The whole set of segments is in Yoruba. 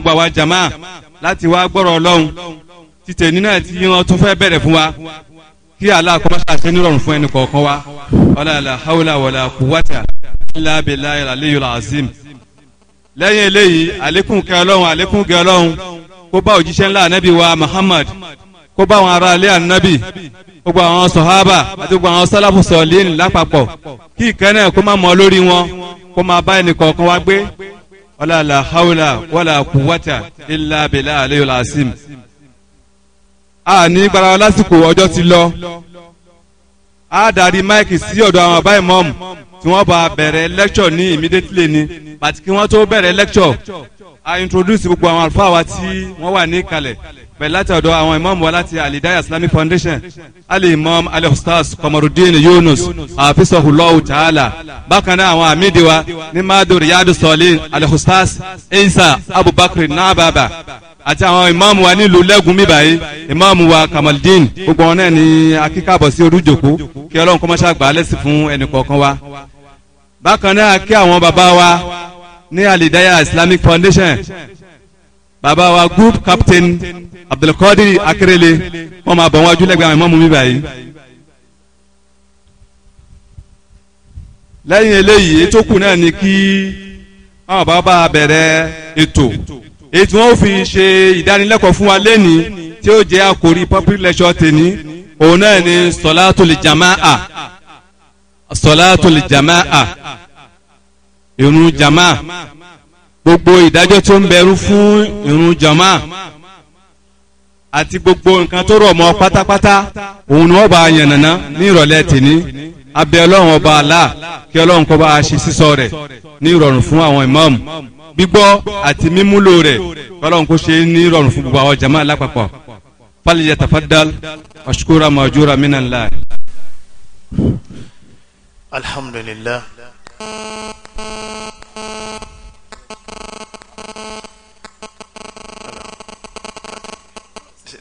gbogbo àwa jama láti wá gbọ́rọ̀ ọlọ́run títẹ̀ nínú ẹ̀ tí wọ́n tún fẹ́ bẹ̀rẹ̀ fún wa kí Allah kó máa ṣàṣẹ nírọ̀rùn fún ẹnì kọ̀ọ̀kan wa ọ̀làlà haúlà wọ̀là kùwàtà ńlá abẹ́lá àlẹ́yọ̀ làzim. lẹ́yìn eléyìí àlékún kẹ́ ọlọ́run àlékún kẹ́ ọlọ́run kó bá òjíṣẹ́ ńlá ànábì wa Muhammad kó bá àwọn ará ilé ànábì gbogbo àwọn sọ̀hábà àti gbogbo àwọn sálàfù sọ̀lẹ́ẹ̀nì lápapọ̀ kí ìkẹ́ náà kó má mọ lórí wọn kó má bá ẹnì kọ̀ọ̀kan wa gbé wala la hawla wala quwwata illa bila aleyul asim. a ní gbara lásìkò ọjọ́ ti lọ a darí máìkì sí ọ̀dọ̀ àwọn àbá ìmọ̀ọ́mù tí wọ́n bá bẹ̀rẹ̀ lecture ní immediately ni bàtí kí wọ́n tó bẹ̀rẹ̀ lecture a introduce gbogbo àwọn àlùfáà wa tí wọ́n wà ní kalẹ̀ pẹ̀lú láti ọ̀dọ̀ àwọn imam wa láti alidaya islamic foundation ali imam ali ustaz kọmọrùdín yunus àfisọ̀hùlọ́hù tààlà bákan náà àwọn amídi wa ní madu riyadu sọlin ali ustaz isa abubakar nababa àti àwọn imam wa nílùú lẹ́gùn báyìí imam wa kamaldin gbogbo wọn náà ní akíkàbọ̀ sí orújòkó kí ọlọ́run kọ́mọ́ṣá gbà á lẹ́sì fún ẹnì kọ̀ọ̀kan wa bákan náà kí àwọn bàbá wa ní alidaya islamic foundation Baba wa group captain abdulkadir akérèlé wọn máa bọ̀ wọn ajúlẹ̀gbẹ́ àwọn ìmọ̀mù mi báyìí. lẹ́yìn eléyìí ètò kù náà ni kí àwọn bàbá bẹ̀rẹ̀ ètò ètò wọn fi ṣe ìdánilẹ́kọ̀ọ́ fún wa lẹ́ni tí ó jẹ́ àkòrí public lecture tèmi òun náà ni sọlátùlì jama'a sọlátùlì jama'a ìrun jama'a gbogbo ìdájọ́ tó ń bẹ̀rù fún ìrun jama àti gbogbo nǹkan tó rọ̀ mọ́ pátápátá òun ni wọ́n bá a yànnàná ní ìrọ̀lẹ́ tìní abẹ́ ọlọ́run ọba àlá kí ọlọ́run kó bá a ṣe sísọ rẹ̀ ní ìrọ̀rùn fún àwọn ìmáàmù gbígbọ́ àti mímúlò rẹ̀ ọlọ́run kó ṣe ní ìrọ̀rùn fún gbogbo àwọn jama lápapọ̀ fàlìyà tafadàl ọ̀ṣukúra mọ̀júra mínàlá. alhamdulillah.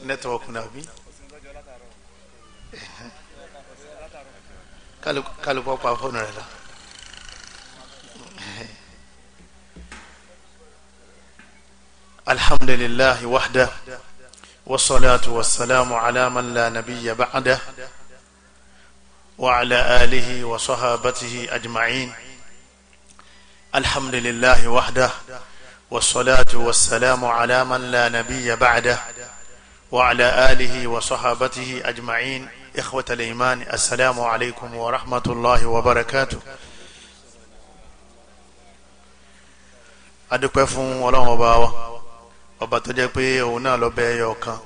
network الحمد لله وحده والصلاة والسلام على من لا نبي بعده وعلى آله وصحابته أجمعين الحمد لله وحده والصلاة والسلام على من لا نبي بعده وعلى آله وصحابته أجمعين إخوة الإيمان السلام عليكم ورحمة الله وبركاته adúpẹ́ fún ọlọ́run ọba wa ọba tó jẹ́ pé òun náà lọ bẹ ẹyọ kan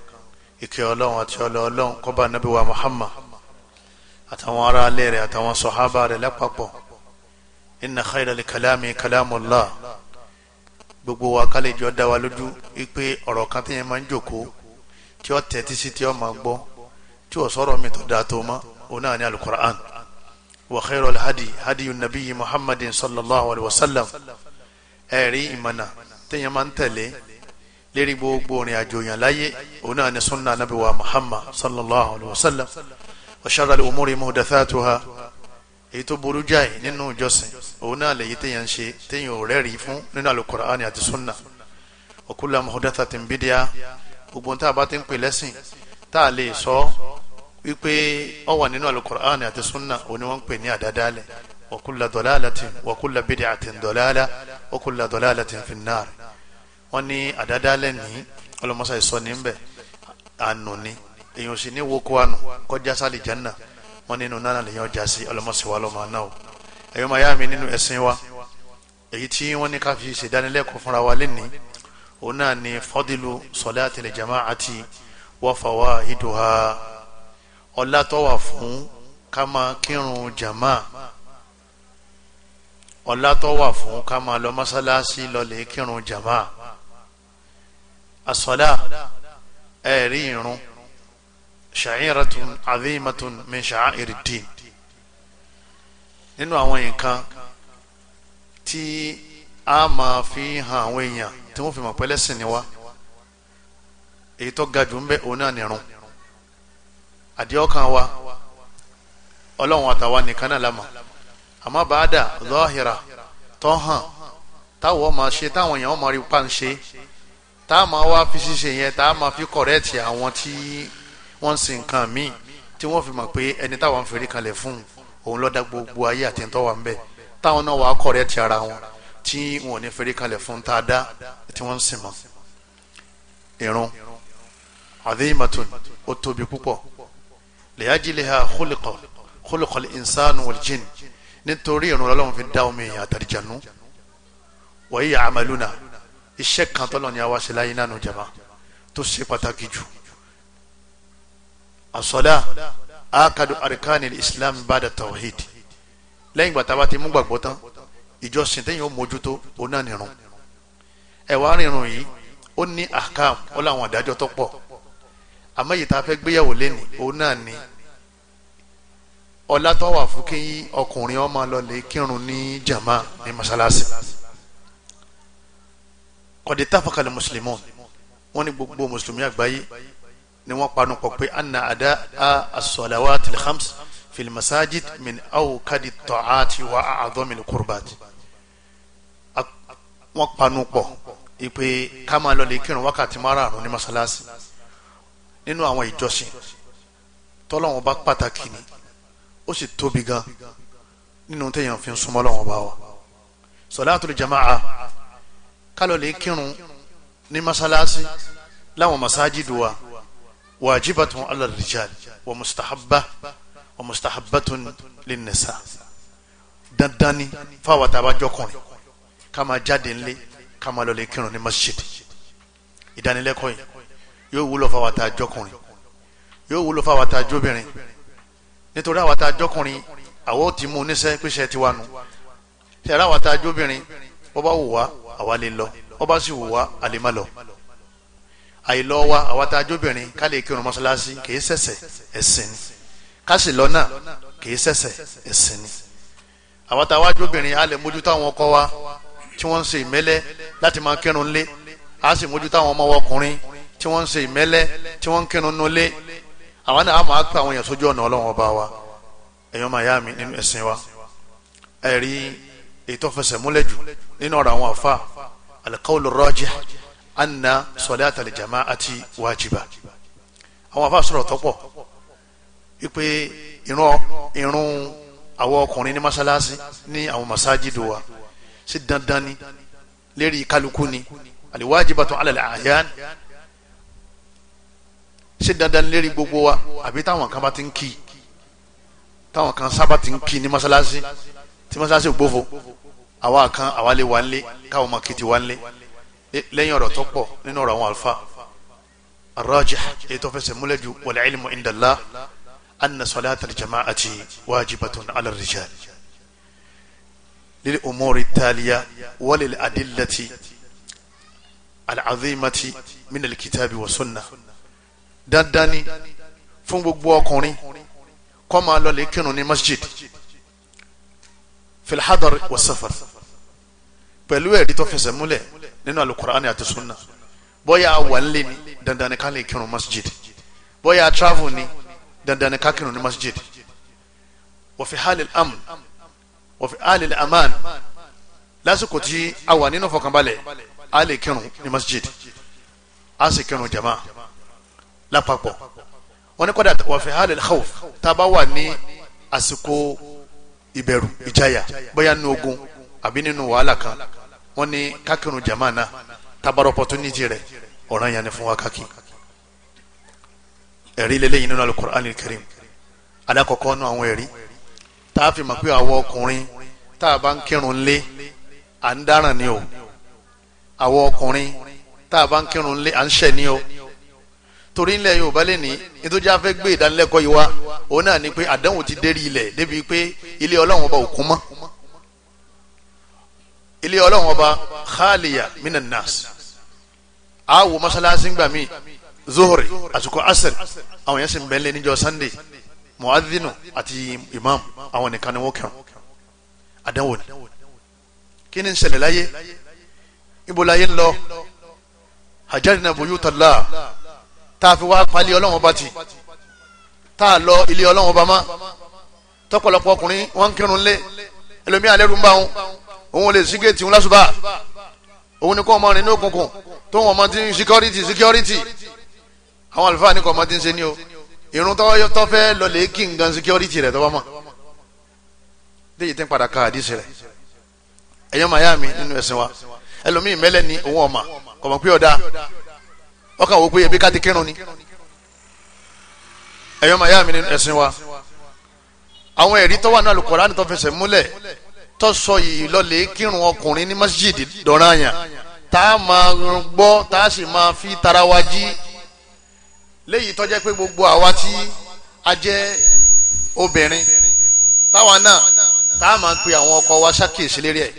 ìkẹ́ ọlọ́run àti ọlọ́ ọlọ́run kọ́ba nàbí wa Muhammad àtàwọn ará alẹ́ rẹ̀ àtàwọn sọ̀hábà rẹ̀ lápapọ̀ inna khayral kalami kalamullah gbogbo wa kálíjọ́ dá wa lójú wípé ọ̀rọ̀ kan tí máa ń jòkó tí ó tẹ́tí sí tí ó máa gbọ́ tí ó sọ̀rọ̀ mi tó dáa tó mọ́ òun náà ní alukur'an wa khairu alhadi hadiyu nabiyyi muhammadin sallallahu alaihi wa sallam ẹ̀rí ìmọ̀nà téèyàn máa ń tẹ̀lé lérí gbogbo orin àjò yàn láyé òun náà ní sunna anabi wa muhammad sallallahu alaihi wa sallam wa sharra al-umuri muhdathatuha èyí tó burú jáì nínú ìjọsìn òun náà lèyí téèyàn ń ṣe téèyàn ò rẹ́rìí fún nínú alukur'an àti sunna wa kullu muhdathatin bid'ah gbogbo tá a bá ti ń pè lẹ́sìn tá a lè sọ wípé ó wà nínú alukur'an àti sunna òní wọ́n ń pè ní àdádálẹ̀ wa kulla dalalatin wa kulla bid'atin dalala wa kulla dalalatin finnar wọ́n ní àdádálẹ̀ ní ọlọ́mọṣà ìsọ ní bẹ̀ ànú ni èèyàn sì ní woko ànú kọjá sálì jẹ́nà wọ́n nínú nánà lèèyàn já sí wa lọ́mọ náà ẹ̀yọ́ màyá nínú ẹ̀sìn wa èyí tí wọ́n ní ká fi fúnra wa lénìí òun náà ni fọ́dílù sọ̀láàtì jama'ati wa fawaiduha ọlá tó wà fún ká máa kírun jama ọlá tó wà fún ká máa lọ mọ́sálásí lọlẹ̀ kírun jama asọ́lá ẹ̀rí irun sha'iratun azimatun min sha'iridin nínú àwọn nǹkan tí a máa fi hàn àwọn èèyàn tí wọ́n fi mọ̀ pé ẹlẹ́sìn ni wá èyí tó ga jù ń bẹ òun náà nìrun àdìọ́kàn wa ọlọ́run àtàwa nìkan náà lámà àmọ́ bàádà lọ́hìrà tó hàn táwọn ọmọ ṣe táwọn èèyàn ọmọ rí pa ń ṣe tá a máa wá fi ṣíṣe yẹn tá a máa fi kọ̀rẹ́ẹ̀tì àwọn tí wọ́n ń sin nǹkan míì tí wọ́n fi mọ̀ pé ẹni táwọn ń ferí kalẹ̀ fún òun ló gbogbo ayé àti ń tọ́wà ń bẹ táwọn náà wàá kọ̀rẹ́ẹ̀tì ara wọn tí wọn ò ní fẹ́rí kalẹ̀ fún tá a dá tí wọ́n ń sìn mọ́ irun adhimatun ó tóbi púpọ̀ liajliha khuliqa khuliqa al-insanu wal-jinn nítorí irun lọ́lọ́run fi dá omi èèyàn àtàlìjànú wa hiya amaluna iṣẹ́ kan tọ́lọ́ ni a ṣe láyé nánu jama tó ṣe pàtàkì jù asọ́lá akadu arkani islam bada tawhid lẹ́yìn gbàtà bá ti mú gbàgbọ́ tán ìjọsìn tẹ́yìn ó mójútó ó náà nìrun ẹ̀wà rìnrìn yìí ó ní ahkam ó láwọn àdájọ́ tó pọ̀ àmọ́ èyí tá a fẹ́ gbéyàwó lẹ́nu òun náà ni ọlá tó wà fún kí ọkùnrin ó máa lọ lè kírun ní jama ní masalasi kọ̀dé táfàkàlẹ̀ mùsùlùmí wọn ni gbogbo mùsùlùmí àgbáyé ni wọ́n panu pọ̀ pé anna ada a asọ̀làwà tìlẹ̀ hams fìlì masajid min aw kadi tọ́'ati wa àdọ́mìlì kúrbàtì wọ́n panu pọ̀ ìpè ká máa lọ lè kírun wákàtí márààrún ní mọ́sálásí nínú àwọn ìjọsìn tọ́lọ́wọ́n bá pàtàkì ni ó sì tóbi gan nínú téèyàn fi ń súnmọ́ lọ́wọ́n bá wa sọláàtúlù jamaa ká lọ lè kírun ní mọ́sálásí láwọn masájídù wa wajibatun ala wa mustahabba wa mustahabbatun linnisa dandan ni fáwọn tàbá jọkùnrin ká máa jáde ńlé ká máa lọ lè kírun ní masjid ìdánilẹ́kọ̀ọ́ yìí yóò wúlò fáwọn tá a jọkùnrin yóò wúlò fáwọn tá a jóbìnrin nítorí àwọn tá a jọkùnrin àwọn ti mú oníṣẹ́ pèsè tiwa nu tẹ̀lé àwọn tá a jóbìnrin wọ́n bá wù wá àwa lè lọ wọ́n bá sì wù wá àlè má lọ àìlọ wa àwa tá ká lè kírun mọ́ṣáláṣí kì í ṣẹ̀ṣẹ̀ ẹ̀sìn ni ká sì lọ náà kì í ṣẹ̀ṣẹ̀ ẹ̀sìn ni àwa tá a á lè mójútó àwọn ọkọ wa tí wọ́n ń ṣe ìmẹ́lẹ́ láti máa kírun lé a sì mójú táwọn ọmọ ọkùnrin tí wọ́n ń ṣe ìmẹ́lẹ́ tí wọ́n ń kírun nú lé àwọn náà a máa pa àwọn èèyàn sójú ọ̀nà ọlọ́run ọba wa èèyàn máa yá mi nínú ẹ̀sìn wa ẹ̀rí ètò múlẹ̀ jù nínú ọ̀rọ̀ àwọn àfa al-qawlu rajih anna salat al-jama'ati wajiba àwọn àfa sọ̀rọ̀ tọ́pọ̀ wípé ìrun àwọn ọkùnrin ní masalasi ní àwọn masajidu wa ṣe dandan ni lérí kálukú ni àlewájibàtún alàlẹ́ àyàn ṣe dandan lérí gbogbo wa àbí táwọn kan bá ti ń kí táwọn kan sábà ti ń kí ní mọ́sálásí tí mọ́sálásí ò gbófo àwa kan àwa lè wà ń lé káwọn ọmọ kìtì wà ń lé lẹ́yìn ọ̀rọ̀ tó pọ̀ nínú ọ̀rọ̀ àwọn àlùfáà الراجح يتفس ملج والعلم عند الله أن صلاة الجماعة واجبة على الرجال lil umuri taliya walil adillati al'azimati min alkitabi wa sunna dandan ni fún gbogbo ọkùnrin kó máa lọ lè kírun ní masjid filhadar wa safar pẹ̀lú ẹ̀rí tó fẹsẹ̀ múlẹ̀ nínú alukur'ani àti sunna bóyá wà ń lé ní dandan ni ká lè kírun masjid bóyá travel ni dandan ni ká kírun ní masjid wa fi halil amr wọ́n fi alẹ́ aman lásìkò tí a wà nínú fọkànbalẹ̀ a lè kírun ní masjid a sì kírun jama lápapọ̀ wọ́n ní kọ́dà wọ́n fi alẹ́ khawf tá a bá wà ní àsìkò ìbẹ̀rù ìjayà bóyá nínú ogun àbí nínú wàhálà kan wọ́n ní ká kírun jama náà tabarọ opportunity rẹ̀ ọ̀ràn yẹn ni fún wa kákì ẹ̀rí lélẹ́yìn nínú alukur'an karim alákọ̀ọ́kọ́ nínú àwọn ẹ̀rí tá a fi mọ̀ pé àwọn ọkùnrin tá a bá ń kírun lé à ń dáràn ni o àwọn ọkùnrin tá a bá ń kírun lé à ń ṣẹ̀ ni o torí ilẹ̀ yorùbá lè ní nítorí a fẹ́ gbé ìdánilẹ́kọ̀ọ́ yìí wá òun náà ni pé àdánwò ti dérí ilẹ̀ débi pé ilé ọlọ́run ọba òkun mọ́ ilé ọlọ́run ọba khaliya minan nas àwọ̀ mọ́sálásí ń gbà zohori àsìkò asr àwọn yẹn sì ń bẹ́ńlẹ̀ níjọ́ sunday muadhinu àti imam àwọn nìkan ni wọ́n kẹrùn àdánwò ni kí ni ń ṣẹlẹ̀ láyé ibo láyé ń lọ hajarna buyuta Allah tá a fi wá palẹ̀ ọlọ́wọ́n bá ti tá a lọ ilé ọlọ́wọ́n bá má tọ̀pọ̀lọpọ̀ ọkùnrin wọn ń kírun lé ẹlòmí àlẹ́rù ń bá wọn òun lè sígẹ́ẹ̀tì wọn lásùbà òun ni kò mọ rìn ní òkùnkùn tó wọn mọ ti ń security security àwọn àlùfáà ni kò mọ ti ń ṣe ní o irun tó fẹ́ lọ lè kí nǹkan security rẹ̀ tó bá mọ̀ léyìí tẹ́ ń padà ka àdísì rẹ̀ ẹ̀yọ́ màyá mi nínú ẹ̀sìn wa ẹlòmíì mẹ́lẹ̀ ni òun ọ̀ma kọ̀mọ̀ pé ọ̀dà ọkàn wò pé ebi ká ti kírun ni ẹ̀yọ́ màyá mi nínú ẹ̀sìn wa àwọn ẹ̀rí tó wà ní Al-Qur'ani tó fẹsẹ̀ múlẹ̀ tó sọ yìí lọ́lẹ̀ kírun ọkùnrin ní masjid dọ̀ranyàn tá a máa gbọ́ tá a sì máa fi tarawa jí léyìí tó jẹ́ pé gbogbo àwa tí a jẹ́ obìnrin táwa náà tá a máa ń pe àwọn ọkọ wa ṣàkíyèsí lérí ẹ̀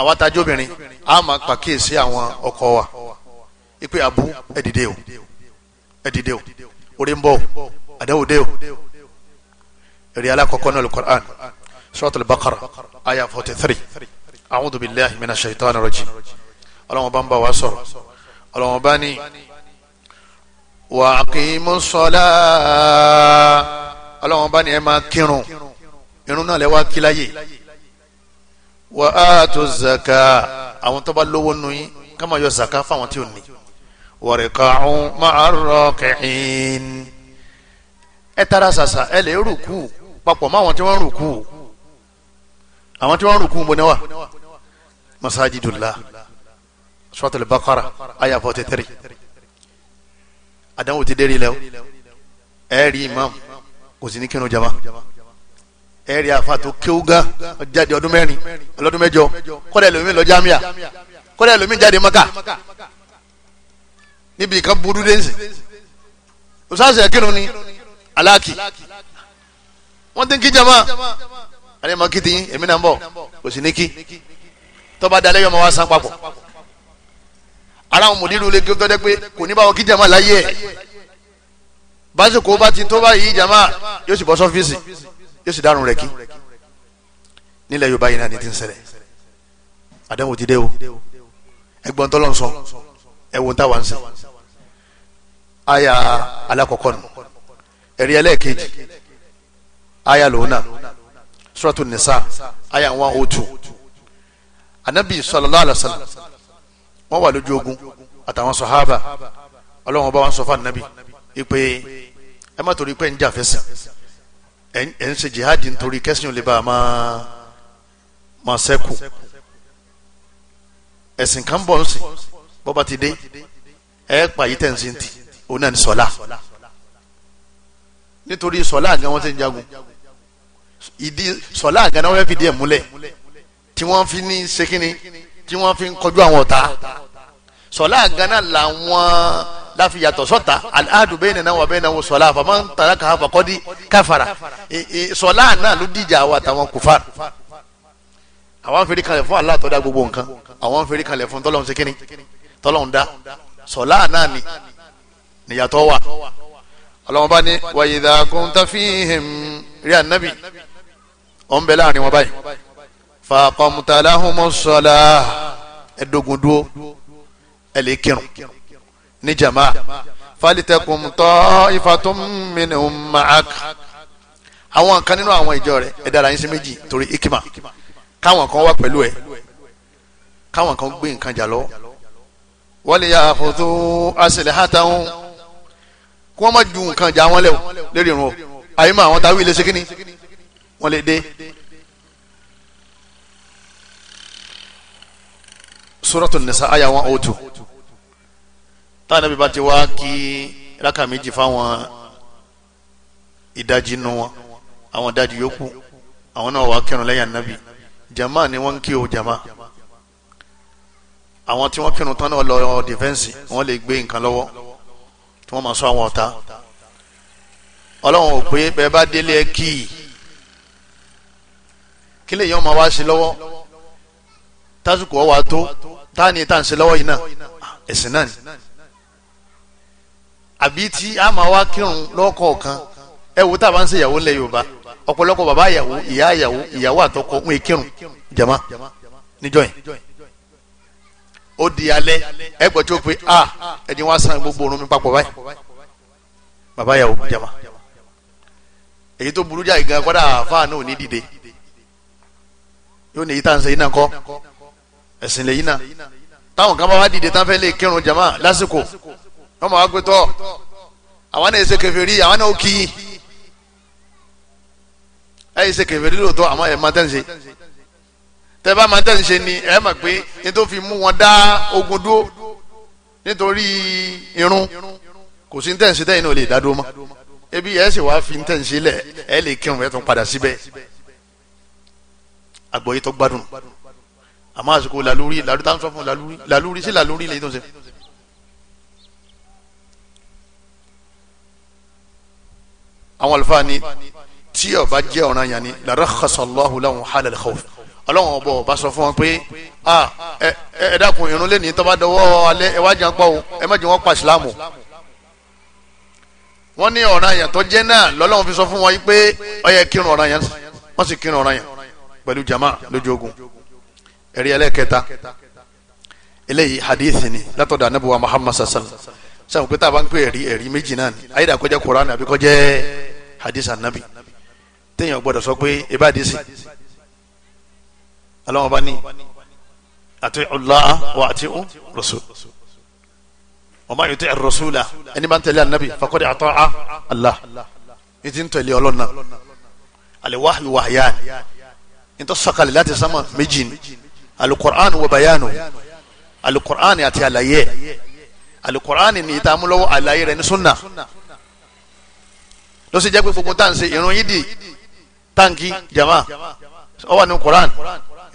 àwa tá a obìnrin a máa pàkíyèsí àwọn ọkọ wa ipe àbú ẹ̀dìdẹ́ o ẹ̀dìdẹ́ o orí ń bọ̀ àdáwòdẹ́ o èrè alákọ̀ọ́kọ́ náà lùkọ́rán suratul baqara aya forty three a'udhu billahi minash shaitani rajim ọlọ́wọ́n bá ń bá wa sọ̀rọ̀ ọlọ́wọ́n bá ní wa aqimu ssalah ọlọ́run bá ní ẹ máa kírun irun náà lẹ́wọ́ kíláyè wa atu zaka àwọn tó bá lówó nù yín ká máa yọ zaka fáwọn tí ò ní wa rika'u ma'a raki'in ẹ tara ṣàṣà ẹ lè rúkú papọ̀ mọ́ àwọn tí wọ́n rúkú àwọn tí wọ́n rúkú ń bọ́ níwà masajidullah suratul baqara aya forty three àdánwò ti dérí lẹ́wọ́ ẹ rí imam kò sí ní kírun jama ẹ rí afa tó kéwú gan jáde ọdún mẹ́rin ọlọ́dún mẹ́jọ kọ́dà ẹlòmíì lọ jámíà kọ́dà ẹlòmíì jáde mọ́kà níbi ìkan burú dé nsì òsáàsì ẹ̀kírun ni aláàkì wọ́n ti ń kí jama àlẹ́ mọ́ kí ti yín èmi náà ń bọ̀ kò sí ní kí tọ́ba dalẹ́ yọmọ wa san papọ̀ ara àwọn mòdìrú lè kí ó tọ́jẹ́ pé kò ní báwọn kí jama láyé ẹ̀ básìkò bá ti tó báyìí jama yóò sì bọ́ sọ́fíìsì yóò sì dárun rẹ̀ kí nílẹ̀ Yorùbá yìí náà ní ti ń ṣẹlẹ̀ àdéhùn ti dé o ẹgbọ́n tọ́lọ́ ń sọ ẹ̀wọ̀n táwa ń sẹ́ àyà alákọ̀ọ́kọ́ nù ẹ̀rí ẹlẹ́ẹ̀kejì àyà lòun náà Suratu Nisa àyà one oh two anabi sallallahu alaihi wọ́n wà lójú ogun àtàwọn sọ̀hábà ọlọ́run ọba wọn sọ fún ànábì ipe ẹ má torí pé ń jà fẹ́sìn ń ṣe jihadi nítorí kẹ́sìn ò lè bá a máa máa sẹ́kù ẹ̀sìn kan bọ̀ ń sìn bọ́ba ti dé ẹ̀ pa yìí tẹ̀sí ti òun náà ní sọ́lá nítorí sọ́lá àgán wọn ti ń jagun ìdí sọ́lá àgán náà fi di ẹ̀ múlẹ̀ tí wọ́n fi ní ṣe kínní tí wọ́n fi ń kọjú àwọn ọ̀tá sọlá gánà làwọn láfiyàtọ̀ sọ́ta aláàdù bẹ́ẹ̀ náà wà bẹ́ẹ̀ náà wò sọlá àfàmọ́ ń tara kàá fàkọ́dí káfàrà sọlá náà ló dìjà àwọn àtàwọn kùfà àwọn fèrè kalẹ̀ fún Allah tó dá gbogbo nǹkan àwọn fèrè kalẹ̀ fún tọ́lọ́hún ṣe kínní tọ́lọ́hún sọlá náà ni níyàtọ̀ wà ọlọ́wọ́n bá ní wa idha kunta fihim rí ànábì ọ̀ ń bẹ láàrin wọn báyìí fàkọ́mùtà láhùnmọ́ sọ́lá ẹ̀dógún dúró ẹ̀lẹ́ kírun ní jama falitẹkùn tọ́ ìfàtúnmìnì ma'ak àwọn kan nínú àwọn ìjọ rẹ̀ ẹ yín sí méjì torí ikima káwọn kan wá pẹ̀lú ẹ̀ káwọn kan gbé nǹkan jà lọ́wọ́ wọ́n lè yà àfọ̀tò àṣẹlẹ̀ hàtàwọn kí wọ́n má ju nǹkan jà wọ́n lẹ́wọ̀ lérí irun o àyè mọ́ àwọn táwí lè ṣe kíni wọ́n lè dé suratu nisa aya wọn o tu táwọn nàbí bá ti wá kí rákà méjì fáwọn ìdajì nù wọn àwọn ìdajì yòókù àwọn náà wà kírun lẹ́yìn jama ni wọ́n ń kí o jama àwọn tí wọ́n kírun tán náà lọ dìfẹ́ǹsì wọ́n lè gbé nǹkan lọ́wọ́ tí wọ́n máa sọ àwọn ọ̀tá ọlọ́run ò pé bẹ́ẹ̀ bá délé ẹ kí i kí ọmọ wa ṣe lọ́wọ́ tásìkò ọwà tó tá a ní tá à lọ́wọ́ yìí náà ẹ̀sìn náà ni àbí tí a máa wá kírun lọ́kọ̀ọ̀kan ẹ wo tá ń ṣe ìyàwó ńlẹ̀ Yorùbá ọ̀pọ̀lọpọ̀ bàbá ìyàwó ìyá ìyàwó ìyàwó jama níjọ́ yìí ó di ẹ pe a ah, ẹni gbogbo orun mi papọ̀ báyìí bàbá ìyàwó jama èyí tó burú gan dìde yóò ní ẹ̀sìn lẹ́yìn náà táwọn kan bá wá dìde tán fẹ́ lè kírun jama lásìkò wọ́n máa gbé tọ́ àwọn náà ṣe kèfèrí àwọn náà ó kì í ẹ̀ ṣe kèfèrí lóòótọ́ àmọ́ ẹ̀ máa tẹ̀sí tẹ́ bá máa tẹ̀sí ni ẹ̀ mọ̀ pé ní fi mú wọn dá ogun dúró nítorí irun kò sí tẹ̀sí tẹ̀yìn náà lè dá dúró mọ́ ebi ẹ̀ sì wá fi tẹ̀sí lẹ̀ ẹ̀ lè kírun ẹ̀ tún padà síbẹ̀ àgbọ̀yé tó gbádùn àmọ́ àsìkò làlórí làlórí tá ń sọ fún làlórí làlórí sí làlórí lè tó ṣe. àwọn àlùfáà ni tí ó bá jẹ́ ọ̀ràn yẹn ni larakhasa Allahu lahum halal khawf ọlọ́run ọbọ̀ ọba sọ fún wọn pé ẹ dákun irun lé ní tọ́ba dọwọ́ alẹ́ ẹ wájà ń pa o ẹ má jẹ́ wọ́n pa ìsìlámù wọ́n ní ọ̀ràn yẹn tó jẹ́ náà lọ́lọ́run fi sọ fún wọn yìí pé ó yẹ kírun ọ̀ràn yẹn wọ́n sì kírun ọ̀ràn yẹn pẹ̀lú jama lójú ogun ẹ̀rí ẹlẹ́kẹta eléyìí hadith ni látọ̀dọ̀ anábùwà muhammad sassan sáwọn pété àbá ń pè ẹ̀rí ẹ̀rí méjì náà ni ayédà kọjá koran àbí kọjá hadith anabi téèyàn gbọ́dọ̀ sọ pé ebá hadith aláwọ̀ bá ní àti ọ̀làá wà àti ọ̀ rasul wa man yuti' ar-rasula ẹni bá ń tẹ̀lé anabi faqad ata'a allah ìdí ń tẹ̀lé ọlọ́nà al-wahyu wahyani ìtọ́sọ̀kalẹ̀ láti sámà méjì ni alukur'an wa bayanu alukur'an àti àlàyé alukur'an ni ìtààmúlọ́wọ́ àlàyé rẹ̀ ní sunna ló sì jẹ́ pé gbogbo tá à ń ṣe ìrun yídì táǹkì jama ó wà ní kur'an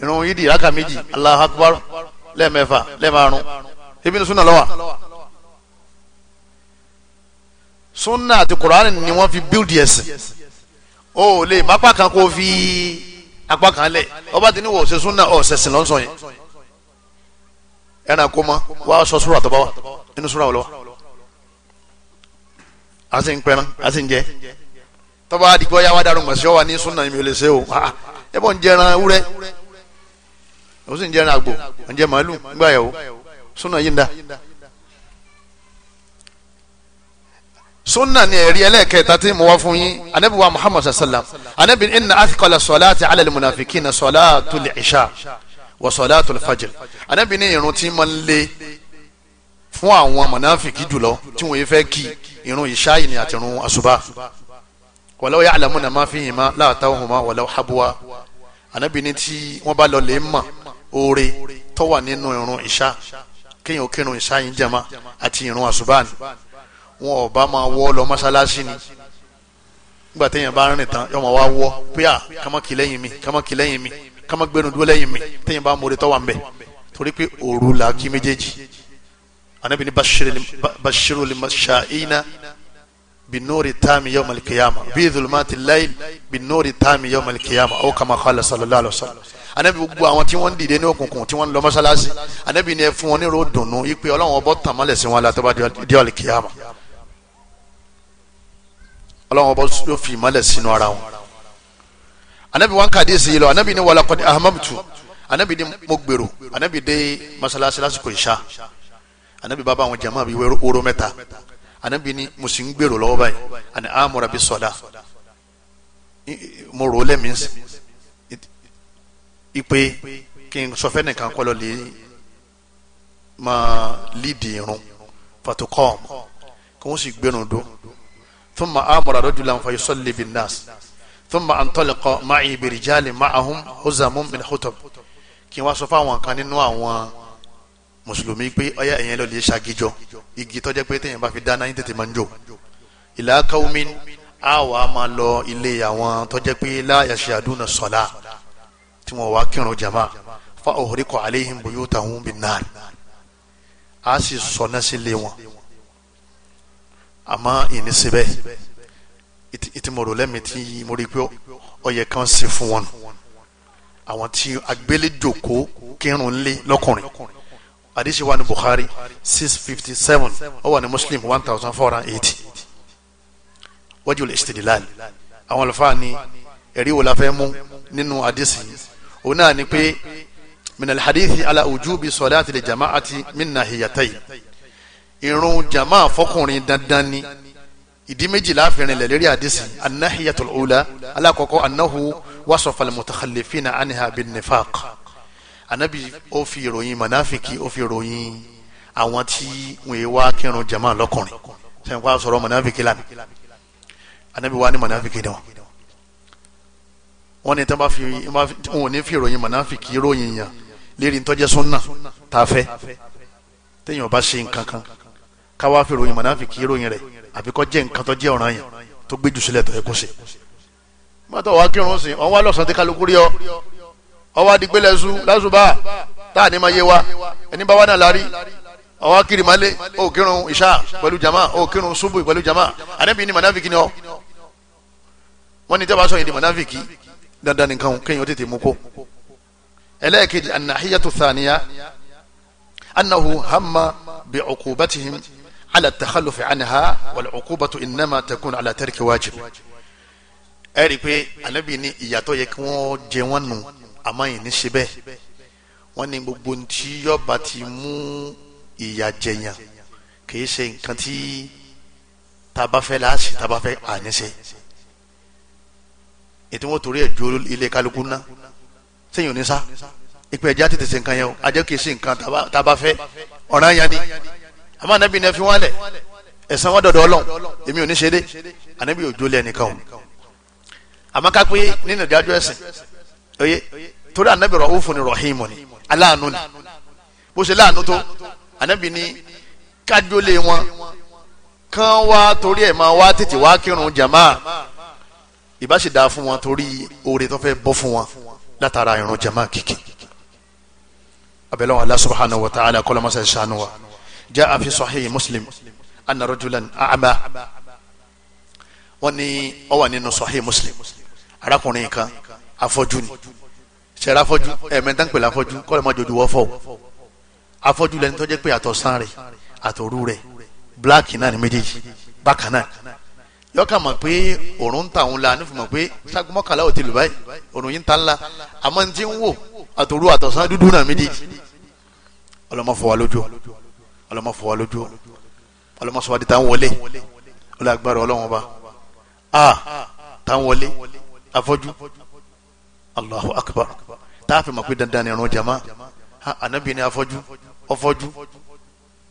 ìrun yídì rákà méjì Allahu akbar lẹ́ẹ̀mẹ́fà lẹ́ẹ̀márùn ibi ní sunna ló wà sunna àti kur'an ni wọ́n fi bíldì ẹ̀sìn o lè má pàkan kó fi apá kan lẹ̀ ọba ti ní wọ̀ ṣe súnà ọ̀ ṣẹ̀sìn lọ́n sọ yẹn ẹ̀ràn kó mọ wá sọ súrà tó bá wà nínú súrà wọlọ́wọ́ a sì ń pẹran a sì ń jẹ tọ́ba àdìgbò yà wá darun mọ̀ sí wa ní súnà mi ò lè ṣe o ah, ah. ẹ bọ́ ń jẹran wúrẹ́ o sì ń jẹran àgbò ń jẹ màálù nígbà yẹ̀wò súnà yìí ń da. sunna ni ẹ̀rí ẹlẹ́ẹ̀kẹta tí mo wá fún yín anabi wa muhammad sallam anabi inna athqala salati ala almunafiqina salatu al-isha wa salatu al-fajr anabi ní irun tí mo ń lé fún àwọn munafiki jùlọ tí wọ́n fẹ́ kí irun isha yìí ni àti irun asuba walaw ya'lamuna ma fihima la atawhuma walaw habwa anabi ní tí wọ́n bá lọ lè mọ̀ oore tó nínú irun isha kéèyàn kírun isha yìí àti irun asubani wọn ò bá máa wọ́ lọ mọ́sálásí ni nígbà téèyàn bá rìn tán yọmọ wa wọ́ pé à kámọ́kì lẹ́yìn mi kámọ́kì lẹ́yìn mi kámọ́ gbẹ́nu dúró lẹ́yìn mi téèyàn bá mórí tọ́wà ń torí pé òru là kí méjèèjì anabi ni bashiru li mashaina binori tami yawm alqiyama bi dhulumati layl binori tami yawm alqiyama aw kama qala sallallahu alaihi wasallam anabi gbogbo àwọn tí wọ́n dìde ní òkùnkùn tí wọ́n lọ mọ́sálásí anabi ni ẹ fún wọn ní ro dùnú ipe Ọlọ́run ọbọ tàn wọn la tó bá di alqiyama ọlọ́run ọba yóò fi ìmọ̀lẹ̀ sínú ara wọn anabi wọn kà díẹ̀ sí yìí lọ anabi ni wàlá kọ́ni ahamamtu anabi ni mo gbèrò anabi de masalasi lásìkò ìṣá anabi bàbá àwọn jama bi wóró mẹ́ta anabi ni mo sì ń gbèrò lọ́wọ́ báyìí ani amúra bi sọ̀dá mo rò lẹ́mìí sí ipe kí n sọ fẹ́ nìkan kọ́ lọ lè máa lídìí irun fatukọ́ọ̀mù kí wọ́n sì gbẹ̀rùn dún thumma amara rajulan fayusalli bin nas thumma antalaqa ma'i birijali ma'ahum huzamun min hutab kí wọ́n sọ fáwọn kan nínú àwọn mùsùlùmí pé ọyá ẹ̀yẹn lọ lè ṣàgíjọ igi tó jẹ́ pé téèyàn bá fi dáná yín tètè máa ń jò ila qaumin á wàá máa lọ ilé àwọn tó jẹ́ pé la yashaduna sọ̀la tí wọ́n wá kírun jama fa uhriqa alayhim buyutahum bin nar á sì sọ̀nà sílé wọn àmọ́ ìní síbẹ̀ ìtìmọ̀rò lẹ́mìí tí mo rí pé ọyẹ kan sì fún wọn àwọn tí agbélẹ̀jòkó kírun lé lọ́kùnrin àdìsí wa ní Bukhari six fifty seven ó wà ní Muslim one thousand four hundred eighty wájú lè istidlal àwọn àlùfáà ni ẹ̀rí wo la fẹ́ mú nínú àdìsí òun náà ni pé min al-hadithi ala ujubi salati li jama'ati min nahiyatayn irun jama fọkùnrin dandan ni ìdí méjìlá fìrin lẹ̀ lérí àdísì anahiyatul ula alakoko anahu wasofal mutakhallifina aniha bin nifaq anabi ó fi ìròyìn manafiki ó fi ìròyìn àwọn tí wọn wá kírun jama lọkùnrin sẹ́yìn kó a manafiki lánàá anabi wá ní manafiki dán wọn ni tí wọn ní fi ìròyìn manafiki ìròyìn yàn lérí ntọ́jẹ́ tàfẹ́ téèyàn bá ṣe nǹkan káwá fi ròyìn mọ̀nàfíkì ròyìn rẹ̀ àfi kọ́ jẹ́ nǹkan tó jẹ́ ọ̀ràn yẹn tó gbé jù sílẹ̀ tó yẹ kó ṣe. mọ́tò wa kírun sìn ọ̀n wá lọ́sàn-án tí kálukú rí ọ ọwọ́ adigbélé zu lásùbà tá a ní ma yé wa ẹni bá wà náà lárí ọwọ́ kirimalé ó kírun ìṣá pẹ̀lú jama ó kírun ṣubú pẹ̀lú jama ànábì ni mọ̀nàfíkì ni ọ wọ́n ní tẹ́ bá sọ yìí ni mọ̀nàfíkì dandan nìkan kéèyàn tètè mú kó ẹlẹ́ẹ̀kejì anahiyatu thaniya annahu hamma bi uqubatihim على التخلف عنها والعقوبة إنما تكون على ترك واجب. wajib النبي rí i pé anabi ní ìyàtọ̀ yẹ kí wọ́n jẹ wọ́n nù àmọ́ yìí ní ṣe bẹ́ẹ̀ wọ́n ní gbogbo ntí yọba ti mú ìyà jẹyàn kì í ṣe nǹkan tí tabafẹ́ láàṣì tabafẹ́ àníṣe ètò wọn torí ẹ̀ ilé kálukú ná sẹ́yìn oníṣà ìpè ẹ̀já tètè ṣe nǹkan yẹn o ajẹ́ kì í ṣe nǹkan tabafẹ́ ọ̀ràn yẹn ni àmọ́ anabi náà fi wọ́n lẹ̀ ẹ̀sán wọn dọ̀dọ̀ ọlọ́run èmi ò ní ṣe dé anabi ò jólẹ̀ nìkan o àmọ́ ká pé nínú ìdájọ́ ẹ̀sìn oye torí anabi rọ̀húfù ni rọ̀hìmù ni aláàánú ni bó ṣe láàánú tó anabi ni kájólé wọn kán wá torí ẹ̀ máa wá tètè wá kírun jàmáà ìbá sì dáa fún wọn torí oore tó fẹ́ bọ́ fún wọn látara ìrun jama kìkì abẹ́lẹ́wọ̀n Allah subhanahu wa ta'ala kọ́lọ́mọ́sá ìṣàánú wa jaa fi sahih muslim anna rajulan a'ma wọ́n ní ó wà nínú sahih muslim arákùnrin kan afọ́jú ni sẹ́rẹ́ afọ́jú ẹ̀mẹ́ta ń pè láfọ́jú kọ́lẹ̀ má jojú wọ́fọ́ o afọ́jú lẹni tó jẹ́ pé àtọ̀sán rẹ̀ àtòru rẹ̀ black náà ni méjèèjì bákan náà yọkà mọ̀ pé òrùn ń ta òun la nífi mọ̀ pé sago mọ́kànlá ò ti lù báyìí òrùn yìí ń ta ńlá àmọ́ ní ti ń wò àtòru àtọ̀sán dúdú náà méjèèjì ọlọ́mọ fọwọ́ lójú ọlọ́mọ fọwọ́ lójú ọlọ́mọ sọ wá di táwọn wọlé ọlọ́ agbára ọlọ́wọ́n bá a táwọn wọlé afọ́jú Allahu akbar táàfin mọ̀ pé dandan ni irun jama anabi ni afọ́jú ọfọ́jú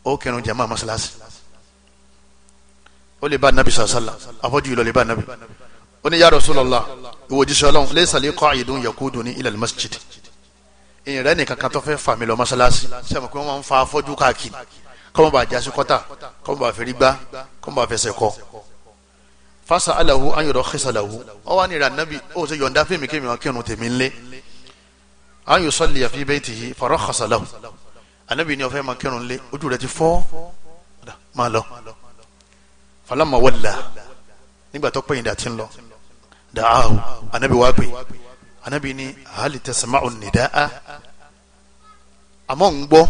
ó kẹrin jama masalasi ó lè bá anabi sàlá afọ́jú yìí lọ lè bá anabi ó ní ya Rasulullah ìwò jíṣẹ́ ọlọ́run laysa li qa'idun yakuduni ila al-masjid ìyẹn rẹ̀ nìkan kan tó fẹ́ fà masalasi sẹ́mi pé wọ́n máa ń fa afọ́jú káàkiri kọ́mọ bá jásí kọ́tà kọ́mọ bá fẹ́rí gbá kọ́mọ bá fẹsẹ̀ kọ́ fásá aláwo ayọ̀dọ̀ xisa aláwo ọ wà ní ìrà nàbí ó sì yọ̀ǹda fún mi kémi wọn kírun tèmi ńlẹ̀ ayọ̀ sọ́lì àfi bẹ́ẹ̀ tì yí farọ́ xasa aláwo ni ọ̀fẹ́ máa kírun ńlẹ̀ ojú rẹ̀ ti fọ́ máa lọ falama wàllá nígbà tó pẹ́yìn dàtí ńlọ dàáhù anabi wá pè anabi ni hali tẹsánmá òní àmọ́ ń gbọ́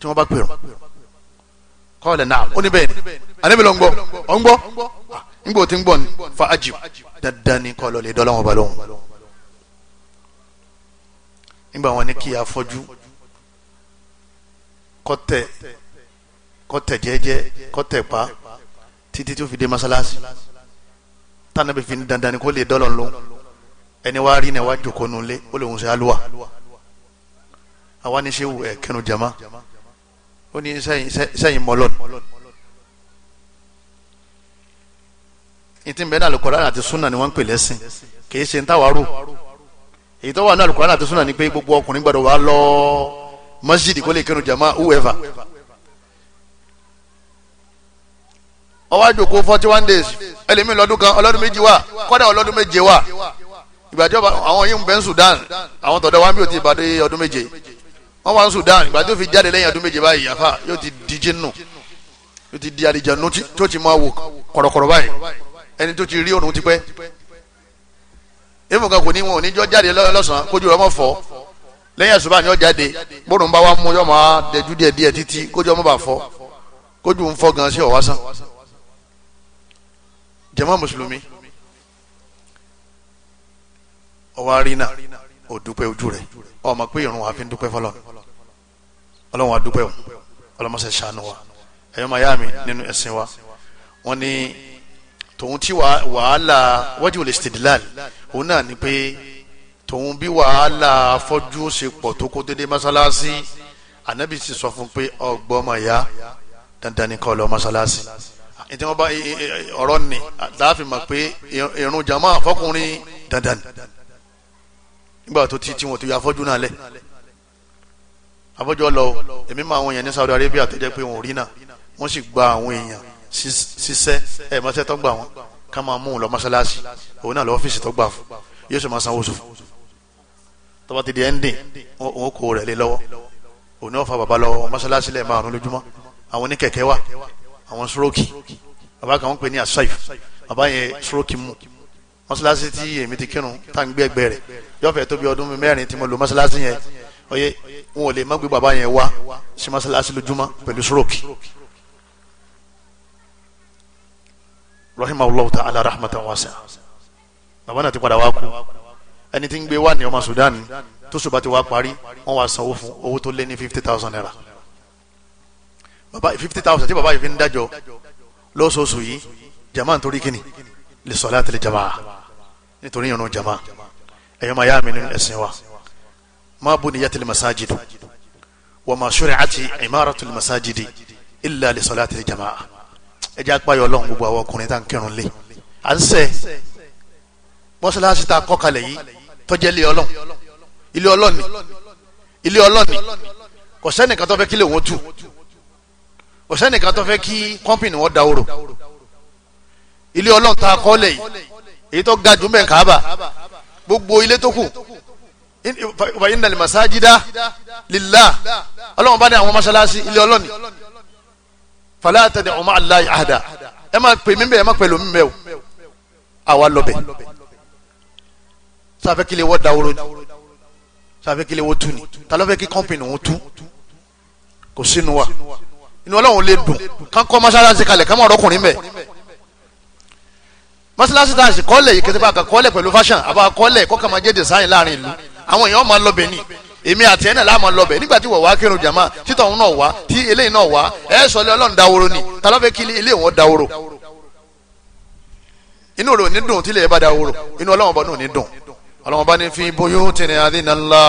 tí wọ́n bá pèrò kọ́ọ̀lẹ̀ náà ó ní bẹ́ẹ̀ ni àníbi ló ń gbọ́ ọ̀ ń gbọ́ ńgbò ah, tí ń gbọ́ ni fa ajib dandan ni kọ́ọ̀lọ́ lè dọ́lọ́wọ́n ba lóhùn. nígbà wọn ni kí afọ́jú kọ́tẹ̀ kọ́tẹ̀ jẹ́jẹ́ kọ́tẹ̀ pa títí tó fi dé masalasi tánà bí fi ní dandan ni kó lè dọ́lọ́ lóhùn ẹni wá rí ni wá jòkó nulẹ̀ ó lè hùn sí alúwa àwa ní sẹ́wù ẹ̀ kẹnu jama. jama ó ní sẹ́yìn sẹ́yìn mọ́lọ́n ìtì mẹ́rin alukọ̀rán àti súnà ni wọ́n ń pè lẹ́sìn kì í ṣe ń táwárò èyí tó wà ní alukọ̀rán àti súnà ni pé gbogbo ọkùnrin gbọ́dọ̀ wá lọ mọ́sídìí kó lè kírun jàmá whoever ọwọ́ forty one days ẹlẹ́mi lọ́dún kan ọlọ́dún méjì wà kọ́dà ọlọ́dún méje wà ìgbàjọba àwọn yìí ń bẹ Sudan àwọn tọ̀dọ̀ wa ń bí ó ti bá dé ọdún méje wọ́n wá ń Sudan ìgbà tó fi jáde lẹ́yìn ọdún méje báyìí yàfa yóò ti di jinnu yóò ti di àlìjànú tó ti máa wò kọ̀rọ̀kọ̀rọ̀ báyìí ẹni tó ti rí òun ti pẹ́ ìfúnkan kò ní wọn ò ní jọ jáde lọ́sàn-án kójú ọmọ fọ́ lẹ́yìn àṣùbà ni ó jáde gbóòrùn bá wa mú yọ máa dẹjú díẹ̀ díẹ̀ títí kójú ọmọ bá fọ́ kójú ń fọ́ gan sí ọ̀wásán jàmá mùsùlùmí ọ̀wá rí náà. Odupe dúpẹ́ ojú rẹ̀ ọmọ pé ìrun wa fi ń dúpẹ́ fọlọ́ ọlọ́run wa dúpẹ́ o ọlọ́mọṣẹ́ ṣàánú wa ẹ̀yọ́ màyá mi nínú ẹ̀sìn wa wọ́n ní tòun tí wàhálà wájú lè stidilal òun náà ni pé tòun bí wàhálà afọ́jú ṣe pọ̀ tó kó dédé mọ́sálásí ànábì sì sọ fún pé ọgbọ́n ọmọ dandan ni kó lọ mọ́sálásí ìtí wọ́n bá ọ̀rọ̀ ni láàfin mọ̀ pé irun jama fọkùnrin dandan nígbà tó ti tiwọn tó yọ afọ́jú náà lẹ̀ afọ́jú ọlọ èmi máa àwọn èèyàn ní Saudi Arabia tó jẹ́ pé wọn ò rí náà wọ́n sì gba àwọn èèyàn ṣiṣẹ́ ẹ̀ mọ́ṣẹ́ tó gbà wọn ká máa mú un lọ mọ́ṣáláṣí òun náà lọ ọ́fíìsì tó gbà fún yóò sì máa sanwó sùn tó bá ti di ending òun kò rẹ̀ lé lọ́wọ́ òun náà fa bàbá lọ mọ́ṣáláṣí lẹ́ẹ̀ márùn lójúmọ́ àwọn oníkẹ̀kẹ́ wà àwọn stroke bàbá kan pè ní asaif bàbá yẹn stroke mu mọ́ṣáláṣí tí èmi ti kírun tá à ń gbé ẹgbẹ́ yọfẹ tóbi ọdún mi mẹ́rin tí mo lò mọ́sálásí yẹn oye n ò lè má gbé bàbá yẹn wá sí mọ́sálásí lójúmọ́ pẹ̀lú stroke rahimahullahu ta'ala rahmatan wasa bàbá náà ti padà wá kú ẹni tí ń gbé wá ní ọmọ Sudan tó ṣùgbọ́n ti wá parí wọ́n wá sanwó fún owó tó lé ní fifty thousand naira bàbá fifty thousand tí bàbá yìí fi ń dájọ lóṣooṣù yìí jama nítorí kíni lè sọ láti jama nítorí ìrún jama. jama ẹ̀yọ́ máa yá mi nínú ẹ̀sìn wa ma buniyatil masajid wa ma shuri'ati imaratul masajidi illa li salatil jama'a ẹ jẹ́ apá yọlọ́n gbogbo àwọn ọkùnrin tá à ń kírun lé à ń sẹ́ mọ́ṣáláṣí tá a kọ́ kalẹ̀ yìí tọ́jẹ́ ilé ọlọ́n ilé ọlọ́n ni ilé ọlọ́n ni kò sẹ́nìkan tó fẹ́ kí lè wọ́n tù kò sẹ́nìkan tó fẹ́ kí kọ́mpìnì wọn daworo ilé ọlọ́n tá a kọ́ lẹ̀ yìí èyí tó ga jù mẹ́ Kaaba gbogbo ilé tó kù wàyín nàlẹ́ masajida lillah ọlọ́run bá ní àwọn mọ́ṣáláṣí ilé ọlọ́ni fàlẹ́ àtẹ̀dẹ̀ ọmọ aláì àdá ẹ máa pè mí bẹ́ẹ̀ ẹ máa pẹ̀lú mi bẹ́ẹ̀ o àwa lọ́bẹ̀ sáfẹ́ kí lè wọ́ daworo sáfẹ́ kí lè wọ́ tu ni talọ́fẹ́ kí kọ́mpìnì òun tu kò sínú wa inú ọlọ́run lè dùn kankọ́ mọ́ṣáláṣí kalẹ̀ kámọ́ ọ̀rọ̀kùnrin bẹ́ẹ̀ mọ́sálásí tá a sì kọ́lẹ̀ yìí kẹsẹ́ bá kan kọ́lẹ̀ pẹ̀lú fashion àbá kọ́lẹ̀ kọ́kà máa jẹ́ design láàrin ìlú àwọn èèyàn máa lọ bẹ̀ ni èmi àti ẹ̀ náà lá máa lọ bẹ̀ nígbà tí wọ́n wá kírun jàmá títọ̀ òun náà wá tí eléyìí náà wá ẹ̀ sọ lé ọlọ́run daworo ni ta ló fẹ́ kí ilé wọn daworo inú rò ní dùn tílé ẹ bá daworo inú ọlọ́run bọ́ ní dùn ọlọ́run bá ní fi bóyó tìrì àdínàlá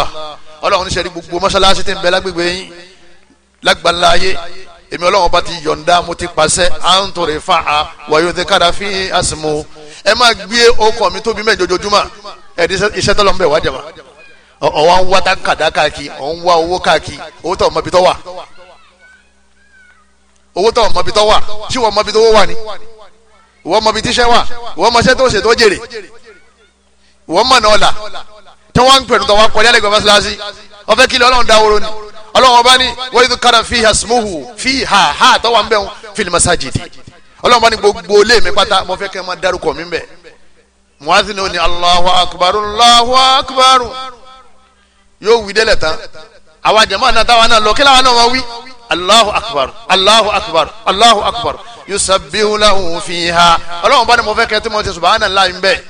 ọlọ́run ṣe rí gbogbo mọ́sálásí tí ń bẹ lágbègbè yín lágbàláyé èmi ọlọ́run bá ti yọ̀ǹda mo ti pàṣẹ à ẹ máa gbé ọkọ mi tóbi mẹ́jọ ojoojúmọ́ ẹ̀dí iṣẹ́ tọ́lọ́ ń bẹ̀ wá jẹ̀mọ́ ọ̀wá ń wá tákàdá káàkiri ọ̀ ń wá owó káàkiri owó tó ọmọbi tó wà owó tó ọmọbi tó wà tí wọ́n ọmọbi tó wà ni wọ́n ọmọbi tíṣẹ́ wà wọ́n ọmọṣẹ́ tó ṣe tó jèrè wọ́n mọ̀nà ọ̀la tí wọ́n ń pẹ̀lú tó kọjá lẹ́gbẹ̀ẹ́ mọ́ṣáláṣí wọ́n fẹ́ kí lè ọlọ́run dáwóró ni ọlọ́run ọba ni wọ́n yóò kára fi hà smuhu fi hà hà tó wà ń bẹ̀ wọn fil masajidi ọlọ́run bá ní gbogbo ilé mi pátá mo fẹ́ kẹ́ ẹ máa dárúkọ mi bẹ́ẹ̀ muhazi ni ó ní alahu akubaru alahu akubaru yóò wí délẹ̀ tán àwa jẹ̀mọ́ náà táwa náà lọ kí làwa náà wọ́n wí alahu akubaru alahu akubaru alahu akubaru yusabihu lahu fiha ọlọ́run bá ní mo fẹ́ kẹ́ tí mo ti subahana láàyè ń bẹ́ẹ̀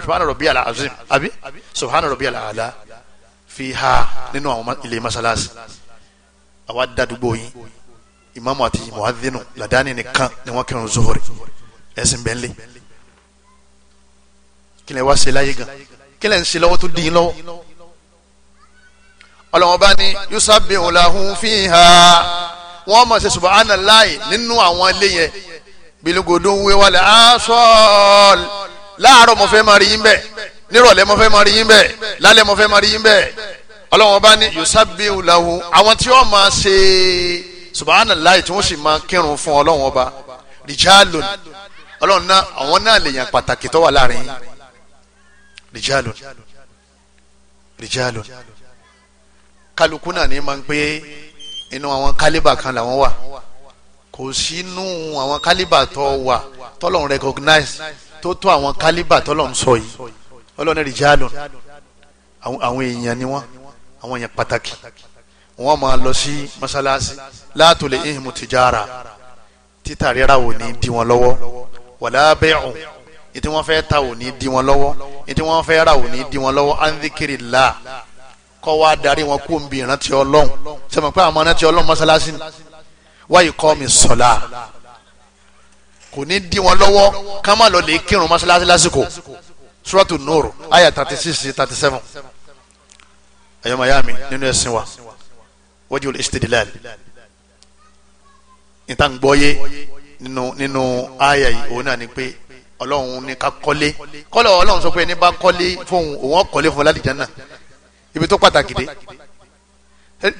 subahana rọ̀bí ala azim àbí subahana rọ̀bí ala ala fiha nínú àwọn ilé masalasi àwa dádúgbò yín ìmáàmù àti ladani làdáni nìkan ni wọ́n kírun zuhuri ẹ̀sìn bẹ́ńlẹ̀ kílẹ̀ wá ṣe láyé gan kílẹ̀ ń ṣe lọ́wọ́ tó dín lọ́wọ́ ọlọ́wọ́n bá ní yusabbihu lahum fiha wọ́n mọ̀ ṣe subhanallahi nínú àwọn ilé yẹn bilugodo ń wé wálé asọ́ọ̀l láàárọ̀ mo fẹ́ máa rí yín bẹ́ẹ̀ nírọ̀lẹ́ mo fẹ́ máa rí yín bẹ́ẹ̀ lálẹ́ mo fẹ́ máa rí yín bẹ́ẹ̀ ọlọ́wọ́n bá ní yusabbihu àwọn tí wọ́n máa ṣe subhanallah tí wọ́n sì máa kírun fún ọlọ́run ọba rijalun ọlọ́run náà àwọn náà lè yàn pàtàkì tó wà láàrin yín rijalun rijalun kálukú náà ní máa ń pé inú àwọn kálíbà kan làwọn wà kò sínú àwọn kálíbà tó wà tọ́lọ́run recognize tó tó àwọn kálíbà tọ́lọ́run sọ yìí ọlọ́run rijalun àwọn èèyàn ni wọ́n àwọn èèyàn pàtàkì wọ́n máa lọ sí mọ́sálásí látò lè ihimu tìjára títà rírà ò ní dí wọn lọ́wọ́ wàlá bẹ́ẹ̀hùn ìtí wọ́n fẹ́ ta ò ní dí wọn lọ́wọ́ ìtí wọ́n fẹ́ rà ò ní dí wọn lọ́wọ́ andikiri la kọ́ wa darí wọn kó nbí ìrántí ọlọ́run sẹ́mi pé àwọn ìrántí ọlọ́run mọ́sálásí wáyé kọ́ mi sọ̀la kò ní dí wọn lọ́wọ́ ká má lọ lè kírun mọ́sálásí lásìkò suratu nur aya thirty six thirty seven ẹ̀yọ́ mayami nínú ẹ̀sìn wa wajhu al-istidlal níta ń gbọ́yé nínú nínú àyà yìí òun náà ni pé ọlọ́run ní ká kọ́lé kọ́lọ̀ ọlọ́run sọ pé ẹni bá kọ́lé fóun òun ọ̀kọ́lé fún lálìjánà ibi tó pàtàkì dé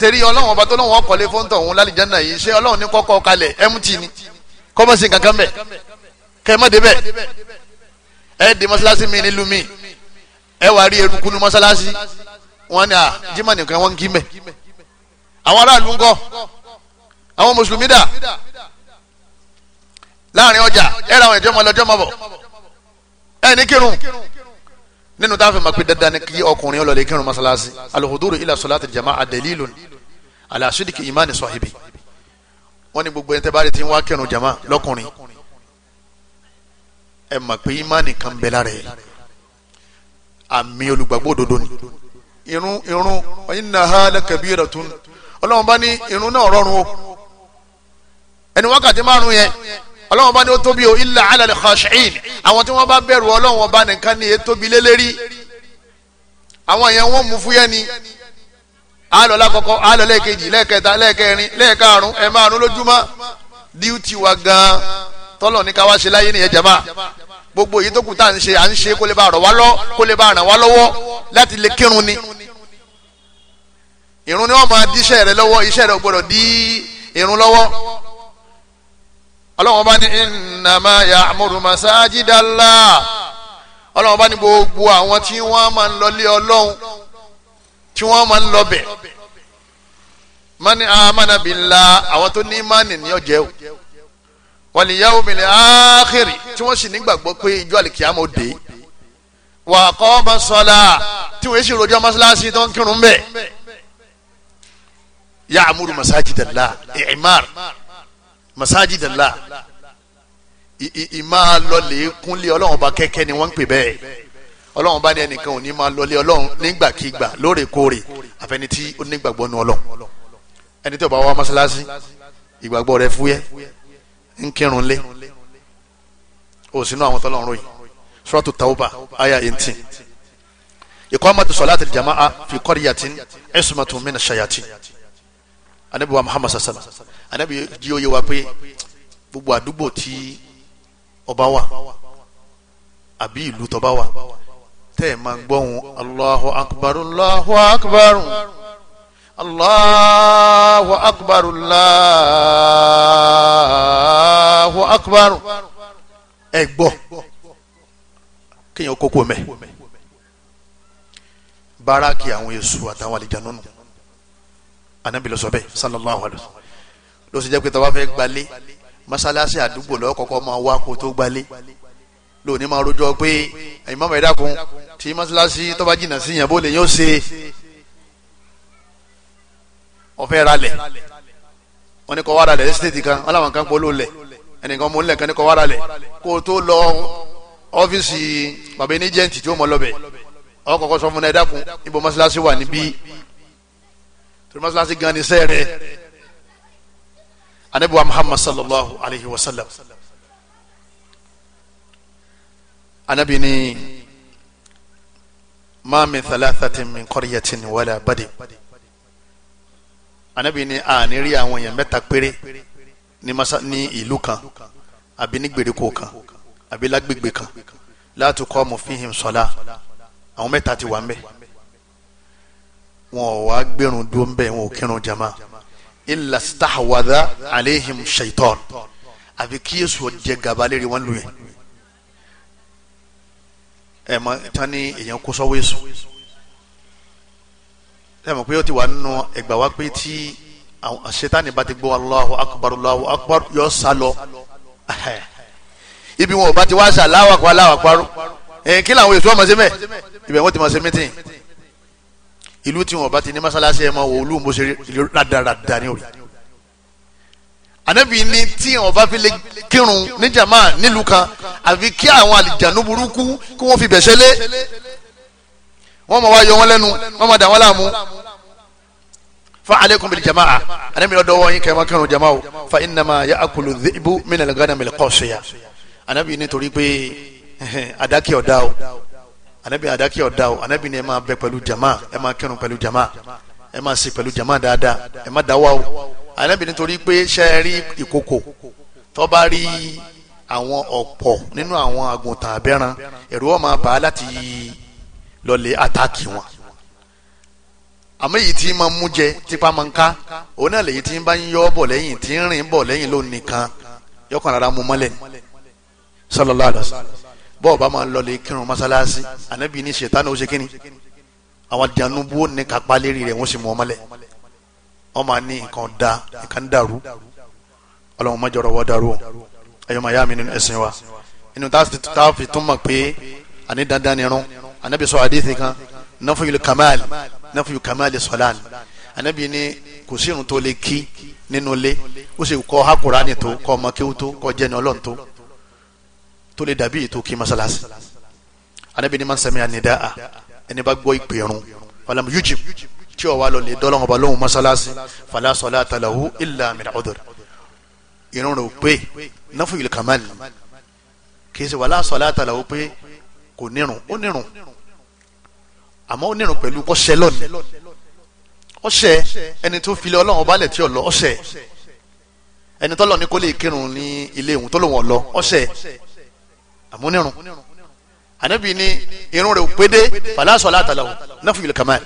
tẹ̀rí ọlọ́run ọba tó lọ́wọ́ ọ̀kọ́lé fún tọ̀hún lálìjánà yìí ṣé ọlọ́run ní kọ́kọ́ kalẹ̀ mt ni kọ́mọ̀sí kankan bẹ̀ kẹ́mọ́dé bẹ̀ ẹ̀ di mọ́sálásí mi nílùú mi ẹ̀ wà rí eruku mọ́sálásí wọn ni à jimá nìkan wọn kí mẹ́ àwọn aráàlú ń kọ́ àwọn mùsùlùmí dà láàrin ọjà ẹ ra àwọn ìjọba ọlọjọ máa bọ ẹ ní kírun nínú táwọn fẹmọ pé dandan ni kí ọkùnrin ọlọlẹ kírun masalasi alhuduru ila salati jama'a dalilun ala sidiki imani sahibi wọn ni gbogbo ẹni tẹ bá rí ti ń wá kírun jama lọkùnrin ẹ mọ̀ pé imani kan bẹ lára ẹ àmì olùgbàgbọ́ òdodo ni irun irun innaha lakabiratun ọlọ́run bá ní irun náà rọrùn o ẹni wákàtí márùn yẹn ọlọ́run bá ní ó tóbi o illa ala al-khashi'in àwọn tí wọ́n bá bẹ̀rù ọlọ́run ọba nìkan ni èyí tóbi lélẹ́rí àwọn yẹn wọ́n mú fúyẹ́ ni àlọ́ lákọ̀ọ́kọ́ àlọ́ lẹ́ẹ̀kejì lẹ́ẹ̀kẹta lẹ́ẹ̀kẹrin lẹ́ẹ̀karùn ẹ̀ márùn lójúmọ́ díútì wa gan tọ́lọ̀ ní ká wá ṣe láyé nìyẹn jama gbogbo èyí tó kù tá à ń ṣe à ń ṣe kó lè bá rọ̀ wá lọ́ kó lè bá ràn wá lọ́wọ́ láti lè kírun ni irun ni wọ́n máa di iṣẹ́ rẹ lọ́wọ́ iṣẹ́ rẹ ò gbọ́dọ̀ di irun lọ́wọ́ ọlọ́wọ́n bá ní innama ya'muru masajidallah ọlọ́wọ́n bá ní gbogbo àwọn tí wọ́n máa ń lọlé ọlọ́run tí wọ́n máa ń lọbẹ̀ mani amana billah àwọn tó ní mani ní ọjẹ́ o wal yawmil akhir tí wọ́n sì nígbàgbọ́ pé ìjọ àlìkìyàmọ̀ òde wà kọ́ ọmọ sọ́la tí wọ́n sì rojọ́ mọ́ṣáláṣí tó ń kírun bẹ́ẹ̀ ya'muru masajidallah i'mar masajidallah ìmá lọlẹ̀ kúnlẹ̀ ọlọ́run bá kẹ́kẹ́ ni wọ́n ń pè bẹ́ẹ̀ ọlọ́run bá ní ẹnìkan ò ní máa lọlẹ̀ ọlọ́run nígbàkigbà lóòrèkóòrè àfẹni tí ó nígbàgbọ́ nu ọlọ́run ẹni tí ó bá wá mọ́ṣáláṣí ìgbàgbọ́ rẹ̀ fúyẹ́ ń kírun lé òsínú àwọn tọ́lọ́run ròyìn suratu tauba aya 18 iqamatu salati al-jama'a fi qaryatin ismatun min ash-shayatin anabi wa muhammad sasana anabi jí ó yé wa pé gbogbo àdúgbò tí ọba wà àbí ìlú tọba wà tẹ́ ẹ̀ máa allahu akbar allahu akbar allahu akbar allahu akbar ẹ gbọ́ kéèyàn kókó mẹ́ báràkì àwọn èṣù àtàwọn àlejò náà anabi ló sọ bẹ́ẹ̀ sallallahu alayhi wa sallam ló sì jẹ́ pé tọ́ba fẹ́ gbalé masalasi àdúgbò lọ́wọ́ kọ́kọ́ máa wá kó tó gbalé lónìí máa rojọ́ pé ẹ̀yin máa mẹ́ta kun tí masalasi tọ́ba jìnnà sí yẹn bó lè yóò ṣe ọ̀fẹ́ ralẹ̀ wọ́n ní kọ́ wá ralẹ̀ ẹ́sítéètì kan wọ́n làwọn kan polówó lẹ̀ ẹnìkan mò ń lẹ̀ kan ní kó tó lọ ọ́fíìsì bàbá ẹni tí ó mọ lọ́bẹ̀ ọkọ̀ kọ́ fún ẹ dákun masalasi wà níbí torí mọ́sálásí gan ni iṣẹ́ rẹ̀ eh, anabiwa muhammad sallallahu alayhi wa sallam anabi ni ma min thalathatin min qaryatin wala badi anabi ni a ní rí àwọn èèyàn mẹ́ta péré ní masa ní ìlú kan àbí ní gbèríko kan àbí lágbègbè kan la tuqamu fihim sala àwọn mẹ́ta ti wà ń wọn ò wá gbẹrun dúró ń bẹ wọn ò kírun jama illa stahwadha aleihim shaitan àfi kí yéésù ọjẹ gàba lérí wọn lù yẹn ẹ mọ tán ni èèyàn kó sọwọ èso ẹ mọ pé ó ti wà nínú ẹgbà wá pé tí àwọn ṣetani bá ti gbọ́ Allahu akbar Allahu akbar yọ sá lọ ibi wọn ò bá ti wá sá Allahu akbar Allahu akbar ẹ kí làwọn èso ọmọ sí mẹ ibẹ̀ wọn ti mọ sí mítìn ìlú tí wọn bá ti ní masalasi ẹ máa wọ olú mo ṣe rádaràdà ní orí anabi ni tí wọn bá fi lè kírun ní jama nílùú kan àfi kí àwọn àlìjànú burúkú kí wọn fi bẹ̀ṣẹ̀ lé wọn máa wá yọ wọn lẹ́nu wọn máa dà wọn láàmú fa aleikum bil jama'a anabi ni ọdọ wọn kẹmọ kírun jama o fa innama ya'kulu dhi'bu min al-ghanam al-qasiya anabi nítorí pé adákẹ́ ọ̀dá o anabi adaki ọ̀dà o anabi ni ẹ máa bẹ pẹ̀lú jama ẹ máa kẹrun pẹ̀lú jama ẹ máa ṣe pẹ̀lú jama dada, ẹ má dáwà o anabi nítorí pé ṣe é rí ìkòkò tó bá rí àwọn ọ̀pọ̀ nínú àwọn àgùntàn abẹ́ran ẹ̀rù wọn máa bà á láti lọlẹ̀ àtàkì wọn àmọ́ èyí tí máa mú jẹ tipa máa ń ká òun náà lèyí tí ń bá ń yọ bọ̀ lẹ́yìn tí ń rìn bọ̀ lẹ́yìn lónìí kan yọkàn rárá mu mọ́lẹ̀ ni sallallahu alaihi bọ́ọ̀ bá máa ń lọlé kírun mọ́sálásí ànábì ní ṣètánù ó ṣe kíni àwọn jàǹdùbú ní kápá lérí rẹ̀ wọ́n sì mú ọmọlẹ̀ wọ́n máa ní nǹkan da nǹkan dàrú ọlọ́run má jọ̀rọ̀ wọ́ dàrú ẹ̀yọ́ màá yá mi nínú ẹ̀sìn wa inú táà fi tún mọ̀ pé àní dandan nìrún ànábì sọ àdéhìí kan nafuyu kamal nafuyu kamal sọlan ànábì ní kò sí irun tó lè kí nínú ilé ó sì kọ́ hákùrá nìtó kọ́ ọmọ kéwú tó kọ́ jẹ́ni ọlọ́run tó tó lè dàbí ètò kí masalasi anabi ni man sami anidaa ẹni bá gbọ́ ìpè irun falam yujib tí o wà lọ lè dọ́lọ́ ọba lóhùn masalasi fala salata lahu illa min udhr irun rẹ̀ pé nafu il kamal kìí ṣe wala salata lahu pé kò nírun ó nírun àmọ́ ó nírun pẹ̀lú ọṣẹ lọ́ni ọṣẹ ẹni tó filẹ̀ ọlọ́run ọba lẹ̀ tí ò lọ ọṣẹ ẹni tọ́lọ̀ ní kó lè kírun ní ilé ìhùn tó lòun ọ̀ àmúnirun ànábì ní irun rẹ̀ ò pé dé fàlásọ̀ látàlá o náfìlì kàmáà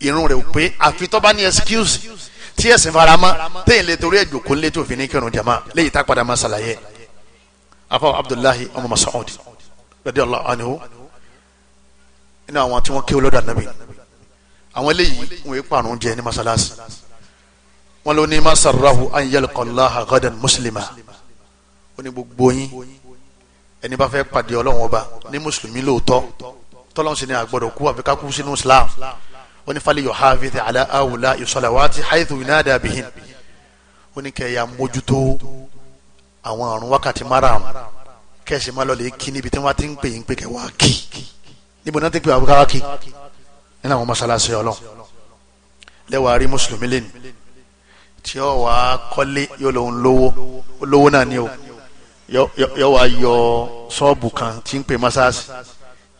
irun rẹ̀ ò pé àfi tó bá ní ẹsikíùsì tí ẹ̀sìn farama téyìn lè torí ẹ̀jọ̀ kó lé tó fi ní kírun jama léyìí tá padà máa ṣàlàyé afọ abdullahi ọmọ masoud radiyallahu anhu inú àwọn tí wọ́n kí olódò ànábì àwọn eléyìí wọ́n yé pààrùn jẹ ní masalasi wọ́n ló ní masarahu an yalqallaha gadan muslima ó ní gbogbo yín ẹni bá fẹ́ pàdé ọlọ́run ọba ní mùsùlùmí lóòótọ́ tọ́lọ́run sì ni àgbọ̀dọ̀ kú àfi ká kú sínú islam ó ní fali yohavid ala awula isolawati haithu inada bihin ó ní kẹyà mójútó àwọn àrùn wákàtí márààrún kẹsì má lọ lè kí níbi tí wọn ti ń pè yín pé kẹwàá kí níbo náà ti pè àwọn kí nínú àwọn mọ́sálásí ọlọ́run lẹ́wàá rí mùsùlùmí lẹ́nu tí ó wàá kọ́lé yóò lòun náà ni o yọ wá yọ sọ́ọ̀bù kan tí ń pè mọ́sáàsì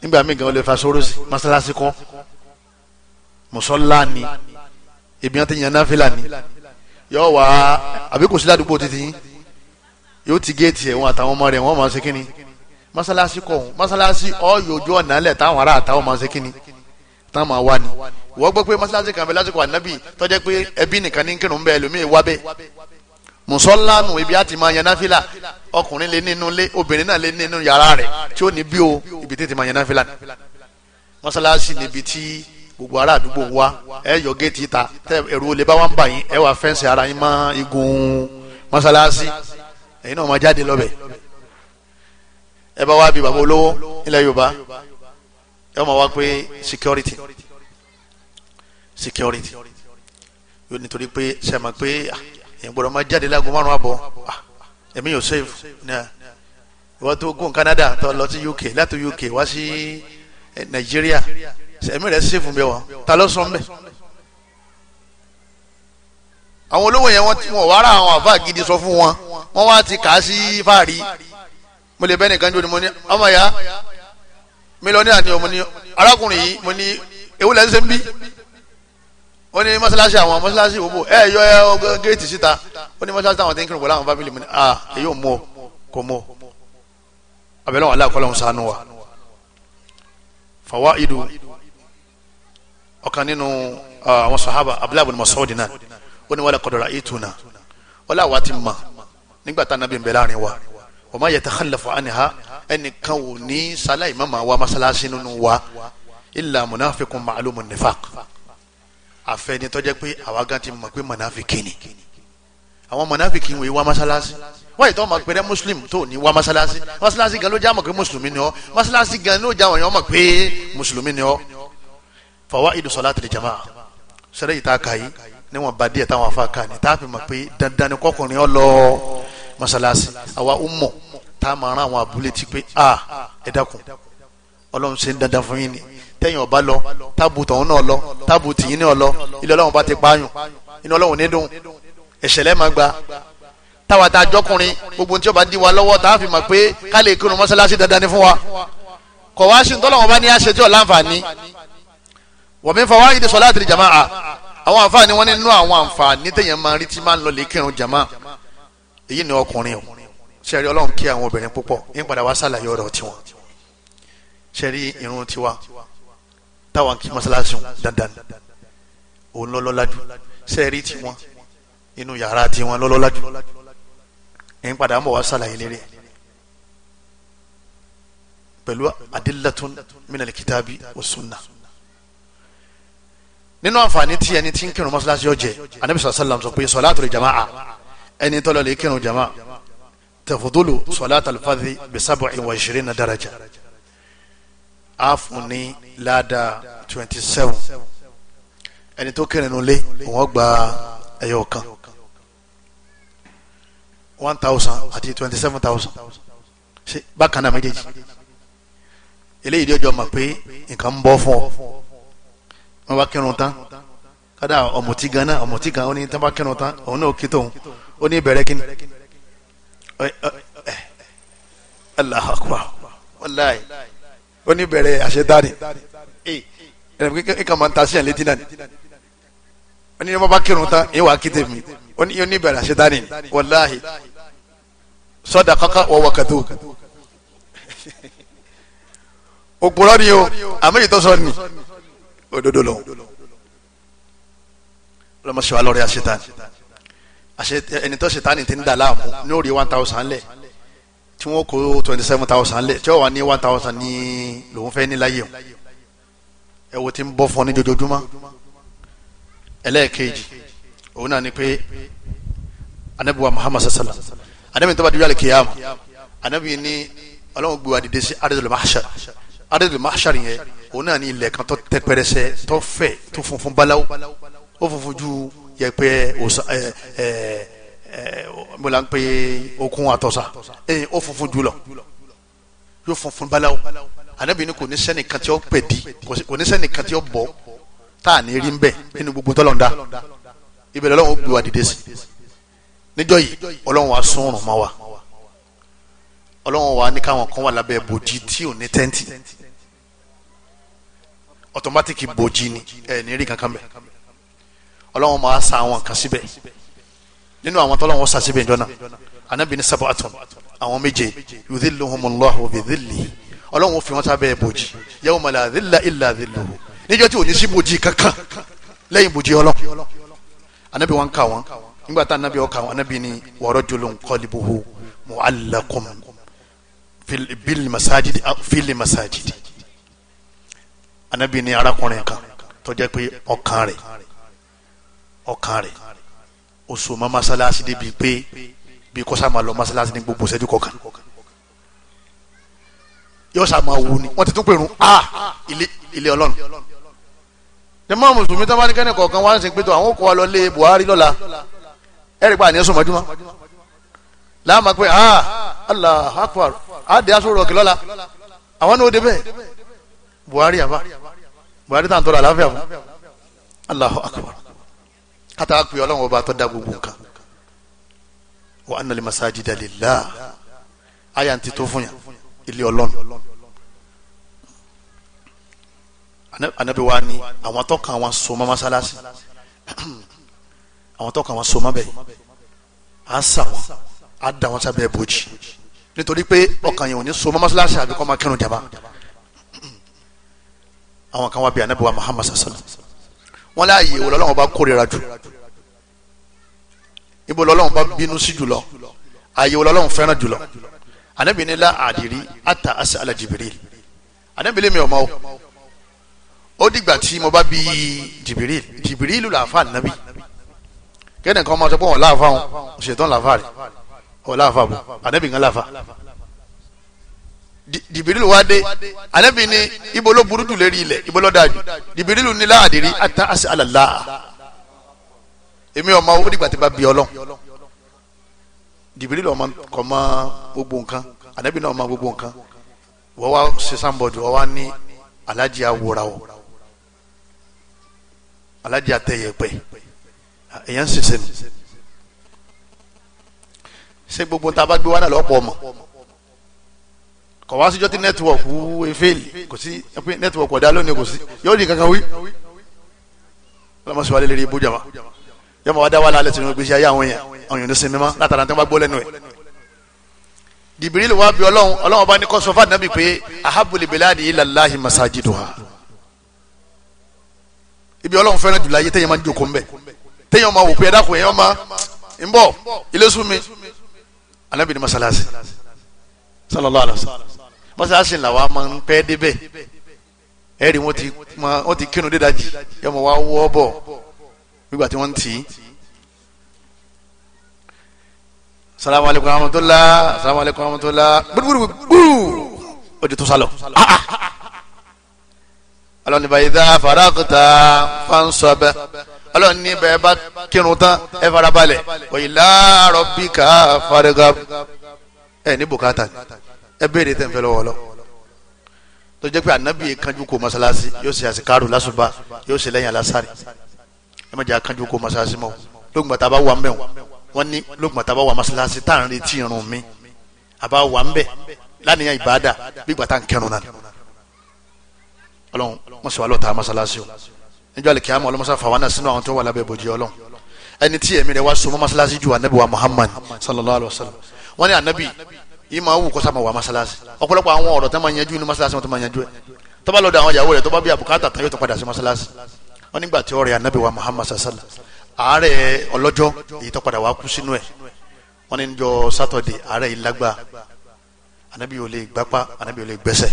nígbà míì gan ó lè fa sóró sí mọ́sáàsì kọ́ mùsọ́lá ni ebi wọn ti yan náfìlà ni yọ wá àbí kò sí ládùúgbò títí yóò ti géètì ẹ̀wọ̀n àtàwọn ọmọ rẹ̀ wọ́n máa ṣe kínni mọ́sálásí kọ̀ ọ̀hún mọ́sálásí ọ̀yọ̀ ojú ọ̀nà táwọn ará àtàwọn máa ṣe kínni táwọn máa wá ni wọ́n gbọ́ pé masalasi kan fẹ́ lásìkò ànábì tó jẹ́ pé ẹbí nìkan ní kírun bẹ́ẹ̀ lómi ìwá bẹ́ẹ̀ mùsọ́lánù ibi àti máa yan náfìlà ọkùnrin lè nínú lé obìnrin náà lè nínú yàrá rẹ̀ tí ó ní bí o ibi tètè máa yan náfìlà mọ́sálásí níbi tí gbogbo ará àdúgbò wa ẹ yọ géètì ta tẹ ẹrù olè bá wà ń bà yín ẹ wà fẹ́ǹsì ara yín mọ́ igun mọ́sálásí ẹ̀yin náà máa jáde lọ́bẹ̀ ẹ bá wá bí bàbá olówó nílẹ̀ yorùbá ẹ máa wá pé security security yóò nítorí pé sẹ́ẹ̀ máa pé ah, èyàn gbọ́dọ̀ máa jáde láago márùn àbọ̀ èmi ah, yóò save náà ìwọ́n tó gún Canada tó lọ sí UK láti UK wá sí eh, Nàìjíríà ẹ̀mí rẹ̀ save mi wọ́n ta ló sọ mbẹ́ àwọn olówó yẹn wọ́n ti wọ́n wàrà àwọn àfa gidi sọ fún wọn wọ́n wá ti kà á sí fáàrí mo lè bẹ́ nìkan jó mo ní ọmọ ya mílíọ̀nù àti ọmọ ní arákùnrin yìí mo ní ewu lẹ́sẹ̀ ń bí ó ní mọ́ṣáláṣí àwọn mọ́ṣáláṣí òbò ẹ yọ ẹ géètì síta ó ní mọ́ṣáláṣí àwọn tí ń kírun pẹ̀lú àwọn fámìlì mi ni à ah, èyí ò mú ọ kò mú ọ abẹ́lẹ́ wọn aláàkọ́ lọ́hún sànú wa fàwa idu ọ̀kan nínú ah, àwọn sahaba abdullahi bin masoud náà ó ní wàlẹ̀ kọ́dọ̀rọ̀ ìtùnà ó láwa ti mọ̀ nígbà wa wa nínú wa illa munafiqun ma'lumun nifaq àfẹni tó jẹ́ pé àwa gan ti mọ̀ pé mọ̀nàfíkì ni àwọn mọ̀nàfíkì wọ́n wá mọ́sálásí wọ́n yìí tó mọ̀ pé rẹ́ mùsùlùm tó ní wá mọ́sálásí mọ́sálásí gan ló já mọ̀ pé mùsùlùmí ni ọ́ mọ́sálásí gan ló já wọ̀nyọ́ mọ̀ pé mùsùlùmí ni ọ́ fawaidu salatil jamaa sẹ́rẹ́ yìí tá a kà yìí níwọ̀n bá díẹ̀ táwọn afa kà ní tá a fi mọ̀ pé dandan ni kọkùnrin ọ lọ mọ́sálásí àwa ó mọ̀ tá a máa rán àwọn abúlé ti pé a ah, ẹ dákun ọlọ́run ṣe ń dandan fún yín ni tẹ̀yìn ọba lọ tábù tọ̀hún náà lọ tábù tìyín náà lọ ilé ọlọ́run bá ti pààyàn inú ọlọ́run ní dùn ẹ̀ṣẹ̀lẹ̀ máa gba táwa tá a jọkùnrin gbogbo tí ó bá di wa lọ́wọ́ tá a fi mọ̀ pé ká lè kírun mọ́sálásí dandan ni fún wa kọ̀ wá sí ntọ́lọ́wọ́n bá ní àṣẹ tí ò láǹfààní wa min fawaidi salatil jamaa àwọn àǹfààní wọn nínú àwọn àǹfààní téèyàn máa rí tí máa ń lọ lè kírun jamaa èyí ni ọkùnrin o sẹ́rí ọlọ́run kí àwọn obìnrin púpọ̀ ní padà wá sàlàyé ọ̀rọ̀ tiwọn sẹ́rí irun tiwa táwọn kí masalasi dandan òun lọ́lọ́lájú sẹ́ẹ̀rí tiwọn inú yàrá tiwọn lọ́lọ́lájú ẹ̀yin padà ń bọ̀ wá sàlàyé lérí ẹ̀ pẹ̀lú adillatun minal kitabi wa sunna nínú àǹfààní tí ẹni tí ń kírun mọ́sálásí ọ̀jẹ̀ anabi sàlám sọ pé sọláàtù jamaa ẹni tọ́lọ̀ lè kírun jamaa tafudulu sọláàtù alfadhi bisabu iwa ìṣirin na daraja a fún ní ládàá twenty seven ẹni tó kẹrin nulẹ̀ wọ́n gba ẹyọ kan one thousand àti twenty seven thousand ṣe bákan náà méjèèjì eléyìí di ọjọ́ ma pé nǹkan ń bọ́ fún ọ wọ́n bá kírun tán kádà ọ̀mùtí gan náà ọ̀mùtí gan ó ní tán bá kírun tán òun náà kí tóun ó ní ìbẹ̀rẹ̀ kí ni Allahu akbar wallahi ó ní bẹ̀rẹ̀ àṣetáni ẹ kàn máa ń ta sí ẹ̀ létí náà ni ó ní bàbá kírun tán ẹ wà á kíte mi ó ní bẹ̀rẹ̀ àṣetáni ni wàláhì sọ́dà kankan wọ̀ wọ̀kàtó òpòrọ́ ni o àmì ìtọ́sọ ni òdodo lọ lọ́mọ sọ alọ́rẹ́ àṣetáni ẹni tó ṣètáni ti ń dà láàmú ní òòrè one thousand lẹ́ẹ̀ tí wọ́n kó twenty seven thousand lẹ̀ tí wọ́n wà ní one thousand ní lòun fẹ́ ní láyé o ẹ wo ti ń bọ́ fún ọ ní jojoojúmọ́ ẹlẹ́ẹ̀kejì òun náà ni pé anabi wa muhammad sallam anabi tó bá dúró alikiyama anabi ni ọlọ́run gbé wa dìde sí adadul mahshar adadul mahshar yẹn òun náà ni ilẹ̀ kan tó tẹ́ pẹrẹsẹ tó fẹ̀ tó funfun báláwo ó funfun ju yẹpẹ ẹ ẹ. Eh, mo la ń pe okun àtọ̀sà ee eh, ó funfun jùlọ yóò funfun báláwo ànábì ni kò ní sẹ́ni kan tí ó pè di kò ní sẹ́ni kan tí ó bọ̀ tá a ní rí ń bẹ̀ nínú gbogbo tọ́lọ̀ ń dá ibẹ̀rẹ̀ ọlọ́run ó gbé wa dìde sí níjọ́ yìí ọlọ́run wa sún ọ̀rùn mọ́ wa ọlọ́run wa ní káwọn kan wà lábẹ́ bòjì tí ò ní tẹ́ǹtì ọ̀tọ̀mátìkì bòjì ni ẹ̀ ní rí kankan bẹ̀ ọlọ́run máa sa àwọn kan síbẹ̀ nínú àwọn tọ́lọ́ wọn sàṣìbẹ̀ ìjọ náà anábì ní sábà àtọ̀ àwọn méje yudhilluhumullahu bi dhillihi ọlọ́run fi wọn sábẹ́ bòjì yawma la dhilla illa dhilluhu níjọ́ tí ò bòjì kankan lẹ́yìn bòjì ọlọ́run anábì wọn kà wọn nígbà tá anábì ọkà wọn anábì ní wa rajulun qalbuhu mu'allaqun fil masajidi fil masajidi anábì ní arákùnrin kan tó pé ọkàn rẹ̀ ọkàn rẹ̀ ó so mọ́ masalasi débi pé bí kọ́sá máa lọ masalasi ní gbogbo ṣẹ́jú kọ̀ọ̀kan yóò sá máa ni wọ́n ti tún pèrún a ilé ilé ọlọ́run jẹ́mọ́ mùsùlùmí tó bá ní kẹ́ni kọ̀ọ̀kan wá ń sìn pé tó àwọn òkú wa lọ lé Buhari lọ́la ẹ̀rí pa àníyàn sọmọdúnmọ́ láàmà pé a Allah akbar a dé aṣọ rọ̀kì lọ́la àwọn ní o débẹ̀ Buhari àbá Buhari la àláfíà fún Allahu akbar kátà pé ọlọ́run ọba tó dá gbogbo nǹkan wa anna lil masajida lillah àyà ti tó fún yà ilé ọlọ́run anabi wa ni àwọn tó kàn wọn masalasi àwọn tó kàn wọn so mọ́ bẹ́ẹ̀ à ń sà wọn à ń da wọn sábẹ́ bòjì nítorí pé ọkàn yẹn ò ní so masalasi àbíkọ́ máa kírun jàmbá àwọn kan wá bí anabi wa muhammad sallallahu alaihi wa sallam wọ́n láàyè wò lọ́lọ́wọ́n bá kórira jù ibo lọ́lọ́wọ́n bá bínú sí jùlọ àyè wò lọ́lọ́wọ́n fẹ́ràn jùlọ anabi ni la àdìrí ata asa ala Jibril anabi lè mi ọmọ o ó dìgbà tí mo bá bí Jibril Jibril làáfà nàbí kẹ́nìkan ọmọ sọ pé wọ́n láàfà wọn ṣètò làáfà rẹ̀ wọ́n láàfà bò anabi ń láàfà dìbìrìlù wá dé anabi ni ibo ló burú jù lérí ilẹ̀ ibo ló dáa jù dìbìrìlù ata asi alàlá emi ọmọ ó dìgbà tí bá bí ọlọ́ dìbìrìlù ọmọ kọ mọ gbogbo nǹkan anabi náà mọ gbogbo nǹkan wọ́n wá sísan bọ̀dù wọ́n wá ní alájí awòrà o alájí atẹ̀yẹ̀pẹ̀ èèyàn sísè mi ṣé gbogbo tá gbé wá náà lọ́pọ̀ ọmọ kọ̀ wá síjọ́ tí nẹ́tíwọ̀kì wú eféèlì kò sí pé nẹ́tíwọ̀kì ọ̀dà lónìí kò sí yóò di kankan wí lọ́mọ sọ alẹ́ lérí ibú jama yọmọ wa dá wà lálẹ́ sínú gbèsè ayé àwọn yẹn àwọn yẹn ní sinmi mọ́ látara tí wọ́n bá gbọ́ lẹ́nu ẹ̀ jìbìrìlì wa bí ọlọ́run ọlọ́run bá ní kọ́ sọ fún pé ahabul biladi ilallahi ibi ọlọ́run fẹ́ràn jùlọ ayé téèyàn máa ń jókòó ńbẹ téèyàn masalasi sallallahu alaihi wa sallam mọ́sálásí làwa máa ń pẹ́ débẹ̀ ẹ̀rí wọ́n ti kírun dédajì yọmọ wa wọ́ bọ̀ nígbà tí wọ́n ń tì í. salamu alaykum wa rahmatulah salamu alaykum wa rahmatulah gbúgbúrúgbúrú o de tó sálọ. ọlọ́ni bá idha faragta fansab ọlọ́ni bẹ́ẹ̀ bá kírun tán ẹ farabalẹ̀ wa ila rabbika farghab ẹ ní bùkátà ẹ béèrè tẹ̀ ń fẹ́ lọ́wọ́ lọ tó jẹ́ pé ànábì yìí kanjú kó masalasi yóò ṣe àsìkárù lásùbà yóò ṣe lẹ́yìn alásàrì ẹ má jẹ́ àkanjú kó masalasi mọ́ lóògùn àtàbà wà mẹ́wọ̀n wọ́n ní lóògùn àtàbà wà masalasi tá à ń retí irun mi àbá wà ń bẹ̀ lánìyàn ìbáadà bí gbàtà ń kẹrun náà ọlọ́run wọ́n sọ wà lọ́ta masalasi o níjọ́ àlè kíámọ̀ ọlọ́mọsá fà wá náà sínú àwọn tó wà lábẹ́ ìbòjì ọlọ́run ẹni tí ẹ̀mí rẹ̀ wá so mọ́ masalasi ju anabi wa Muhammad sallallahu alayhi wa sallam wọ́n ní anabi ìmọ̀ awù kọ́sà máa wà masalasi ọ̀pọ̀lọpọ̀ àwọn ọ̀rọ̀ tó máa yanjú inú masalasi wọn tó máa yanjú ẹ̀ tó bá lọ́dọ̀ àwọn ìyàwó rẹ̀ tó bá bí àbùkátà tán yóò tó padà sí masalasi wọn nígbà tí ọ̀rẹ́ anabi wa muhammad sallallahu àárẹ̀ ọlọ́jọ́ èyí tó padà wà kú sínú ẹ̀ wọn ní jọ sátọ̀dẹ̀ àárẹ̀ yìí lágbà anabi ò lè gbápá anabi ò lè gbẹ́sẹ̀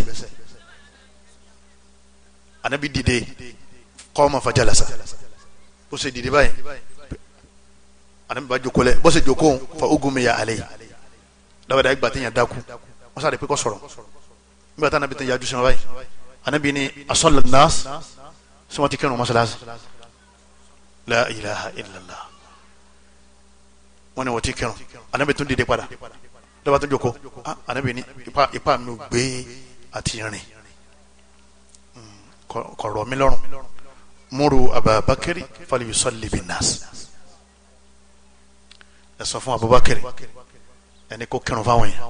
anabi dìde qama fajalasa ó sì dìde anabi bá jókòó lẹ̀ bó fa ugumiya alayhi dábàdà ìgbà téèyàn dákú wọ́n sáré pé kọ́ sọ̀rọ̀ nígbà tá anabi tó yájú sinú báyìí anabi ni asọ́lẹ̀ nas sí wọ́n ti kírun mọ́sálásí la ilaha illallah wọ́n ni wọ́n ti kírun anabi tún dìde padà joko. tún jókòó anabi ah, ni ipa mi ò gbé àti rìn hmm, kọ̀rọ̀ mi muru ababakari fali yusalli bin nas ẹ sọ fún ẹni kò kírun fáwọn yẹn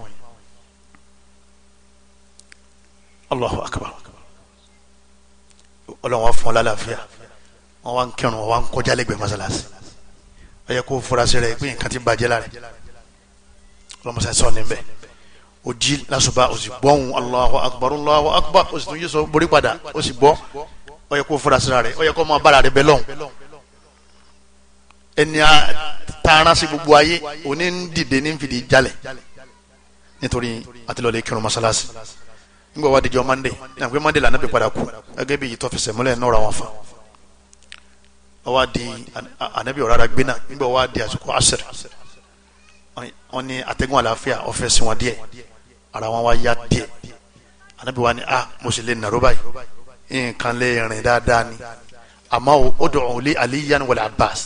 Allahu akbar Ọlọ́run wa fún ọ lálàáfíà wọn wá ń kírun wọn wá ń kọjá lẹ́gbẹ̀ẹ́ mọ́sálásí ó yẹ kó furasí rẹ pé nǹkan ti bàjẹ́ lára ọlọmọsá sọ níbẹ̀ o jí lásùbà o sì gbọ́hùn Allahu akbar Allahu akbar o sì tún yé borí padà o sì gbọ́ ó yẹ kó furasí rẹ ó yẹ kó máa bára rẹ bẹ́ lọ́hùn ẹni tààrà sí gbogbo ayé òní ń dìde ní fìdí jalè nítorí àtìlọ́lẹ̀ kírun mọ́sálásí nígbà wà dìjọ mande náà pé mande lànà bí padà kú gẹ́gẹ́ bí ìtọ́ fẹsẹ̀ múlẹ̀ nọ́ra wọn fa ọwọ́ di ànábì ọ̀rọ̀ gbéná nígbà di àsìkò àṣírí wọn ni atẹ́gùn àlàáfíà ọ̀fẹ́ sí wọn díẹ̀ ara wọn wá yá díẹ̀ ànábì wa ni a ah, mo sì lè nàró báyìí nǹkan lè rìn dáadáa ni àmọ́ o dùn òun lé aliyan wal Abbas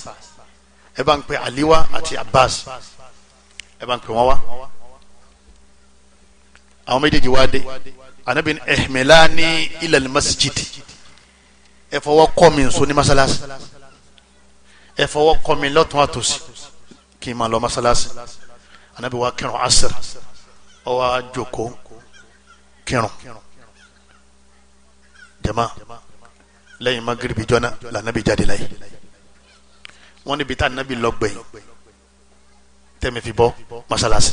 ẹ bá ń pè aliwa àti abbas ẹ bá ń pè wọn wá àwọn méjèèjì wá dé anabi ihmilani ilal masjid ẹ fọwọ́ kọ́ mi nso ní masalasi ẹ fọwọ́ kọ́ mi lọ́tún àtòsí kí n máa lọ masalasi anabi wa kírun asir ọ wá jókòó kírun jama lẹ́yìn magiribi jọ́nà lànà bí jáde láyé wọ́n níbi tá nàbí lọ́gbẹ̀ẹ́ tẹ̀mí fi bọ́ masalasi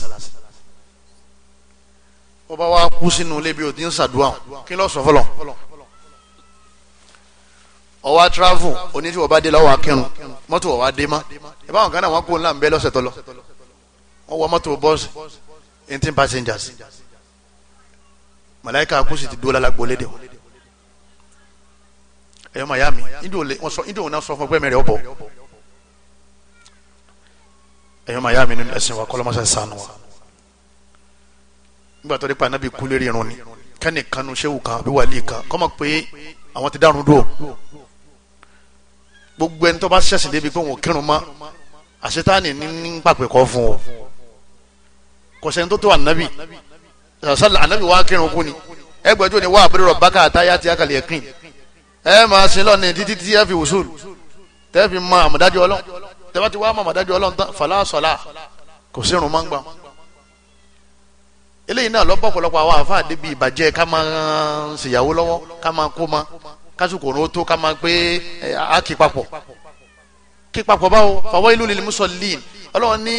wọ́n bá wá kú sínú ilé bí òdì ń sàdúrà kí ló sọ fọlọ́ ọwọ́ travel oníṣẹ́ wọ́n bá dé lọ́wọ́ akẹ́rùn mọ́tò wọ́n wá dé má ẹ báwọn kan náà wọ́n kó ńlá ń bẹ́ lọ́sẹ̀ tọ́lọ́ wọ mọ́tò bọ́ọ̀sì eighteen passengers malayika kú sì ti dúró lálágbó lédè wọn ẹ̀yọ́ mayami ìdí òun náà sọ fún ọgbẹ́ mẹ́rẹ̀ ọ̀bọ̀ ẹ̀yọ́ màá yá mi nínú ẹ̀sìn wa kọ́lọ́mọ́sẹ̀ sànù wa nígbà tó dé pa anábì kú lérí irun ni kẹ́nì kanu ṣéwù kan àbí wàlí kan kọ́mọ pé àwọn ti dárun dúró gbogbo ẹni tó bá ṣẹ̀sìn débi pé òun ò kírun mọ́ àṣetáni ní pàpẹ́ kọ́ fún ọ kọ̀ṣẹ́ tó tó ànábì sàlá ànábì wa kírun kú ni ẹgbẹ́jọ́ ni wà àbúrò rọ̀ bákà táyà tí a kàlẹ̀ ẹ̀kìn ẹ máa ṣe lọ́ni títí tí ẹ fi wùsùl tẹ́ fi mọ àmọ̀dájú ọlọ́run tẹ́wá ti wá mọ̀mọ́ dájú ọlọ́run tán fàlà sọ̀là kò sí irun máa ń gbà eléyìí náà lọ́pọ̀ ọ̀pọ̀lọpọ̀ àwọn àáfàá débi ìbàjẹ́ ká máa ń ṣèyàwó lọ́wọ́ ká máa kó ma kásìkò òun ó tó ká máa pé á kí papọ̀ kí papọ̀ báwo fàwọ́ ìlú lílì mùsọ̀lìn ọlọ́run ní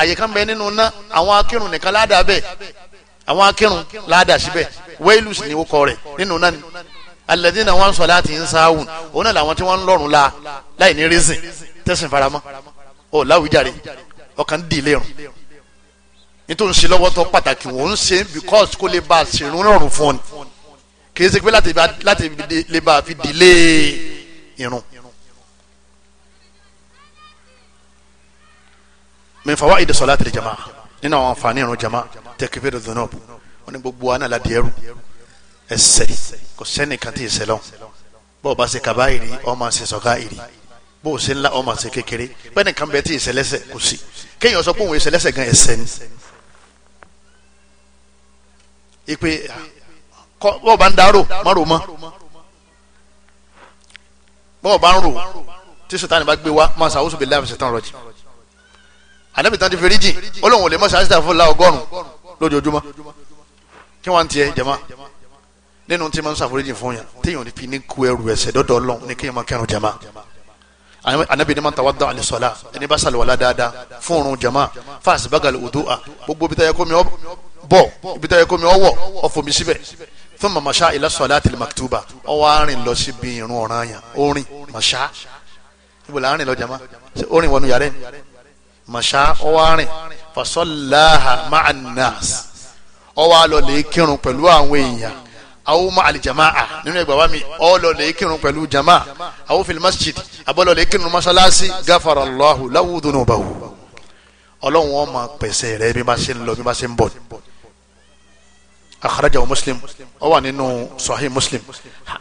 àyè kan bẹ nínú ná àwọn akírun nìkan ládàá bẹ́ẹ̀ àwọn akírun ládàá síbẹ̀ wẹ́ẹ̀lùs ni ó kọ rẹ̀ nínú ná ni alẹ́dínà wọn sọ láti ń sáwùn òun náà làwọn tí wọ́n ń lọ́rùn la láì ní rísìn tẹ̀sán faramọ́ ọ láwùjáre ọkàn dì lérun nítorí ṣe lọ́wọ́ tó pàtàkì wọ́n ń ṣe because kó lè bá a ṣe rọrùn fún ọ ni kì í ṣe pé láti lè bá a fi dìlé irun. min fawaid salati jamaa nínú àwọn àǹfààní irun jamaa takfiru dhunub wọn ni gbogbo wa náà la diẹrù ẹ̀ṣẹ̀ kò sẹ́nìkan tí ì ṣẹlẹ̀ bọ́ọ̀ bá ṣe kaba iri ọmọ ṣe sọ̀ká iri bó o ṣe ńlá ọmọ àti kékeré bẹ́ẹ̀ nìkan bẹ́ẹ̀ tí ìṣẹ̀lẹ́sẹ̀ kò sí kéèyàn sọ pé òun ìṣẹ̀lẹ́sẹ̀ gan ẹ̀ṣẹ̀ ni. ìpè bọ́ọ̀ bá ń darò má rò mọ́ bọ́ọ̀ bá ń rò tí sọ̀tàn bá gbé wa máa ṣàwọ́sọ̀ bí láàbì sọ̀tàn rọ̀jì. ànábì tán ti fèrè jìn olóhùn ò lè mọ̀ sàásìtà fún la ọgọ́rùn-ún lójoojúmọ́ kí wọ́n ti yẹ jama nínú tí wọ́n ń ṣàforíjì fún yàn téèyàn fi ní ku ẹrù ẹ̀ṣẹ̀ dọ́dọ̀ ọlọ́run ní kéèyàn máa kẹrùn jama. jama anabi ni man tawadda ali sọla ẹni bá saliwala dáadáa fúnrun jama fasi bagali odo a gbogbo bitọ yẹ komi ọ bọ bitọ yẹ komi ọ wọ ọfomi síbẹ̀ fún ma masha ila sọla tili maktuba ọwọ arin lọ sí bi irun ọ̀ràn yẹn orin masha ibola arin lọ jama orin wọnú yàrá yẹn masha ọwọ arin fasọlaha ma'an nas ọwọ alọ lè kírun pẹ̀lú àwọn èèyàn awo ma alijamaa nínú ẹgbàá wa mi ọlọlẹ ikirun pẹ̀lú jamaa awo fili masjid abọlọlẹ ikirun masalasi gafara allahu lawu dunubahu Ọlọ́run wọn ma pèsè rẹ bí ma ṣe ń lọ bí ma ṣe ń bọ akhrajahu muslim ó wà nínú muslim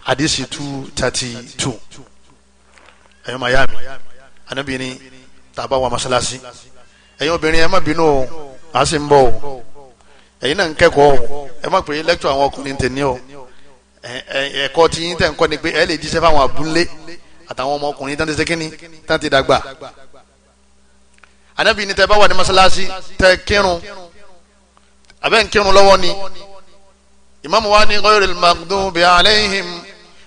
hadisi two thirty two ẹ̀yin ma yá mi anabi ni tàbá wa masalasi ẹ̀yin obìnrin ẹ má bínú o a sì ń bọ̀ o ẹ̀yin náà ń kẹ́kọ̀ọ́ ẹ má pè é lẹ́kítọ̀ àwọn ọkùnrin tẹ̀ o ẹ̀kọ́ tí yín tẹ̀ ń kọ́ ni pé ẹ lè jíṣẹ́ fáwọn abúlé àtàwọn ọmọkùnrin tán ti ṣe kínní tán ti dàgbà anabi ni tẹ bá wà ní masalasi tẹ kírun abẹ́ ń kírun ni imaamu wa ni ghayril maghdubi alayhim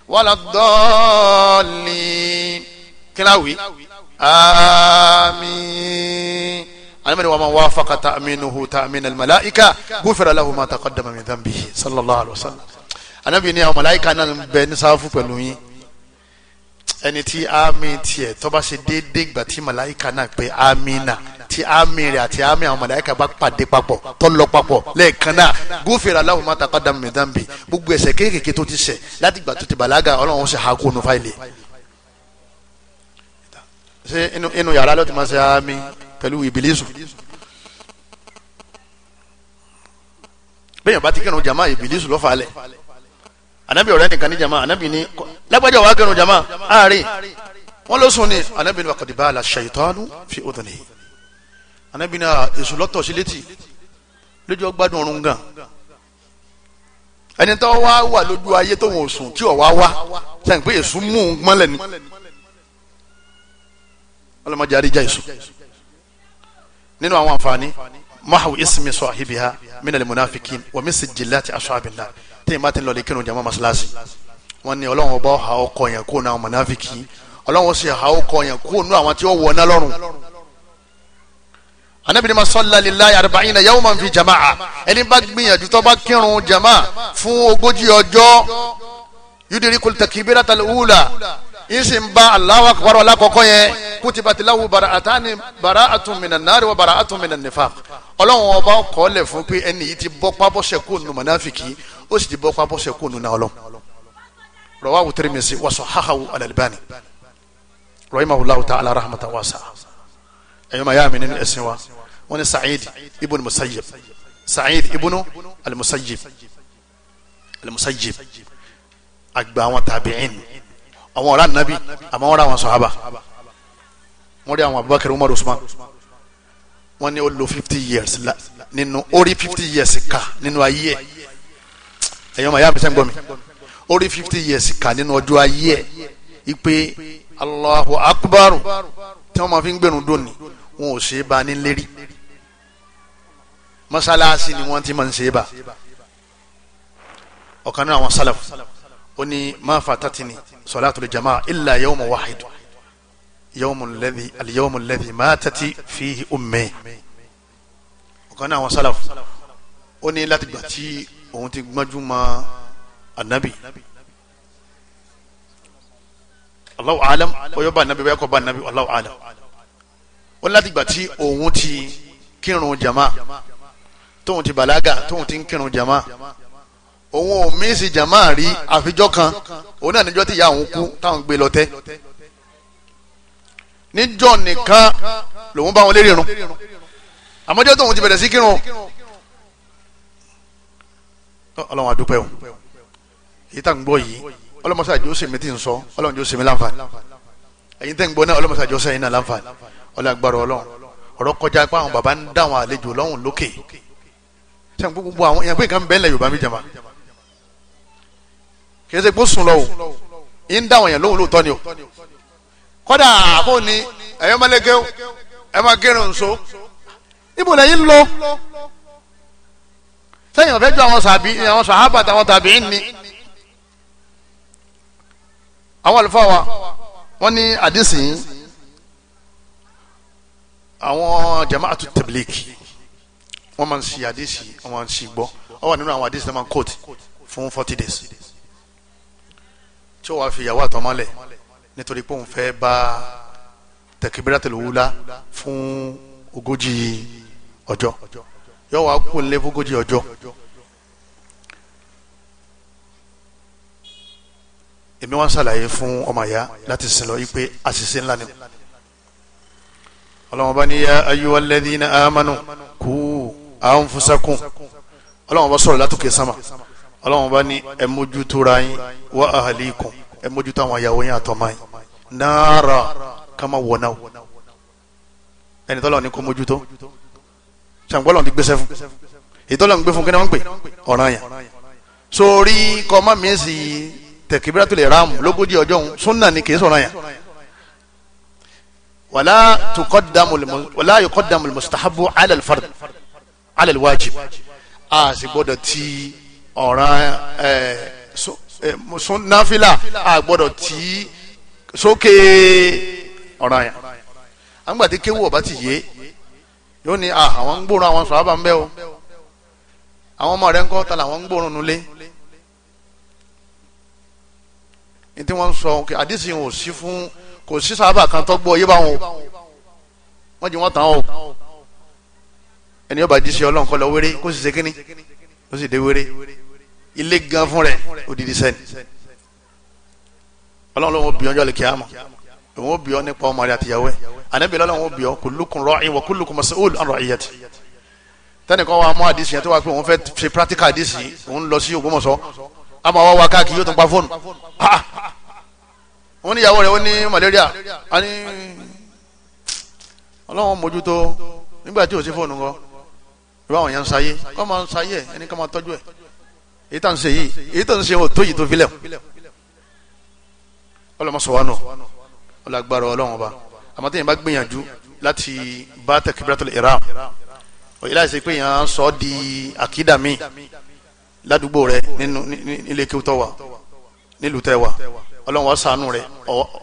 wala dọ́ọ̀lì kíláwì àmín anamani wa man wafaqa ta'minuhu ta'min al-mala'ika ghufira lahu ma taqaddama min dhanbihi sallallahu alaihi wa sallam anabi ní àwọn màláíkà náà ń bẹ ní sáfù pẹ̀lú yín ẹni tí àmì tiẹ̀ tó bá ṣe déédé ìgbà tí màláíkà náà pé àmì náà tí àmì rẹ̀ àti àmì àwọn màláíkà bá pàdé papọ̀ tó lọ papọ̀ lẹ́ẹ̀kan náà gúfèrè aláwọ̀ má ta kọ́dà mi dánbi gbogbo ẹ̀ṣẹ̀ kéékèèké tó ti ṣẹ̀ láti ìgbà tó ti bàlágà ọlọ́run ṣe hako fáìlì ṣé inú yàrá ló ti máa ṣe àmì pẹ̀lú ìbílísù bẹ́ẹ̀ bá ti kírun jàmá ìbílísù lọ́fàálẹ̀ anabi ọ̀rẹ́ nìkan ní jama anabi ní lágbájá wàá gẹrun jama ààrẹ wọn ló sùn ní anabi ní wàkàtí báàlà ṣàyítánù fi òdìní anabi ní èso lọ́tọ̀ sí létí lójú ọgbádùn ọ̀run gan ẹni tó wá wà lójú ayé tó wọn ò sùn tí ò wá wá sẹ́yìn pé èso mú un mọ́lẹ̀ ni ọlọ́mọdé àríjà èso nínú àwọn àǹfààní mahawu ismi sahibiha minal munafikin wa misi jilati ashabillah téèyàn bá ti lọ lè kírun jàmá masalasi wọn ní ọlọ́run ọba ọ̀hà ọkọ yẹn kó náà mọ̀nàfíkì ọlọ́run sì ọ̀hà ọkọ yẹn kó nú àwọn tí ó wọ̀ náà lọ́rùn. anabi ni ma salla lillahi arba'ina yawman fi jama'a ẹni bá gbìyànjú tó bá kírun jàmá fún ogójì ọjọ́ yudiri kul takibirata al yìí sì ń bá Allahu akbar alákọ̀ọ́kọ́ yẹn kutibat lahu bara'atani bara'atun minan nar wa bara'atun minan nifaq ọlọ́run ọba kọ́lẹ̀ fún pé ẹni yìí ti bọ́ pábọ́sẹ̀ kó nu mọ̀náfìkì ó sì ti bọ́ pábọ́sẹ̀ kó nu náà lọ. rawahu Tirmidhi wa sahhahu al-Albani rahimahullahu ta'ala rahmatan wasi'a ẹ̀yọ́ máa yá mi nínú Sa'id ibn Musayyib Sa'id ibn al-Musayyib al-Musayyib àgbà àwọn tabi'in àwọn ọ̀rá nàbí àmọ́ wọ́n rà àwọn sọ̀hábà wọ́n rí àwọn Abubakar Umar Usman wọ́n ní ó lò fifty years la nínú ó rí fifty years kà nínú ayé ẹ̀ ẹ̀yọ́ màá yá mi sẹ́ńgbọ́n mi ó rí fifty years kà nínú ọjọ́ ayé ẹ̀ ipe Allahu Akbar tí wọ́n máa fi ń gbẹ̀rún dòní wọn ò ṣe é ba ní lérí mọ́sálásí ni wọ́n ti máa ń ṣe é ba ọ̀kan náà àwọn sálàfù ó ní ma fatatini salatul jama'a illa yawma wahid yawmu alladhi al-yawmu alladhi matati fihi ummi ọ̀kan náà àwọn sálàf ó ní láti gbà tí òun ti gbájú ma anabi Allahu alam oyó bá anabi bẹ́ẹ̀ kọ́ bá anabi Allahu alam ó ní láti gbà tí ti kírun jama tóun ti bàlágà tóun ti ń jama. jama òun ò mí sí jàmá rí àfijọ́ kan òun náà níjọ́ tí ìyá òun kú táwọn gbé lọ tẹ́ níjọ́ nìkan lòun bá wọn lé rírun àmọ́jọ́ tóun ti bẹ̀rẹ̀ sí kírun ọlọ́run àdúpẹ́ o èyí tá à ń gbọ́ yìí ọlọ́mọṣẹ́ àjọ sèmi ti ń sọ ọlọ́run jọ sèmi láǹfààní ẹ̀yin tẹ́ ń gbọ́ náà ọlọ́mọṣẹ́ àjọ sẹ́yìn náà láǹfààní ọlọ́gbàrọ̀ ọlọ́run ọ̀rọ̀ kọjá pé àwọn bàbá ń dáwọn àlejò lọ́hùn lókè sẹ́yìn gbogbo àwọn èèyàn pé bẹ́ẹ̀ lẹ̀ Yorùbá mi jàmá Kese í ṣe gbósùn lọ o yìí ń dá àwọn èèyàn lóhùn lóòótọ́ ni o kọ́dà àbò ni ẹ̀yọ́ mẹ́lẹ́gẹ́ ẹ máa gẹ́rùn nso níbo lẹ́yìn lọ sẹ́yìn ọ̀fẹ́ ju àwọn sàbí àwọn sàhábà àtàwọn tàbí ń ni àwọn àlùfáà wa wọ́n ní àdìsí àwọn jamaatu tabliki wọ́n máa ń ṣe àdìsí wọ́n máa ń ṣe gbọ́ ọ wà nínú àwọn àdìsí tó máa ń kóòtù fún forty days tí ó wàá fi ìyàwó àtọmọlẹ nítorí pé òun fẹ́ bá takbiratul ula fún ogójì ọjọ́ yóò wàá kú nílé fún ogójì ọjọ́ èmi wá ṣàlàyé fún ọmọ ìyá láti sìn lọ yí àṣìṣe ńlá ni ọlọ́wọ́n ní ya ayyuhal ladhina amanu ku anfusakum ọlọ́wọ́n bá sọ̀rọ̀ látòkè sáma ọlọ́run bá ní ẹ mójútó ra yín wá ahlikum ẹ mójútó àwọn ìyàwó yín àtọ́mọ́ yín náírà ká má wọ̀nà o ẹni tọ́lọ́ ní kó mójútó ṣàǹgbọ́lọ́ ti gbéṣẹ́ fún ìtọ́lọ́ ń gbé fún kíni wọ́n ń pè ọ̀ràn yẹn sórí kọ́má mi sì takbiratul ihram lógójì ọjọ́ òun súnà ni kìí sọ̀ràn yẹn wàlá yuqaddamu al-mustahabu ala al-fard a sì gbọ́dọ̀ tí ọ̀ràn náfìlà àgbọ̀dọ̀ tí sókè ọ̀ràn yẹn àgbàdì kéwù ọ̀bá ti yé yóò ní àwọn ń gbóòórùn àwọn sọ̀rọ̀ bá ń bẹ́ o àwọn ọmọ rẹ̀ ń kọ́ ta làwọn ń gbóòórùn nulẹ̀ ní tí wọ́n ń sọ àdìsí wọn ò sí fún kò sí sábà kan tó gbọ́ yé báwọn o wọ́n jí wọ́n tàn o ẹni yóò bá ọlọ́nkọ́ lọ wéré kó sì ṣe kíní kó sì dé wéré ilé gan fún rẹ̀ odidi sẹ́ni ọlọ́run ló ń bí ọjọ́ lè kí a mọ̀ òun ó bí ọ nípa ọmọ rẹ̀ àtìyàwó ẹ̀ ànábìyà ọlọ́run ó bí ọ kullukum ra'in wa kullukum mas'ul an ra'iyati tẹ́nìkan wa mú àdìsí yẹn tó wá pé òun fẹ́ ṣe practical àdìsí òun lọ sí Ògbómọ̀ṣọ́ àmọ́ àwa wa káàkiri yóò tún pa fóònù wọ́n ní ìyàwó rẹ̀ wọ́n ní malaria a ní ọlọ́run mójútó nígbà tí ò sí fóònù kọ́ ìwà àwọn yẹn ń sayé kọ́ máa ń sayé ẹni ká máa tọ́jú ẹ̀ èyí tá n ṣe yìí èyí tó ń ṣe o tó yìí tó fi lẹ̀ ọlọmọsọwọ́nù ọlọgbàrọ ọlọ́wọ́n ba àmọ́ tẹ́yìn bá gbìyànjú láti bá takbiratul ihram òyì láìsí pé yàn án sọ ọ́ di àkídà mi ládùúgbò rẹ nínú ilé kí ó tọ́ wa nílùú tẹ́ wa ọlọ́wọ́n wa sànù rẹ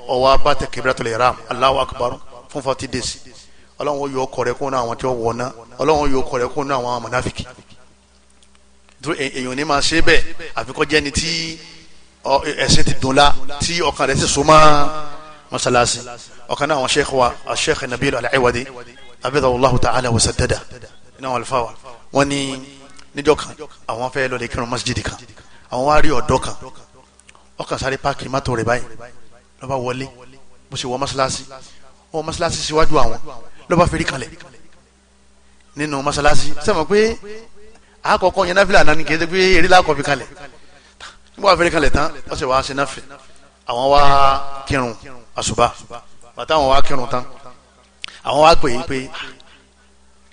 ọwọ́ bá takbiratul ihram Allahu akbar fún forty days ọlọ́wọ́n yóò kọ̀ rẹ náà àwọn tí wọ́n wọ̀ náà ọlọ́wọ́n yóò kọ̀ rẹ náà àwọn mọ̀náfíkì. E-, èèyàn ní máa ṣe bẹ́ẹ̀ àfikọ́ jẹ́ni tí ẹ̀sìn ti dùn la tí ọkàn rẹ̀ sì so mọ́ masalasi ọkàn náà àwọn sheikh wa sheikh nabil al-iwadi abidahu allah ta'ala wa sadada iná wọn alfa wa wọn ní níjọ́ kan àwọn fẹ́ lọ lè kírun masjid kan àwọn wá rí ọ̀dọ́ kan ọkàn sáré páàkì mọ́tò rẹ̀ báyìí ló wọlé mo sì wọ masalasi wọ masalasi síwájú àwọn ló bá fẹ́rí kalẹ̀ nínú masalasi sẹ́wọ̀n pé àkọ́kọ́ yẹn náfìlà náà ni kì í ṣe pé eré lákọ̀ fi kalẹ̀ nígbà wàá fẹ́rẹ́ kalẹ̀ tán wọ́n sì wá ṣe náfì àwọn wá kírun àṣùbà bàtà àwọn wá kírun tán àwọn wá pè é pé ah,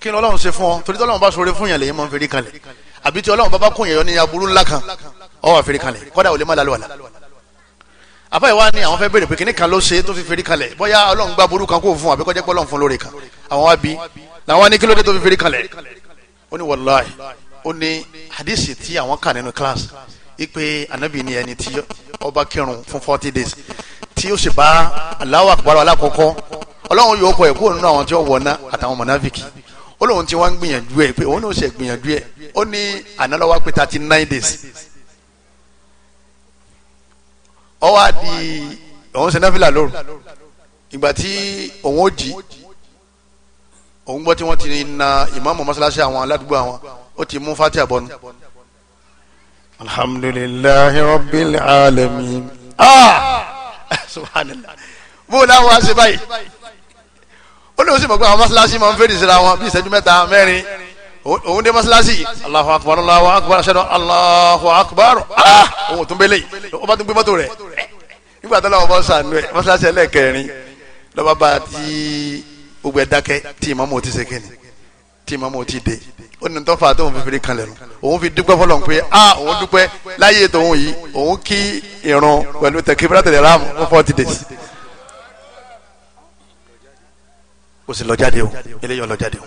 kí ni ọlọ́run ṣe fún ọ torí tí ọlọ́run bá ṣoore fún yàn lèyìn mọ́ fẹ́rẹ́ kalẹ̀ àbí tí ọlọ́run bá bá kún yẹn yọ ní aburú ńlá kan ọ wà fẹ́rẹ́ kalẹ̀ kọ́dà ò lè má lálẹ́ wàlà àbá ìwá ni àwọn fẹ́ béèrè pé kíní kan ló ṣe tó fi feri kalẹ̀ bóyá ọlọ́run gba burú kan kó fún àbíkọ́jẹ́ pé ọlọ́run fún kan àwọn wá bí làwọn ní kí ló dé tó fi feri kalẹ̀ ó ní ó ní hadisi tí àwọn kà nínú class ipe anabi ni ẹni tí ọba kírun fún forty days tí ó sì bá Allahu Akbar alákọ̀ọ́kọ́ ọlọ́run yóò kọ ẹ̀kú nínú àwọn tí ó wọ̀ná àtàwọn mọ̀nàfíkì ó lóun tí wọ́n ń gbìyànjú ẹ̀ pé òun náà ṣe gbìyànjú ẹ̀ ó ní ànálọ́wọ́ pé thirty nine days ó wá di òun ṣe náfìlà lóru ìgbà tí òun ó jí òun gbọ́ tí wọ́n ti na ìmáàmù mọ́ṣáláṣí àwọn aládùúgbò àwọn ó ti mú fatiha bọ́nu. alhamdulillahi rabbil alamin. Ah! Ah! subhanallah bó o láwọn aṣe báyìí ó lóun sì mọ̀ pé àwọn mọ́ṣáláṣí máa ń fèrè síra wọn bí ìṣẹ́jú mẹ́ta mẹ́rin òun dé mọ́ṣáláṣí aláhu akbar aláhu akbar aṣẹ́nu aláhu akbar ohun ah! tó ń bẹ́lẹ̀ yìí ó bá tún gbé mọ́tò rẹ̀ nígbà tó lọ́wọ́ mọ́ṣáláṣí mọ́ṣáláṣí ẹlẹ́ẹ̀kẹrin lọ́ba bá ti gbogbo ẹ̀ dákẹ́ tí ìmọ̀mọ́ ti ṣe kéde tí màmú ti dé ó ní tó fà á tó ń fìfìrí kan lẹ́nu òun fi dúpẹ́ fọlọ́ pé a ah, òun dúpẹ́ láyé tòun yìí òun kí irun pẹ̀lú tẹkibira tẹ̀lé ram de forty o kò sí lọ́jáde o eléyìí ọlọ́jáde o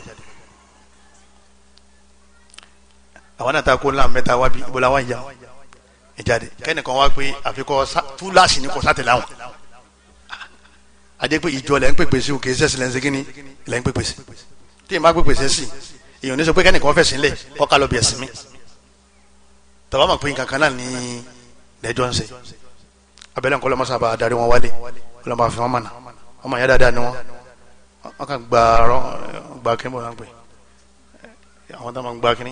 àwọn náà ta kó ńlá mẹ́ta wá bí ibola wá ń yá ìjáde kẹ́nìkan wá pé àfikọ́ túláàsì ní kò sátẹ̀lé àwọn adé pé ìjọ lẹ́ ń pèpè sí òkè sẹ́sì lẹ́ ń segin ní lẹ́ ń pèpè sí tí n bá gbé pèsè sí èèyàn ní sọ pé kẹ́nìkan fẹ̀sìn lẹ̀ ọkà lọ bí ẹ̀sìn mi tàbá mọ̀ pé nǹkan kan náà ní lẹ́jọ́ ń ṣe abẹ́lẹ́ nǹkan lọ́mọ́sá bá darí wọn wálé ọlọ́mọ àfi wọn mọ̀nà ọmọ yẹn dáadáa ni wọn wọn kàn gba ọ̀rọ̀ gba kí wọn gbé àwọn tó máa gba kí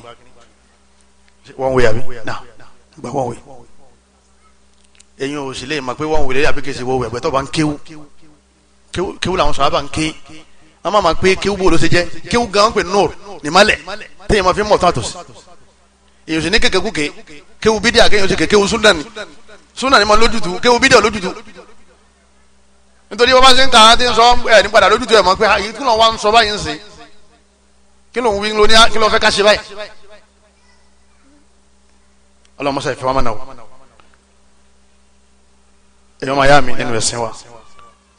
wọn wé àbí náà gba wọn wé ẹ̀yin ò sì pé wọn wé lé kì í ṣe wọ́wẹ́ ẹ̀gbẹ́ tó bá ń kéwú kéwú làwọn sọ̀rọ̀ a máa ma pé kíw bò ló ṣe jẹ́ kíw gan pé nùr nímalẹ̀ téèyàn máa fi mọ̀ tààtò sí èyàn sì ní kékeré kúkè kíw bídíà kéèyàn sì kékeré súnà ni súnà ni mo lójútu kíw bídíà lójútu nítorí bàbá ṣe ń kàn án ti ń sọ ẹ ní padà lójútu ẹ mọ̀ pé àyè kí ló wá ń sọ báyìí ń sè kí ló ń wí ló ní ah, kí ló fẹ́ ká ṣe báyìí ọlọ́mọṣẹ́ ìfẹ́ wa máa nà wọ ẹ̀yọ́ máa yá mi nínú ẹ̀sìn wa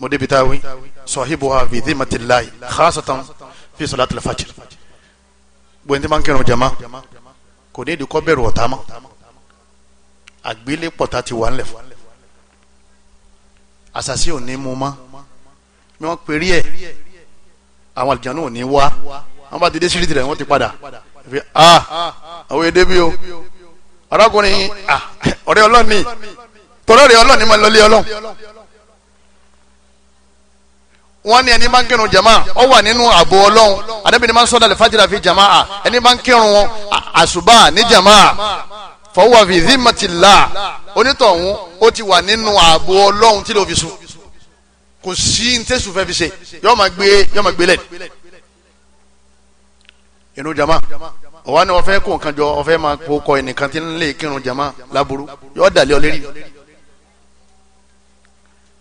mo débi tá a wí sọ̀híbù wa fi dhimati llahi khasatan fi salatil fajr gbẹ̀ntì máa ń kírun jama kò ní ìdíkọ́ bẹ̀rù ọ̀tá mọ́ àgbélépọ̀ tá ti wà ńlẹ̀ fún àṣàṣì ò ní mú mọ́ ni wọ́n perí ẹ̀ àwọn àlùjànnú ò ní wá wọ́n bá ti dé síríìtì rẹ̀ wọ́n ti padà fi ah àwọn èdè bí o arákùnrin ah, ọ̀rẹ́ ọlọ́ọ̀ni tọ́lọ́rẹ́ ọlọ́ọ̀ni máa lọlé ọlọ́ọ̀ wọ́n ní ẹni máa ń kírun jama ọ wà nínú ààbò ọlọ́run àdébí ni máa ń sọ́dọ̀ lè fàjìlá fi jama à ẹni máa ń kírun wọn àṣùbà ní jama fọwọ́ fi zimatillah onítọ̀hún ó ti wà nínú ààbò ọlọ́run tí ló fi sùn kò sí ní fẹ́ fi ṣe yọ́ọ́ máa gbé yọ́ọ́ máa gbé inú jama ọ̀wá ni wọ́n fẹ́ kó nǹkan jọ ọ̀fẹ́ máa kó kọ ẹnìkan tí ń lè kírun jama láburú yọ́ọ́ dàlẹ́ ọlẹ́rì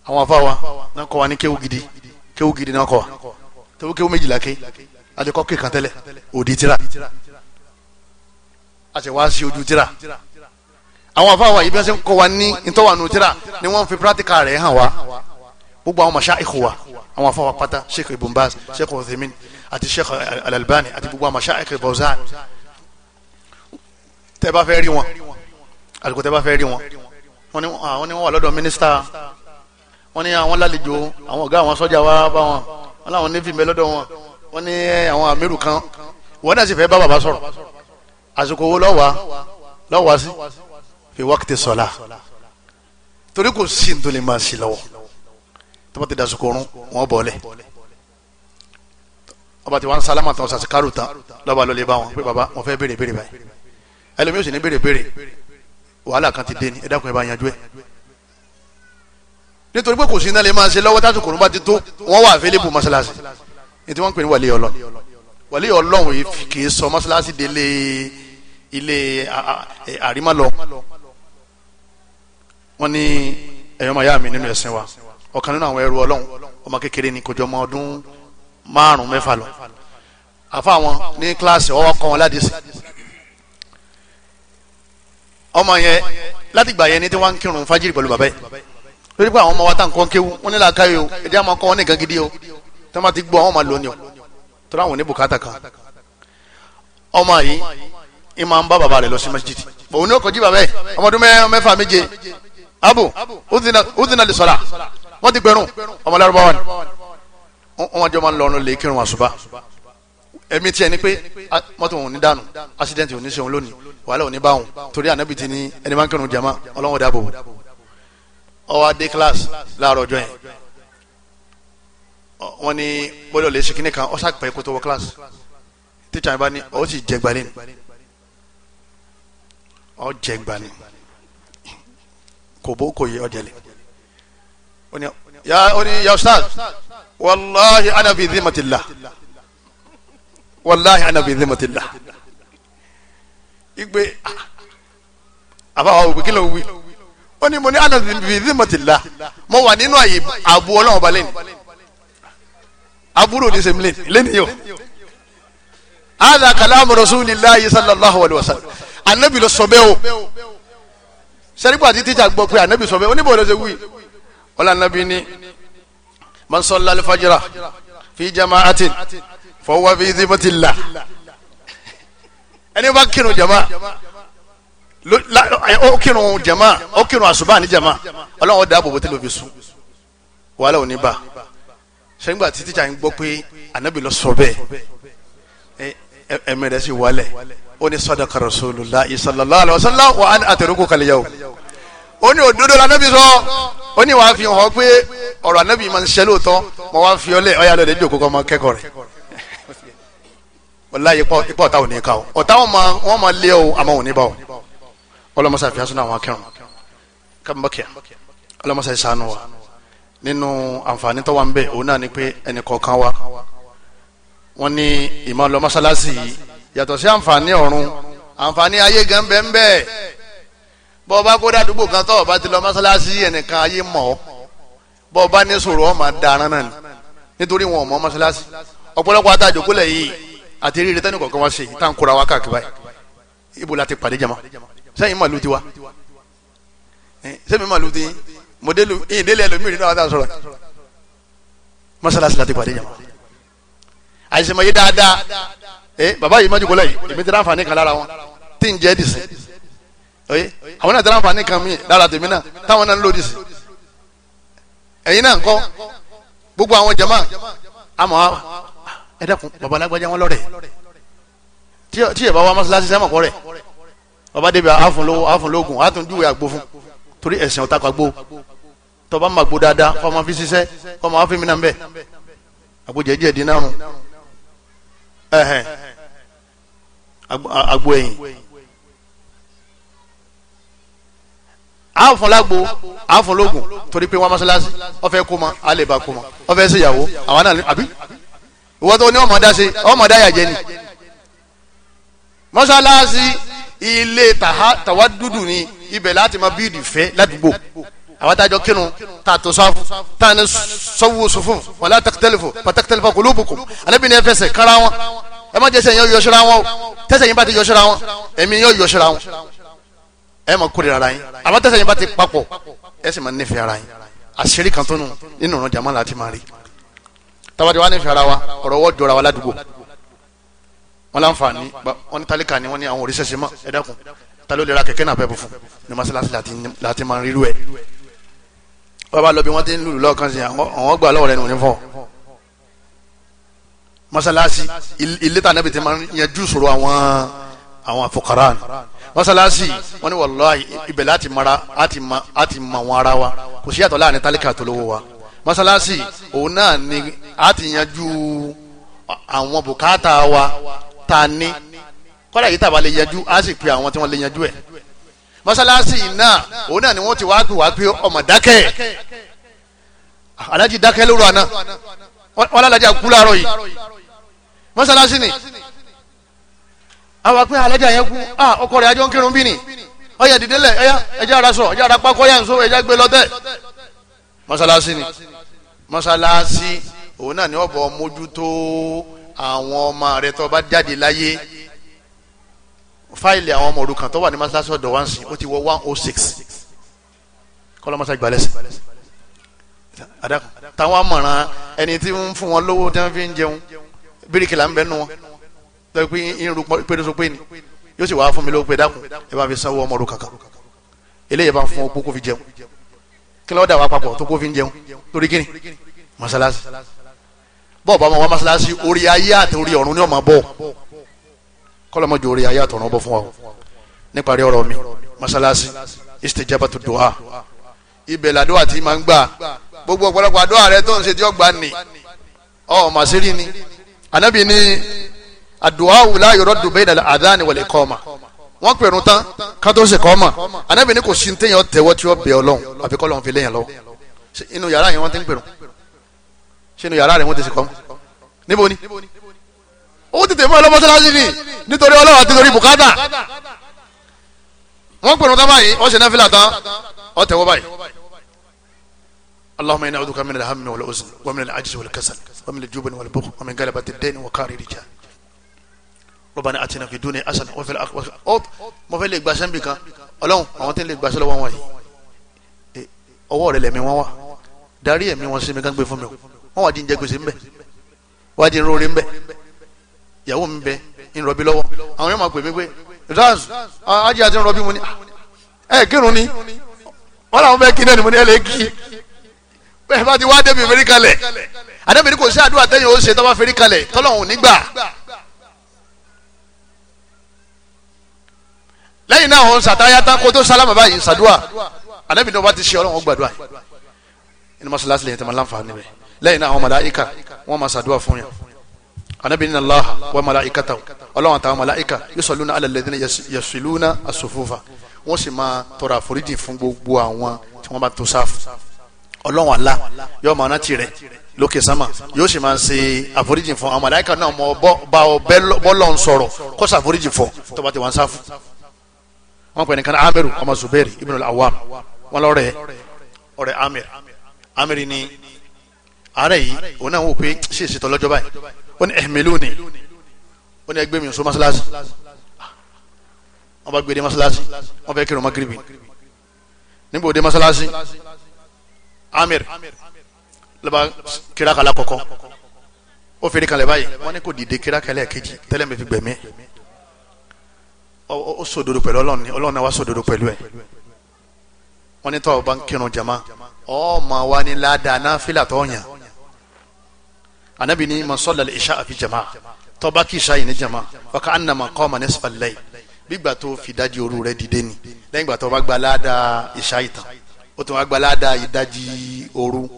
àwọn afáwa náà kọ́ wa ní kéwù gidi kéwú gidi náà kọ́ wa tẹ́wọ́ kéwú méjìlá ké adekọ́ ké kan tẹ́lẹ̀ òdi tira a sì wá sí ojú tira àwọn afáwà yìí bí wọ́n ṣe ń kọ́ wa ní ìtọ́wànú tira ni wọ́n fi pírátíkà rẹ̀ hàn wá gbogbo àwọn mashayikh wa àwọn afáwà pátá sheikh ibn baz sheikh othemin àti sheikh alalbani àti gbogbo àwọn mashayikh bawzan tẹ́ bá fẹ́ rí wọn àlùkò tẹ́ bá fẹ́ rí wọn wọ́n ní wọ́n wà lọ́dọ̀ mínísítà wọ́n ní àwọn lálejò àwọn ọ̀gá àwọn sọ́jà wá bá wọn wọ́n láwọn nífì mẹ́ lọ́dọ̀ wọn wọ́n ní àwọn àmírù kan wọ́n náà sì fẹ́ bá bàbá sọ̀rọ̀ àsìkò owó lọ́wà lọ́wà sí fi wákìtì sọ̀la torí kò sí ní tó lè máa sí lọ́wọ́ tó bá ti dasùkò rún wọ́n bọ̀ọ́lẹ̀ ọba tí wọ́n ń sálámà tán sàṣì kárù tán lọ́ba lọ́lẹ̀ bá wọn pé bàbá wọn fẹ́ béèrè béèrè báyìí ẹlòmíì sì ní béèrè béèrè wàhálà kan ti dé ni ẹ dákun ẹ bá yanjú ẹ nítorí pé kò sí iná lè máa ṣe lọ́wọ́ tásù kòrò bá ti tó wọ́n wà available mọ́ṣáláṣí ní tí wọ́n ń pè ní wàlẹ́ ọlọ́ wàlẹ́ ọlọ́run yìí kì í sọ mọ́ṣáláṣí délé ilé e, àrímálọ wọ́n ní ẹ̀yọ́ màyá mi nínú ẹ̀sìn wa ọ̀kan nínú àwọn ẹrú ọlọ́run ọmọ kékeré ni kò jọ ọmọ ọdún márùn mẹ́fà lọ àfa wọn ní kíláàsì ọwọ́ kọ́ wọn ládìsí ọmọ yẹn látìgbà yẹn ní tí wọ́n ń kírun fájìrì pẹ̀lú bàbá yìí lórí pé àwọn ọmọ wa tá nǹkan kéwu wọn ní làákàyè o èdè àwọn ọkọ wọn ní nǹkan gidi o tí wọn bá ti gbọ́ àwọn ọmọ lónìí o tó láwọn ní bùkátà kan ọmọ yìí ń máa ń bá bàbá rẹ lọ sí masjid òun ní ọkọjí bàbá ẹ ọmọdún mẹ́fà méje abu udina lè sọlá wọn ti gbẹrun ọmọ Lárúbáwá ni wọn jọ máa ń lọrun lè kírun àṣùbà ẹmí tiẹ̀ ni pé mọ́tò òun ní dànù accident òun ní sẹun lónìí wàhálà òun ní báwọn torí ànábì ti ẹni máa ń kírun jama Ọlọ́run ọwọ́ adé kíláàsì láàárọ̀ ọjọ́ yẹn wọ́n ní gbọ́dọ̀ lè ṣe kíní kan ọ̀sà pẹ̀ kó tó wọ kíláàsì tíṣà yẹn bá ní ọ̀ sì jẹ gbalẹ̀ ni ọ̀ jẹ gbalẹ̀ kò bó kò yẹ ọ̀jẹ̀ lẹ̀ ó ní ya ustaz wàláhi anabi dhimatillah wàláhi anabi dhimatillah igbe ah, ah, ah. àbáwá òwe kí ló wí ó ní mo ní ana bìbìmọ̀tìlá mo wà nínú àyè àbú ọlọ́run ọba lẹ́nu àbúrò ní sèmi lẹ́nu yọ hada kalamu rasulillahi sallallahu alaihi wasallam anabi ló sọ bẹ́ẹ̀ o sẹ́rígbà tí tíjà gbọ́ pé anabi sọ bẹ́ẹ̀ oníbọ̀ lọ́sẹ̀ wí ọlá anabi ni man salla alfajira fi jama'atin fọwọ́ fi zimatillah ẹni bá kírun jama ó kírun jama ó kírun àṣùbà ní jama ọlọ́run dáàbò bó tẹ́lẹ̀ òfin sùn wàhálà ò ní bà sẹ́gbà tí tíjà ń gbọ́ pé ànábì lọ sọ bẹ́ẹ̀ ẹ̀mí rẹ̀ sì wálẹ̀ ó ní sadaqa rasulullahi sallallahu alaihi wasallam wa ana atrukuka al-yawm ó ní òdodo lànàbì sọ ó ní wàá fi hàn pé ọ̀rọ̀ ànábì máa ń ṣe lóòótọ́ mo wá fi ọlẹ̀ ọ̀yà lọ́dẹ̀ dé òkúkọ́ ọmọ kẹ́kọ̀ọ́ rẹ̀ wọ́n láyé ipá ọ̀tá ò ní ká o ọ̀tá wọn ma lé o àmọ́ ò ní bá o ọlọmọsá fi asúnà àwọn akẹrùn kàmbákẹ ọlọmọsá ìsànù wa nínú àǹfààní tó wà ń bẹ òun náà ni pé ẹnì kọ̀ọ̀kan wa wọn ní ìmọ̀ lọ mọ́sálásì yìí yàtọ̀ sí àǹfààní ọ̀run àǹfààní ayé gan bẹ́ẹ̀ bẹ́ẹ̀ bọ́ ọba kó dàdúgbò kan tọ́ ọba ti lọ mọ́sálásì ẹnìkan ayé mọ̀ ọ́ bọ́ ọba ní sọ̀rọ̀ ọmọ daran náà nítorí wọn ò mọ mọ́sálásì ọ̀pọ̀lọpọ̀ àtàjòkólẹ̀ yìí àti eré ìrètẹ́nìkọ̀ọ̀kan wá ṣe ìtàn kóra wákàkiri báyìí ibo la ti pàdé jama sẹ́yìn màlúù ti wa sẹ́yìn màlúù ti mọ̀dẹ́lù ìyìn délé ẹlòmíràn náà wà á sọ̀rọ̀ mọ́sálásí láti pàdé yàrá àìsàn mọ̀ yé dáadáa ẹ bàbá yìí mọ́jú kọlẹ̀ yìí èmi ti rà àǹfààní kan lára wọn tí ń jẹ́ dìsín oye àwọn náà ti rà àǹfààní kan míì lára tèmi náà táwọn náà ń lò dìsín ẹ̀yin náà ń kọ́ gbogbo àwọn jama àmọ́ ẹ dẹ́kun bàbá wọn lọ́rẹ̀ tí ẹ bá wá mọ́sálásí sẹ́mọ̀ kọ́ ọba débi àfúnlówó àfúnlógún àtúndúwẹ̀ àgbo fún torí ẹ̀sìn ọ̀tá pàgbó tọba máa gbó dáadáa kọ́ máa fi ṣiṣẹ́ kọ́ máa fi mìíràn bẹ́ẹ̀ àgbo jẹ́jẹ́ dín náà rùn ẹ̀hẹ̀ àgbo ẹ̀yìn àfúnlágbo àfúnlógún torí pé wọ́n mọ́ṣáláṣí ọ̀fẹ́ kó aleba àlèbá kó mọ́ ọ̀fẹ́ ṣèyàwó àwọn náà àbí ìwọ́n tó ní ọmọdá ṣe ọmọdá yàjẹ́ ni mọ́ṣáláṣí ilé tàwádùdù ni ibẹ̀ láti máa bíìdì fẹ́ ládùúgbò àwọn tájọ kírun tá sáfù tá a ní wọn láti tẹ́lifù kò lóbùkù àlẹ́bí ni ẹ fẹsẹ̀ kára wọn ẹ má jẹ́sẹ̀ yẹn yọṣẹ́ra wọn o tẹ́sẹ̀ yẹn bá ti yọṣẹ́ra wọn ẹ̀mí yẹn yọṣẹ́ra wọn ẹ má kórè ara yín àmọ́ tẹ́sẹ̀ yẹn bá ti papọ̀ ẹ sì má nífẹ̀ẹ́ ara yín àṣírí kan tó nù nínú ọ̀nà jàmá láti má rí tabati wa nífẹ̀ẹ́ ara wa ọ̀rọ̀ wọ́ jọra wa ládùúgbò wọn láǹfààní wọn ní tálíkà ni wọn ní àwọn òrìṣẹ́ sẹ́mọ́ ẹ dákun ta ló lè náà pẹ́ bù fún ní masalasi lati máa rírú ẹ̀ wọ́n bá lọ bí wọ́n ti ń lùlù lọ́ọ̀kan sí àwọn gbà lọ́wọ́ rẹ̀ ní fọ́ masalasi ilé tà níbi tí máa yanjú sọ̀rọ̀ àwọn àwọn àfọkàrà ni masalasi wọn ni wàlláhi ibẹ̀ láti mara àti ma àwọn ara wa kò sí yàtọ̀ láàrin tálíkà tó wa masalasi òun náà ni àti yanjú àwọn bùkátà wa ta ní kọ́lá yìí tàbá lè yanjú á sì pe àwọn tí wọ́n lè yanjú ẹ̀ mọ́sálásì náà òun náà ni wọ́n ti wá pè wá pé ọmọ dákẹ́ alájí dákẹ́ lóru àná wọ́n lálájà kú láàárọ̀ yìí mọ́sálásì ni àwọn pé alájà yẹn kú ọkọ rẹ̀ ajọ́ ń kírun bí ni ọyẹ dìdélẹ̀ ẹyá ẹjá ara sọ ẹjá ara pákọ́ yà ń so ẹjá gbé lọ́tẹ̀ mọ́sálásì ni mọ́sálásì òun náà ni ọ̀bọ̀ mójútó àwọn ọmọ rẹ tó bá jáde láyé fáìlì àwọn ọmọ òrukàn tó wà ní masalasi ọ̀dọ̀ wa ń sìn ó ti wọ one oh six kọ́lọ́mọsá gbalẹ̀sẹ̀ adakun táwọn amọ̀ràn ẹni tí ń fún wọn lówó tí wọ́n fi ń jẹun bíríkìlà ń bẹ nù wọn lọ́wọ́ pé irun pẹ́ẹ́dọ́sọ pé ni yóò sì wá fún mi lówó pé dákun ẹ bá fi sanwó ọmọ òrukàn kan eléyìí bá ń fún ọ kó kó fi jẹun kí ló dà wá papọ̀ tó kó fi ń jẹun torí kíni masalasi bọ́ọ̀ bá wọn wá masalasi orí ayé àti orí ọ̀run ni wọ́n máa bọ̀ kọ́lọ́mọ́jọ orí ayé àti ọ̀run bọ̀ fún wa níparí ọ̀rọ̀ mi masalasi istijabatu du'a ibẹ̀ làdúrà tí máa ń gbà gbogbo ọ̀pọ̀lọpọ̀ àdúrà rẹ tó ń ṣe tí ó gbà ní ọ̀ màsírí ni ànábì ní àdúrà wù la yuraddu bayna al-adhan wal iqama wọ́n pèrò tán kátó ṣe kọ́ mà ànábì ní kò sí ní téèyàn tẹ́wọ́ tí ó bẹ̀ ọlọ́run àfikọ́ lọ́run fi léyìn lọ inú yàrá yẹn wọ́n ti ń pèrò sínú yàrá rẹ̀ wọ́n ti sì kọ́ níbo ni ó tètè mọ́ ọlọ́mọsálásí ni nítorí ọlọ́wà nítorí bùkátà wọ́n pèrò tán báyìí ọ̀sẹ̀ náà fìlà tán ọ̀tẹ̀wọ́ báyìí. اللهم إنا أعوذ من الهم والأذن ومن العجز والكسل ومن الجبن والبخل ومن غلبة الدين وقهر الرجال ربنا آتنا في الدنيا حسنة وفي الآخرة أوب mo fẹ́ lè gbàṣẹ́ níbi kan Ọlọ́run àwọn tí ń lè gbàṣẹ́ lọ́wọ́ wọn yìí ọwọ́ rẹ̀ lẹ̀mí wọn wà darí ẹ̀mí wọn sí mi gán gbé fún mi o wọ́n wà di njẹ gbèsè ńbẹ wọ́n di nrori ńbẹ ìyàwó mi bẹ nrọ̀bí lọ́wọ́ àwọn yẹn máa pè mí pé ajé àti nrọ̀bí mu ni ah, ẹ kírun ni wọ́n làwọn bẹ́ẹ̀ kí náà ni mo ní ẹ lè kí bẹ́ẹ̀ bá ti wá débi fẹ́rí kalẹ̀ àdébìnrin kò sí àdúrà tẹ́yìn ó ṣe tọ́ba fẹ́rí kalẹ̀ tọ́lọ́hún nígbà lẹ́yìn náà òun sàtáyátá kó tó sálámà báyìí sàdúà àdébìnrin tó bá ti ṣe ọlọ́run ó gbàdúrà yìí ẹni mọ́ṣáláṣí lè tẹ́ máa láǹfààní rẹ̀ lẹ́yìn náà àwọn màláìka wọ́n máa ṣàdúrà fún yàn anabi inna allah wa malaikatahu ọlọ́run àtàwọn malaika yusalluna ala alladhina yasiluna as-sufufa wọ́n sì máa tọrọ àforíjì fún gbogbo àwọn tí wọ́n bá tó sáfù ọlọ́run àlá yóò máa rántí rẹ̀ lókè sámà yóò sì máa ṣe àforíjì fún àwọn malaika náà mọ bá ọ bọ́lọ̀ ń sọ̀rọ̀ kó ṣàforíjì fún tó bá ti wà sáfù wọ́n pè nìkan amiru ọmọ zubairu ibn al-awam wọn lọ́rẹ̀ ọ̀rẹ́ amir amir ni àárẹ̀ yìí òun náà wò pé ṣe ìṣètò ọlọ́jọ́ báyìí ó ní ẹ̀mẹ́lú ni ó ní ẹgbẹ́ mi sọ mọ́ṣáláṣí wọ́n bá gbé e dé mọ́ṣáláṣí wọ́n fẹ́ kírun magrebi níbo dé mọ́ṣáláṣí amir lọ́ba kírákàlà kọ̀kọ́ ó fèrè kalẹ̀ báyìí wọ́n ní kò dìde kírákàlẹ̀ kejì tẹ́lẹ̀ mi fi gbẹ̀mí ó sòdodo pẹ̀lú ọlọ́run ni ọlọ́run náà wá sòdodo pẹ̀lú ẹ̀ wọ́n ní tọ́ bá ń kírun jama ọ́ máa wá ní ládàá náà fílà tó yàn anabi ni man salla al-isha fi jama tó bá kí ìṣá yìí ní jama wa ka annama qama nisfa al-layl gbígbà tó fi ìdajì òru rẹ̀ dìde ni lẹ́yìn gbà tó bá gba aláda ìṣá ìtàn ó tún wá gba aláda ìdajì òru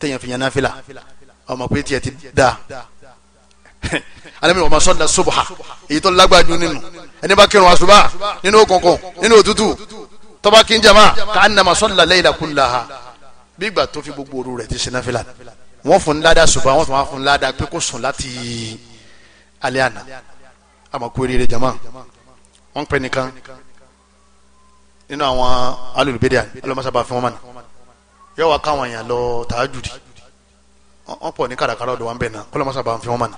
téèyàn fi yan náfìlà ọmọ pé tiẹ̀ ti da anabi wa man salla subha èyí tó lágbájú nínú ẹni bá kírun àsùbá nínú òkùnkùn nínú òtútù tó bá kí ń jama ka annama salla layla kullaha gbígbà tó fi gbogbo òru rẹ̀ ti ṣe náfìlà wọ́n fún ládàá ṣùgbọ́n wọ́n tún wá fún ládàá pé kò sùn láti alẹ́ àná àmọ́kú eré jama wọ́n pẹ́ nìkan nínú àwọn alùlùbẹ́dẹ́ àná ọlọ́mọsábà fún wọn mọ́nà yóò wá káwọn èèyàn lọ tààjùdì wọ́n pọ̀ ní kàràkàrà ọ̀dọ̀ wọn bẹ̀ náà kọ́lọ́mọsábà fún wọn mọ́nà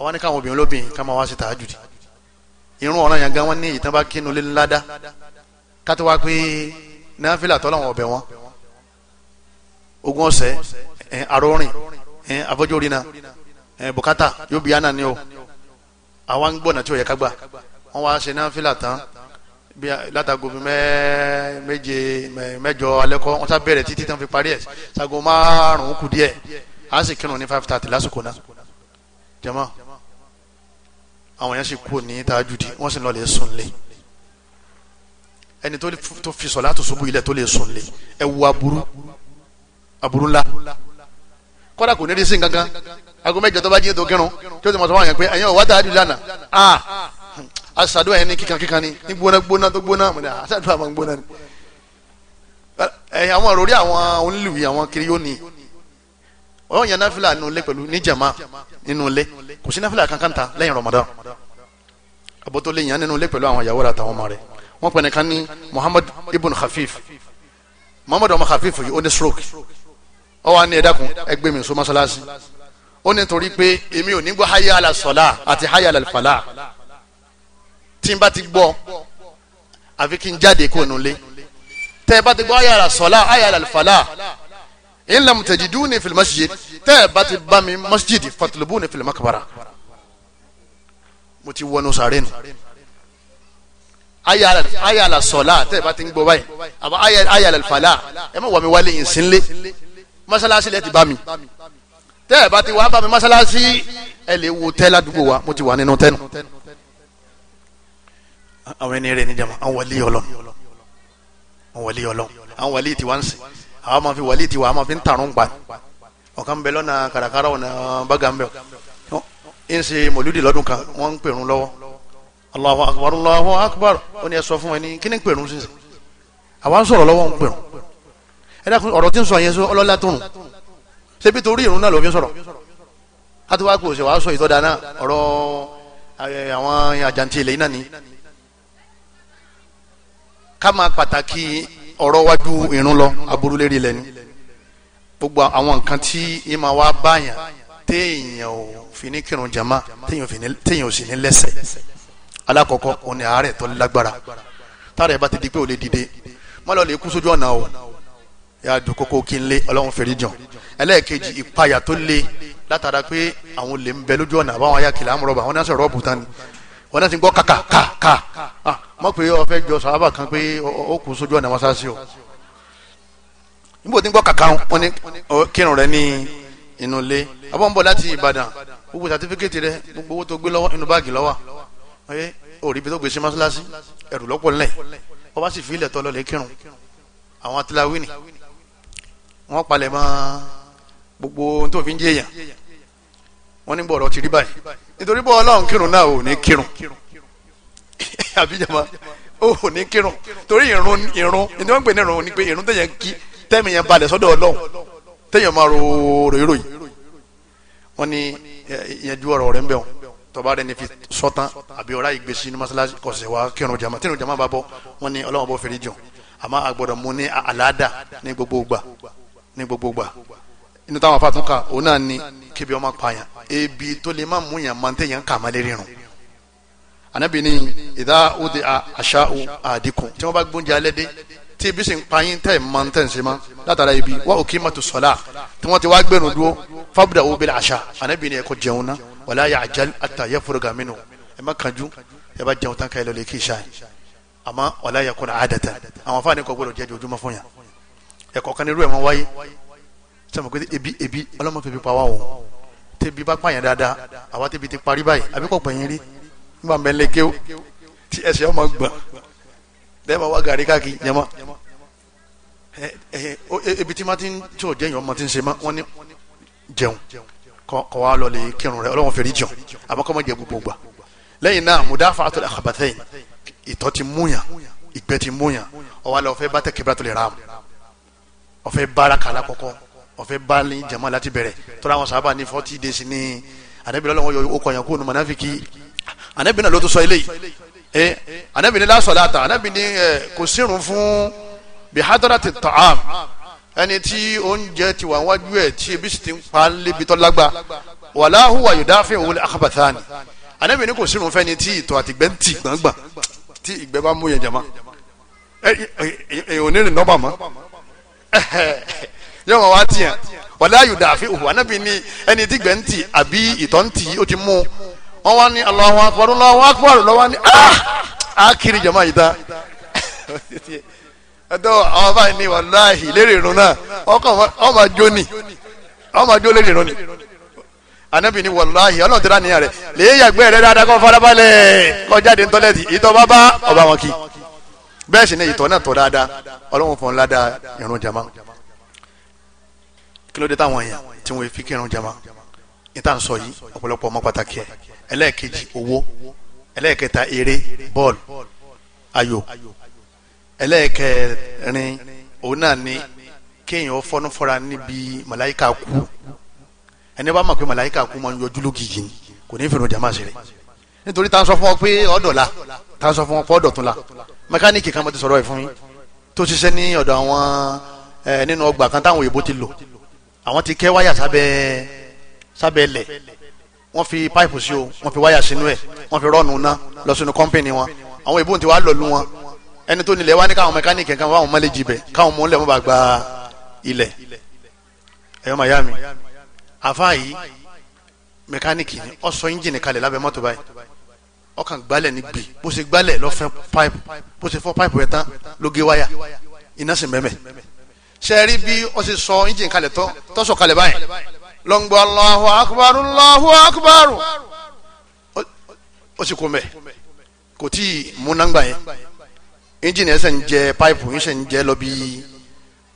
ọwọ́ ní káwọn obìnrin lóbìnrin ká máa wá sí tààjùdì irun ọ̀ràn yẹn gan wọn ní ìtàn bá kínú lé ńlá dá kátó wá pé náfìlà tọ́lọ́wọ̀n ọ̀bẹ̀ wọn ogún ọ̀sẹ̀ Eh, arórin eh, afọjórina eh, bùkátà yóò bí ànà ni o àwa ń gbọ́nà tí ó yẹ ká gbà wọ́n wá ṣe náfìlà tán látago méje mẹ́jọ alẹ́kọ́ wọ́n sá bẹ̀rẹ̀ títí tán fi parí ẹ̀ sago márùn-ún kù díẹ̀ a sì kírun ní five thirty lásìkò náà jama àwọn yẹn sì kú ní tajudi wọ́n sì lọ lè sùn lé ẹni tó fi sọ láti ṣubú ilẹ̀ tó lè sùn lé ẹ wu aburú aburú ńlá kọ́dà kò ní rí sí nǹkankan aago mẹ́jọ tó bá jíjẹ tó kírun tí ó ti mọ̀ sọ́wọ́n yẹn pé ẹ̀yin ọ̀wá tààdù lánàá ah asàdúrà yẹn ní kíkan kíkan ni ní gbóná gbóná tó gbóná mọ̀dà asàdúrà ah, máa ń gbóná ni ẹ̀yin àwọn òròrí àwọn onílùwì àwọn kiri yóò ní ọ̀hún yẹn náfìlà nínú ilé pẹ̀lú níjàmá nínú ilé kò sí náfìlà kankan ta lẹ́yìn Ramadan àbótó lè yàn nínú ilé pẹ̀lú àwọn ìyàwó àtàwọn ọmọ rẹ̀ wọ́n pẹ̀lú kan ní Muhammad ibn Khafif Muhammad ọmọ Khafif yìí ó ní stroke ó wá ní ẹ dákun ẹ gbé mi sọ mọ́sálásí ó ní torí pé èmi ò ní gbọ́ hayya ala sọlá àti hayya ala fàlà tí n bá ti gbọ́ àfi kí n jáde kó nu lé tẹ́ ẹ bá ti gbọ́ hayya ala sọlá hayya ala fàlà in lam tajiduni fil masjid tẹ́ ẹ bá ti bá mi masjid fatlubuni fil makbara mo ti wọnú sàrẹ́nu hayya ala sọlá tẹ́ ẹ bá ti ń gbọ́ báyìí àbá hayya ala fàlà ẹ má wà mí wálé yìí sínlé mọ́sálásí lẹ ti bá mi tẹ́ ẹ̀ bá ti wá bá mi mọ́sálásí ẹ lè wo tẹ́ ládùúgbò wa mo ti wà nínú tẹ́nu. àwọn ẹni rẹ̀ níjàmọ́ àwọn wàlíì ọlọ́run àwọn wàlíì ọlọ́run àwọn wàlíì tiwa ń sìn àwọn máa fi wàlíì tiwa àwọn máa fi ń tàrún gbà ọ̀kan bẹ lọ́nà kàràkàrà ọ̀nà bàgà ń bẹ̀ ń ṣe mọ̀lúdì lọ́dún kan wọ́n ń pèrún lọ́wọ́ Allahu akbar Allahu akbar ó ní ẹ sọ fún ẹni kí ni pèrún sísè àwa ń sọ̀rọ̀ lọ́wọ́ ń pèrún ẹ dákun ọ̀rọ̀ tí ń sọ yẹn sọ ọlọ́lá tó rùn ṣé bí torí ìrún náà ló fi sọ̀rọ̀ àtiwá kò ṣe wàá sọ ìtọ́da náà ọ̀rọ̀ àwọn àjàǹtí ilẹ̀ náà ni ká máa pàtàkì ọ̀rọ̀ wájú ìrún lọ aburú lérí ilẹ̀ ni gbogbo àwọn nǹkan tí ìmọ̀ wa báyàn téèyàn ò fi ní kírun jama téèyàn ò sì ní lẹ́sẹ̀ alákọ̀ọ́kọ́ òun ni àárẹ̀ tó lágbára táàrẹ̀ bá ti di pé ò lè dìde má lè kú sójú ọ̀nà o yà dùn kókó kí n lé ọlọ́run fèrè jàn ẹlẹ́ẹ̀kejì ìpayà tó lé látara pé àwọn olè ń bẹ lójú ọ̀nà àbáwọn ayákìlá àmúrọ̀bà àwọn náà sọ̀rọ̀ ọ̀bùtán ni wọ́n náà ti gbọ́ kàkà kàkà ah, mọ̀ pé ó fẹ́ jọ sàábà kan pé ó kù sójú ọ̀nà wọn sáṣí o níbo tí ń gbọ́ kàkà wọn ni kírun rẹ ní inú ilé abọ́ ń bọ̀ láti Ìbàdàn gbogbo sàtífíkẹ́tì rẹ gbogbo owó tó gbé lọ́wọ́ inú báàgì lọ́wọ́ orí ibi tó gbé sí mọ́ṣáláṣí ẹ̀rù lọ́pọ̀ ńlẹ̀ wọ́n bá sì fi ilẹ̀ tọ́ lọ́lẹ̀ kírun àwọn atiláwí ni wọ́n palẹ̀ mọ́ gbogbo ohun tó fi ń jẹ́ èèyàn wọ́n ní gbọ́dọ̀ ti rí báyìí nítorí bọ́ ọlọ́run kírun náà ò ní kírun àbíjàmá ò ní kírun torí ìrun ìrun ìdí wọ́n ń pè ní ìrun ni pé ìrun tẹ̀yàn kí tẹ́mi yẹn balẹ̀ sọ́dọ̀ ọlọ́run tẹ̀yàn máa ròrò ìròyìn wọ́n ní ìyẹn ju ọ̀rọ̀ rẹ̀ ń bẹ̀ wọ́n tọba rẹ ni fi sọtan àbí ọ̀rá ìgbésí ní masalasi kọ̀sẹ̀ wa kírun jama tírun jama bá bọ̀ wọ́n ní ọlọ́run bó fèrè jọ àmọ́ àgbọ̀dọ̀ mú ní àlàáda ní gbogbo gbà ní gbogbo gbà inú táwọn afáàtún kà òun náà ni kébi ọmọ pààyàn ebi tó lè má mú yàn máa ń tẹ̀yàn kà má lè rírun anabi ni ìdá òde àṣà àdínkù tí wọ́n bá gbóúnjẹ alẹ́ dé tí ibi sì ń payín tẹ̀ máa ń tẹ̀ ṣe má látara ibi wá òkè mọ́tò sọ́lá tí wọ́n ti wá gbẹ̀rún dúró fábùdà ó bẹ̀rẹ̀ àṣà anabi ni ẹ̀kọ́ jẹun ná wàlá yà àjálù àtàyẹ fúrugà mínú ẹ má kanjú ẹ bá jẹun tán ká ẹ lọ lè kí ìṣá yìí àmọ́ wàlá yà kọ ẹ̀kọ́ kan nírú ẹ̀ máa wáyé sọ ma pé ebi ebi ọlọ́mọ fi fi pa wá o tẹbi bá pààyàn dáadáa àwa tẹbi ti parí báyìí àbí kò pẹ̀yìn rí nígbà mẹ́lẹ̀ kéw tí ẹsẹ̀ ọmọ gbọ̀n lẹ́ẹ̀ma wá gàrí káàkiri yẹmọ e, ebi tí ma ti ń tí ò jẹ́yìn ọmọ ti ń ṣe ma wọ́n ní jẹun kọ́ wa lọ lè kírun rẹ̀ ọlọ́wọ́n fèrè jẹun àbákọ́mọ jẹ gbogbo gbà lẹ́yìn náà mudafa àtọ̀lẹ̀ àkàbàtẹ́yìn ìtọ́ ti múyàn ìgbẹ́ ti múyàn ọwọ́ alẹ́ ọ̀fẹ́ bá tẹ̀ kébìrà tó lè ra mu ọ̀fẹ́ bára kàlá kọ̀kọ́ ọ̀fẹ́ bá ní jama láti bẹ̀rẹ̀ tọ́lá àwọn sábà ní forty days ní ànábì lọ́wọ́ yọ okọ̀ yẹn kó nu mọ̀nàfíkì ànábì náà ló tún sọ eléyìí ẹ ànábì ní la salata ànábì ní kò sírun fún bihadarati ta'am ẹni tí oúnjẹ ti wà wájú ẹ̀ tí ebi sì ti ń pa lébi tọ́ lágbá wala huwa yudafi wal akhbathani ànábì ní kò sírun fẹ́ni tí ìtọ̀ àtìgbẹ́ ń tì gbàngbà tí ìgbẹ́ bá mú yẹn jama ẹ ẹ ẹ ò ní rìn nọ́bà mọ́ yọ̀ọ́ wa wá tiẹ̀ a ayùdàfi òhù anábì ni ẹni tí gbẹ̀ àbí ìtọ̀ ń ti mú wọn wá ní jama ah! àwọn báyìí ni wàláhì lérè irun náà ni ọkọ̀ máa lérè irun ni anábì ni wàláhì ọlọ́run ti bẹ́ẹ̀ sì ni ìtọ̀ náà tọ̀ dáadáa ọlọ́run fún ńlá dáa irun jama kí ló dé táwọn èèyàn tí wọ́n fi kírun jama níta ń sọ yìí ọ̀pọ̀lọpọ̀ ọmọ pàtàkì ẹ̀ ẹlẹ́ẹ̀kejì owó ẹlẹ́ẹ̀kẹta eré bọ́ọ̀lù ayò ẹlẹ́ẹ̀kẹrin òun náà ni kéèyàn fọ́nú fọ́ra níbi màláìka kú ẹni bá mọ̀ pé màláìka kú máa ń yọjú lógìjì ni kò ní fìrun jama ṣeré nítorí tá a sọ fún ọ pé ọ̀dọ̀ la tá a sọ fún ọ pé ọ̀dọ̀ tún la mẹkáníìkì kan mo ti sọ̀rọ̀ ẹ̀ fún yín tó ṣiṣẹ́ ní ọ̀dọ̀ àwọn ẹ̀ nínú ọgbà kan táwọn òyìnbó ti lò àwọn ti kẹ́ wáyà sábẹ́ sábẹ́ lẹ̀ wọ́n fi páìpù sí o wọ́n fi wáyà sínú ẹ̀ wọ́n fi rọ́ọ̀nù ná lọ sínú kọ́ńpìnì wọn àwọn òyìnbó ti wá lọ lu wọn ẹni tó nílẹ̀ wá ní káwọn mẹkáníìkì kan wáwọn mọ́lẹ̀ jibẹ̀ káwọn mọ́lẹ̀ mọ́ bá gba ilẹ̀ ẹ̀yọ́ ọkàn gbálẹ̀ ní gbè bó ṣe gbálẹ̀ lọ fẹ́ pipe bó ṣe fọ́ pipe rẹ̀ tán ló gé wáyà iná sì mẹ́mẹ́ ṣe rí bí ó ṣe sọ engine kalẹ̀ tọ́ tọ́sọ̀ kalẹ̀ báyìí lọ́ngbọ́ Allahu akbar Allahu akbar ó sì kó mẹ́ kò tí ì múnágbà yẹn engine ẹsẹ̀ ń jẹ pipe ń ṣe ń jẹ lọ bí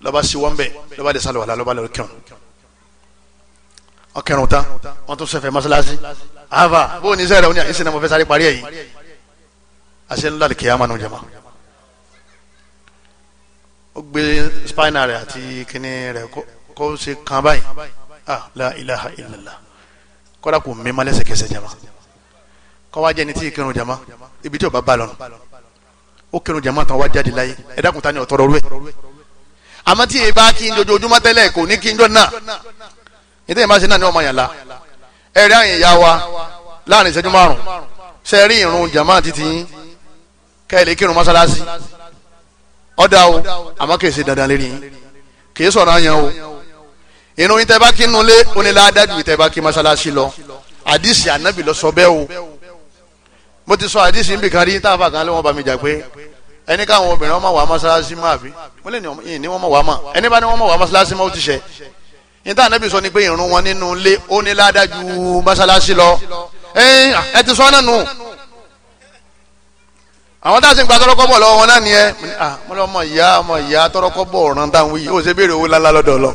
lọ́ba sí wọ́n bẹ́ẹ̀ lọ́ba lè sálọ̀ wàlá lọ́ba lè kírun ọkẹrun tán wọn tún sẹfẹ mọ́sálásí ava bó ní sẹrẹ oní ìsìn náà mo fẹ́ sáré parí ẹ yìí àṣẹ ńlá lè kéèyàn mánu jẹma ó gbé spina rẹ àti kíní rẹ kó ṣe kan báyìí ah la ilaha illallah kọ́dà kò mímọ́ lẹ́sẹ̀kẹsẹ̀ jẹma kọ́wá jẹ́ ni tí kírun jẹma ibi tí ò bá bá lọ́nà ó kírun jẹma tán wá jáde láyé ẹ̀dá kùtà ni ọ̀tọ̀ rọrú ẹ̀ àmọ́ tí e bá kí n jojoojúmọ́ tẹ́lẹ̀ kò ní kí n jọ náà ní tẹ́yìn bá ṣe náà ní ọmọ yẹn la ẹ rí àyìn ìyá wa láàrin ìṣẹ́jú márùn ṣe rí ìrun jama títí yín kẹ́lẹ́ kírun mọ́sálásí ọ̀dà o àmọ́ kìí ṣe dandan lérí yín kìí sọ̀rọ̀ àyàn o ìrun yìí tẹ́ bá kí nulẹ̀ onílàádájú yìí tẹ́ bá kí mọ́sálásí lọ àdìsí ànábì lọ sọ bẹ́ẹ̀ o mo ti sọ àdìsí nbìkan rí táwọn àkànlẹ́ wọn bá mi jà pé ẹni káwọn obìnrin wọn máa wà mọ́sálásí máa fi wọ́n lè ní wọn máa wà máa ẹni bá ní wọn máa wà mọ́sálásí máa ó ti ṣẹ ní táwọn anábì sọ ni pé ìrun wọn nínú ilé ó ní ládájú mọ́sálásí lọ ẹ ti sọ náà nù àwọn tá a sì ń gba tọrọkọ bọ̀ lọ́wọ́ wọn náà nìyẹn mo lọ ìyá ọmọ ìyá tọrọkọ bọ̀ ọ̀ràn táwọn wí ó ṣe béèrè owó lálá lọ́dọ̀ lọ.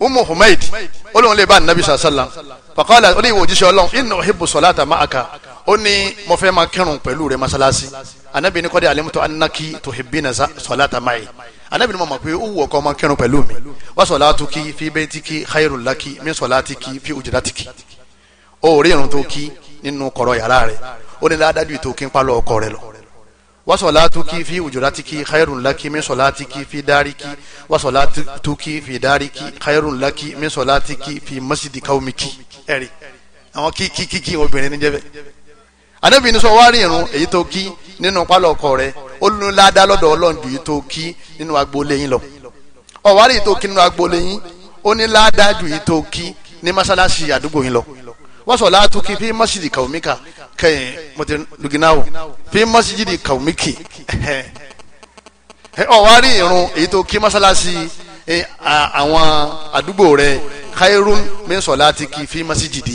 umu humaid olóhùn lè bá anabi sàlám fàkọ́lá ó ní ìwò òjíṣẹ́ ọlọ́run inna uhibbu salata ma'aka ó ní mo fẹ́ máa kírun pẹ̀lú rẹ̀ masalasi anabi ní kọ́dé alimuto anaki tuhibbina salata ma'i anabi ni mo mọ̀ pé ó wù ọkọ ọmọ kírun pẹ̀lú mi wa salatuki fi baytiki khairul laki min salatiki fi ujratiki ó rí irun tó kí nínú kọ̀rọ̀ yàrá rẹ̀ ó ní ládájú ètò kí n palọ̀ ọkọ rẹ̀ lọ wa salatuki fi ujratiki khairul laki min salatiki fi dariki wa salatuki fi dariki khairul laki min salatiki fi masjidi qaumiki ẹ̀rí àwọn kí kí kí kí obìnrin níjẹ́ bẹ́ẹ̀ ànábì ní sọ wá rí irun èyí tó kí nínú pálọ̀ ọkọ rẹ ó lóun ládàá lọ́dọ̀ ọlọ́run ju èyí tó kí nínú agboolé yín lọ ọ̀wárí èyí tó kí nínú agboolé yín ó ní ládàá ju èyí tó kí ní mọ́sálásí àdúgbò yín lọ wọ́n sọ̀ láàtú kí fi mọ́sídì kàwọ́míkà kẹ́yìn mọ̀tẹ́ lùgìnáwó fi mọ́sídì kàwọ́míkì ọ̀wárí irun èyí tó kí mọ́sálásí àwọn àdúgbò rẹ khairun min solatiki fi masjidi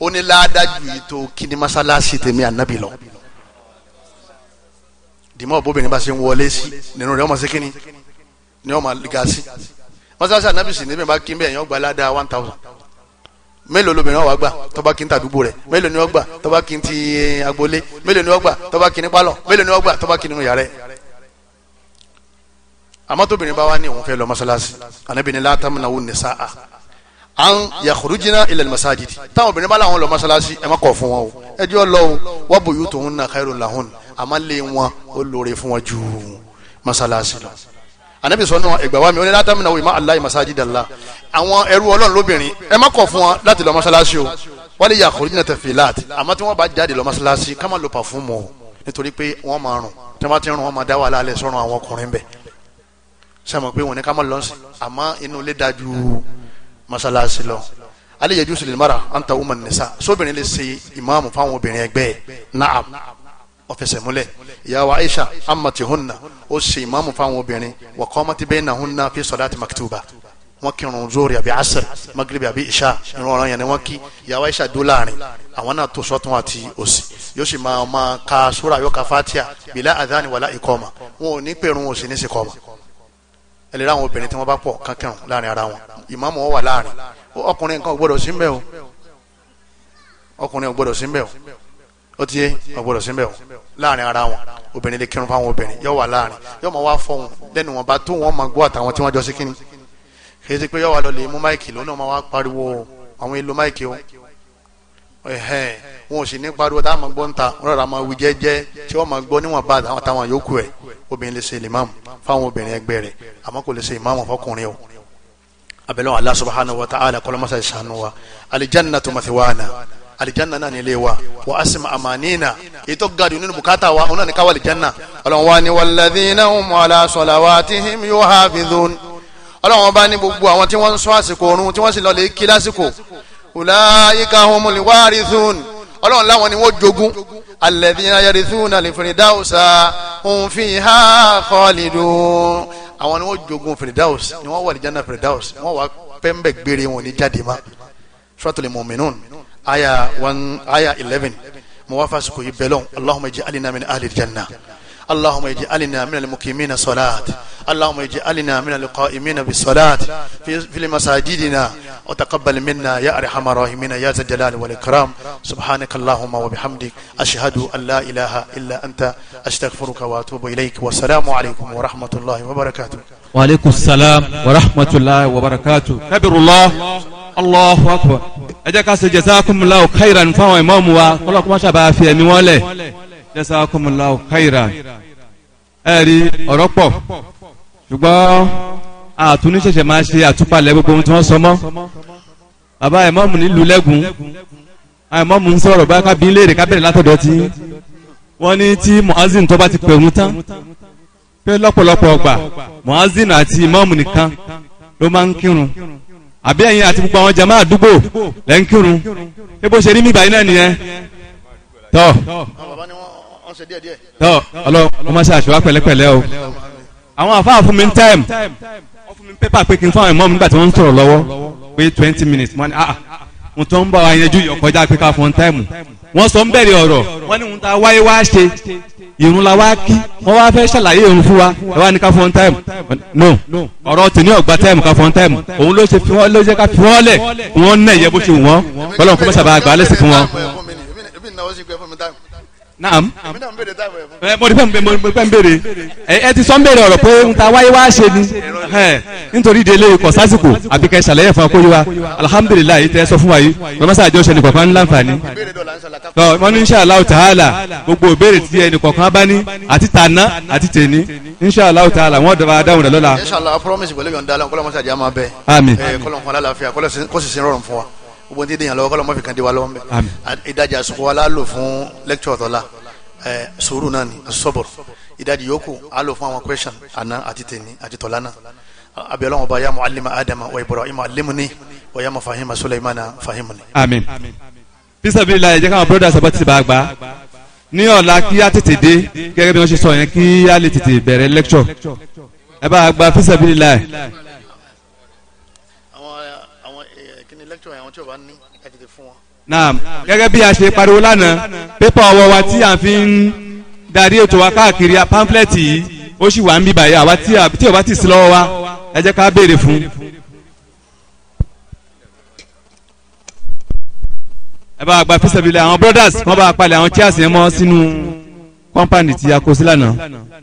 ó ní ládájú ètò kíni masalasi tèmi ànábì lọ dìmọ̀ bóbìnrin bá ṣe ń wọlé sí nínú rẹ̀ ọmọ sí kíni ni ọmọ ga sí masalasi ànábì sì níbi bá kí n bẹ̀ yẹn ọgbà ládàá one thousand mélòó lóbìnrin wà gbà tọ́ba kí n ta àdúgbò rẹ̀ mélòó ni wọ́n gbà tọ́ba kí n ti eh, agboolé mélòó ni wọ́n gbà tọ́ba kí n palọ̀ mélòó ni wọ́n gbà tọ́ba kí n nínú yàrá rẹ̀ àmọ́ tóbìnrin bá wà ní òun fẹ́ lọ masalasi ànábì ni látàmúnáwó nìsáà an yakhrujna ila al-masajid táwọn obìnrin bá làwọn lọ masalasi ẹ má kọ̀ fún wọn o ẹ jọ lọ o wa buyutuhunna khairun lahun àmà lé wọn ó lóore fún ju masalasi lọ. anabi sọ́nù ẹgbẹ́ wa mi ó ní látàmì náà wò má Allah masajidallah àwọn ẹrú ọlọ́run lóbìnrin ẹ má kọ̀ fún wọn láti masalasi o wali yakhrujna tafilat àmọ́ tí wọ́n bá jáde masalasi ká lo pàfún mọ́ o nítorí pé wọ́n máa rùn tí wọ́n bá ti rùn wọ́n máa dá wàhálà alẹ́ sọ́run àwọn ọkùnrin bẹ́ẹ̀ sẹ́mi pé wọ́n ní ká má lọ́sìn àmọ́ inú ilé masalasi lọ ale yẹ jusu limara an ta umar nisa sobirin le se imaamu fáwọn obìnrin ẹgbẹ́ naam ọfẹsẹmúlẹ̀ ìyàwó aisha amati hunna ó se imaamu fáwọn obìnrin wa qamati bainahunna fi salati maktuba wọn kírun zori àbí asr magrebi àbí isha irun ọ̀ràn yẹn ni wọn kí ìyàwó aisha dó láàrin àwọn náà tó sọ́tún àti òsì yóò sì máa máa ka sura yóò ka fatia bila adhani wala iqama wọn ò ní pẹ̀rùn òsì ní sèkọ́mà ẹ lè ráwọn obìnrin tí wọ́n bá pọ̀ kankan láàrin ara wọn ìmáàmù wọn wà láàrin ọkùnrin nǹkan gbọ́dọ̀ sí mbẹ́ o ọkùnrin gbọ́dọ̀ sí mbẹ́ o ó ti yé ọgbọ́dọ̀ sí mbẹ́ o láàrin ara wọn obìnrin lè kírun fáwọn obìnrin yóò wà láàrin yóò máa wá fọhùn lẹ́nu wọn bá tó wọn máa gbọ́ àtàwọn tí wọ́n jọ sí kíni kì í ti pé yóò wà lọ lè mú máìkì lónà máa wá pariwo àwọn èlò máìkì o ẹ̀hẹ́n wọn ò sì ní pariwo tá a máa gbọ́ ń ta wọn rọra máa wí jẹ́jẹ́ tí wọ́n máa gbọ́ níwọ̀n bá àwọn táwọn yòókù ẹ̀ obìnrin lè ṣe ìmáàmù fáwọn obìnrin ẹgbẹ́ rẹ̀ àmọ́ kò lè ṣe ìmáàmù fọkùnrin o abẹ́lẹ́wọ̀n Allah subhanahu wa ta'ala kọ́lọ́mọ́sá ìṣàánú wa aljannatu mathiwana alijanna náà ní ilé wa wa asima amanina ètò gadu nínú bukata ní káwá alijanna ọlọ́run wa ni walladhina hum ala salawatihim ní gbogbo àwọn tí wọ́n ń sọ ọlọ́run láwọn ni wọ́n jogún alladhina yarithuna al-firdausa hum fiha khalidun àwọn ni wọ́n jogún firdaus ni wọ́n wà ní janna firdaus wọ́n wà pẹ́ńbẹ́ gbére wọn ní jáde ma suratul mu'minun aya one aya eleven bẹ́lọ̀ allahumma ij'alna min ahli al-janna. اللهم اجعلنا من المقيمين صلاة اللهم اجعلنا من القائمين بالصلاة في, في مساجدنا وتقبل منا يا أرحم الراحمين يا ذا الجلال والإكرام سبحانك اللهم وبحمدك أشهد أن لا إله إلا أنت أستغفرك وأتوب إليك والسلام عليكم ورحمة الله وبركاته وعليكم السلام ورحمة الله وبركاته كبر الله الله أكبر أجاك جزاكم الله خيرا فهو إمام وقال لكم ما شابه في أمي jazakumullahu khairan ẹ̀rí ọ̀rọ̀ pọ̀ ṣùgbọ́n àtúnṣẹ̀ṣẹ̀ máa ṣe àtúpalẹ̀ gbogbo ohun tí wọ́n sọ mọ́ bàbá ìmọ̀mù nílùú lẹ́gùn àìmọ́mù ń sọ̀rọ̀ bá kábí léèrè kábẹ̀rẹ̀ látọ̀dọ̀ tí wọ́n ní tí muazin tó bá ti pẹ̀rù tán pé lọ́pọ̀lọpọ̀ ọgbà muazin àti ìmọ̀mù nìkan ló máa ń kírun àbí ẹ̀yin àti gbogbo àwọn jama àdúgbò lẹ́ ń ṣe rí mi báyìí náà nìyẹn tọ́ tọ́ ọlọ́run ọmọ ṣe àṣewá pẹ̀lẹ́pẹ̀lẹ́ o àwọn àfáà fún mi time wọ́n fún mi pépà pé kí n fún àwọn ìmọ̀ mi nígbà tí wọ́n ń sọ̀rọ̀ lọ́wọ́ pé twenty minutes wọ́n ní ah wọ́n tó ń bá wa yanjú yọ̀ kọjá pé ká fún time wọ́n sọ ń bẹ̀rẹ̀ ọ̀rọ̀ wọ́n ní wọ́n ta wáyé wá ṣe ìrun la wá kí wọ́n wá fẹ́ ṣàlàyé ìrun fún wa ẹ wá ní ká fún time no ọ̀rọ̀ tì ní ọ̀gbà time ká fún time òun ló ṣe fi wọ́n ló ṣe ká fi wọ́n lẹ̀ wọ́n náà yẹ bó ṣe wọ́n kọ́lọ́n naam mo rí pẹ́ mo rí pẹ́ ń béèrè ẹ ti sọ ń béèrè ọ̀rọ̀ pé n ta wáyé wá ṣe ni nítorí délé ikọ̀ sásìkò àbí kẹ́ ṣàlàyé fún akóyè wa alihamudulilayi tẹ́ sọ fún wa yìí lọ́mọ́sá àjọ ṣẹlẹ̀ kọ̀ọ̀kan ńlá nfààní. wọ́n ní inṣàlá ọ̀tàhálà gbogbo òbéèrè tí ẹnì kọ̀ọ̀kan bá ní àti tàná àti tèní inṣàlá ọ̀tàhálà wọ́n dọ̀bà dáhùn rẹ̀ lọ́la. inṣàlá promise gbogbo ti dèyàn lọ́wọ́ kọ́lọ́ mọ́fì kan di wa lọ́wọ́ mbẹ́ ìdajì àsìkò wa la lò fún lecture tọ́la sùúrù náà ni sọ́bọ̀rọ̀ ìdajì yòókù a lò fún àwọn question àná àti tèmi àti tọ́lá náà abiyalawo ọba ya muallima adama wa ibrahim allimni wa ya mafahima sulaimana fahimni. àmín bisabila ẹ jẹ́ káwọn brothers abọ́ ti bá a gbà ní ọ̀la kí a tètè dé gẹ́gẹ́ bí wọ́n ṣe sọ yẹn kí a lè tètè bẹ̀rẹ̀ lecture ẹ bá a gbà fisabilila ẹ. tó àwọn tí ò bá ní ẹ tètè fún wọn. naam gẹ́gẹ́ bí a ṣe pariwo lánàá pépà ọwọ́ wa tí a fi ń darí ètò wa káàkiri pamphlet yìí ó sì wà ń bíbà yìí àwa tí ò bá ti sí wa ẹ jẹ́ ká béèrè fún. ẹ bá gba fẹsẹ̀ àwọn brothers wọ́n bá palẹ̀ àwọn chairs yẹn mọ́ sínú kọ́ńpáàdì tí a kó sí lánàá.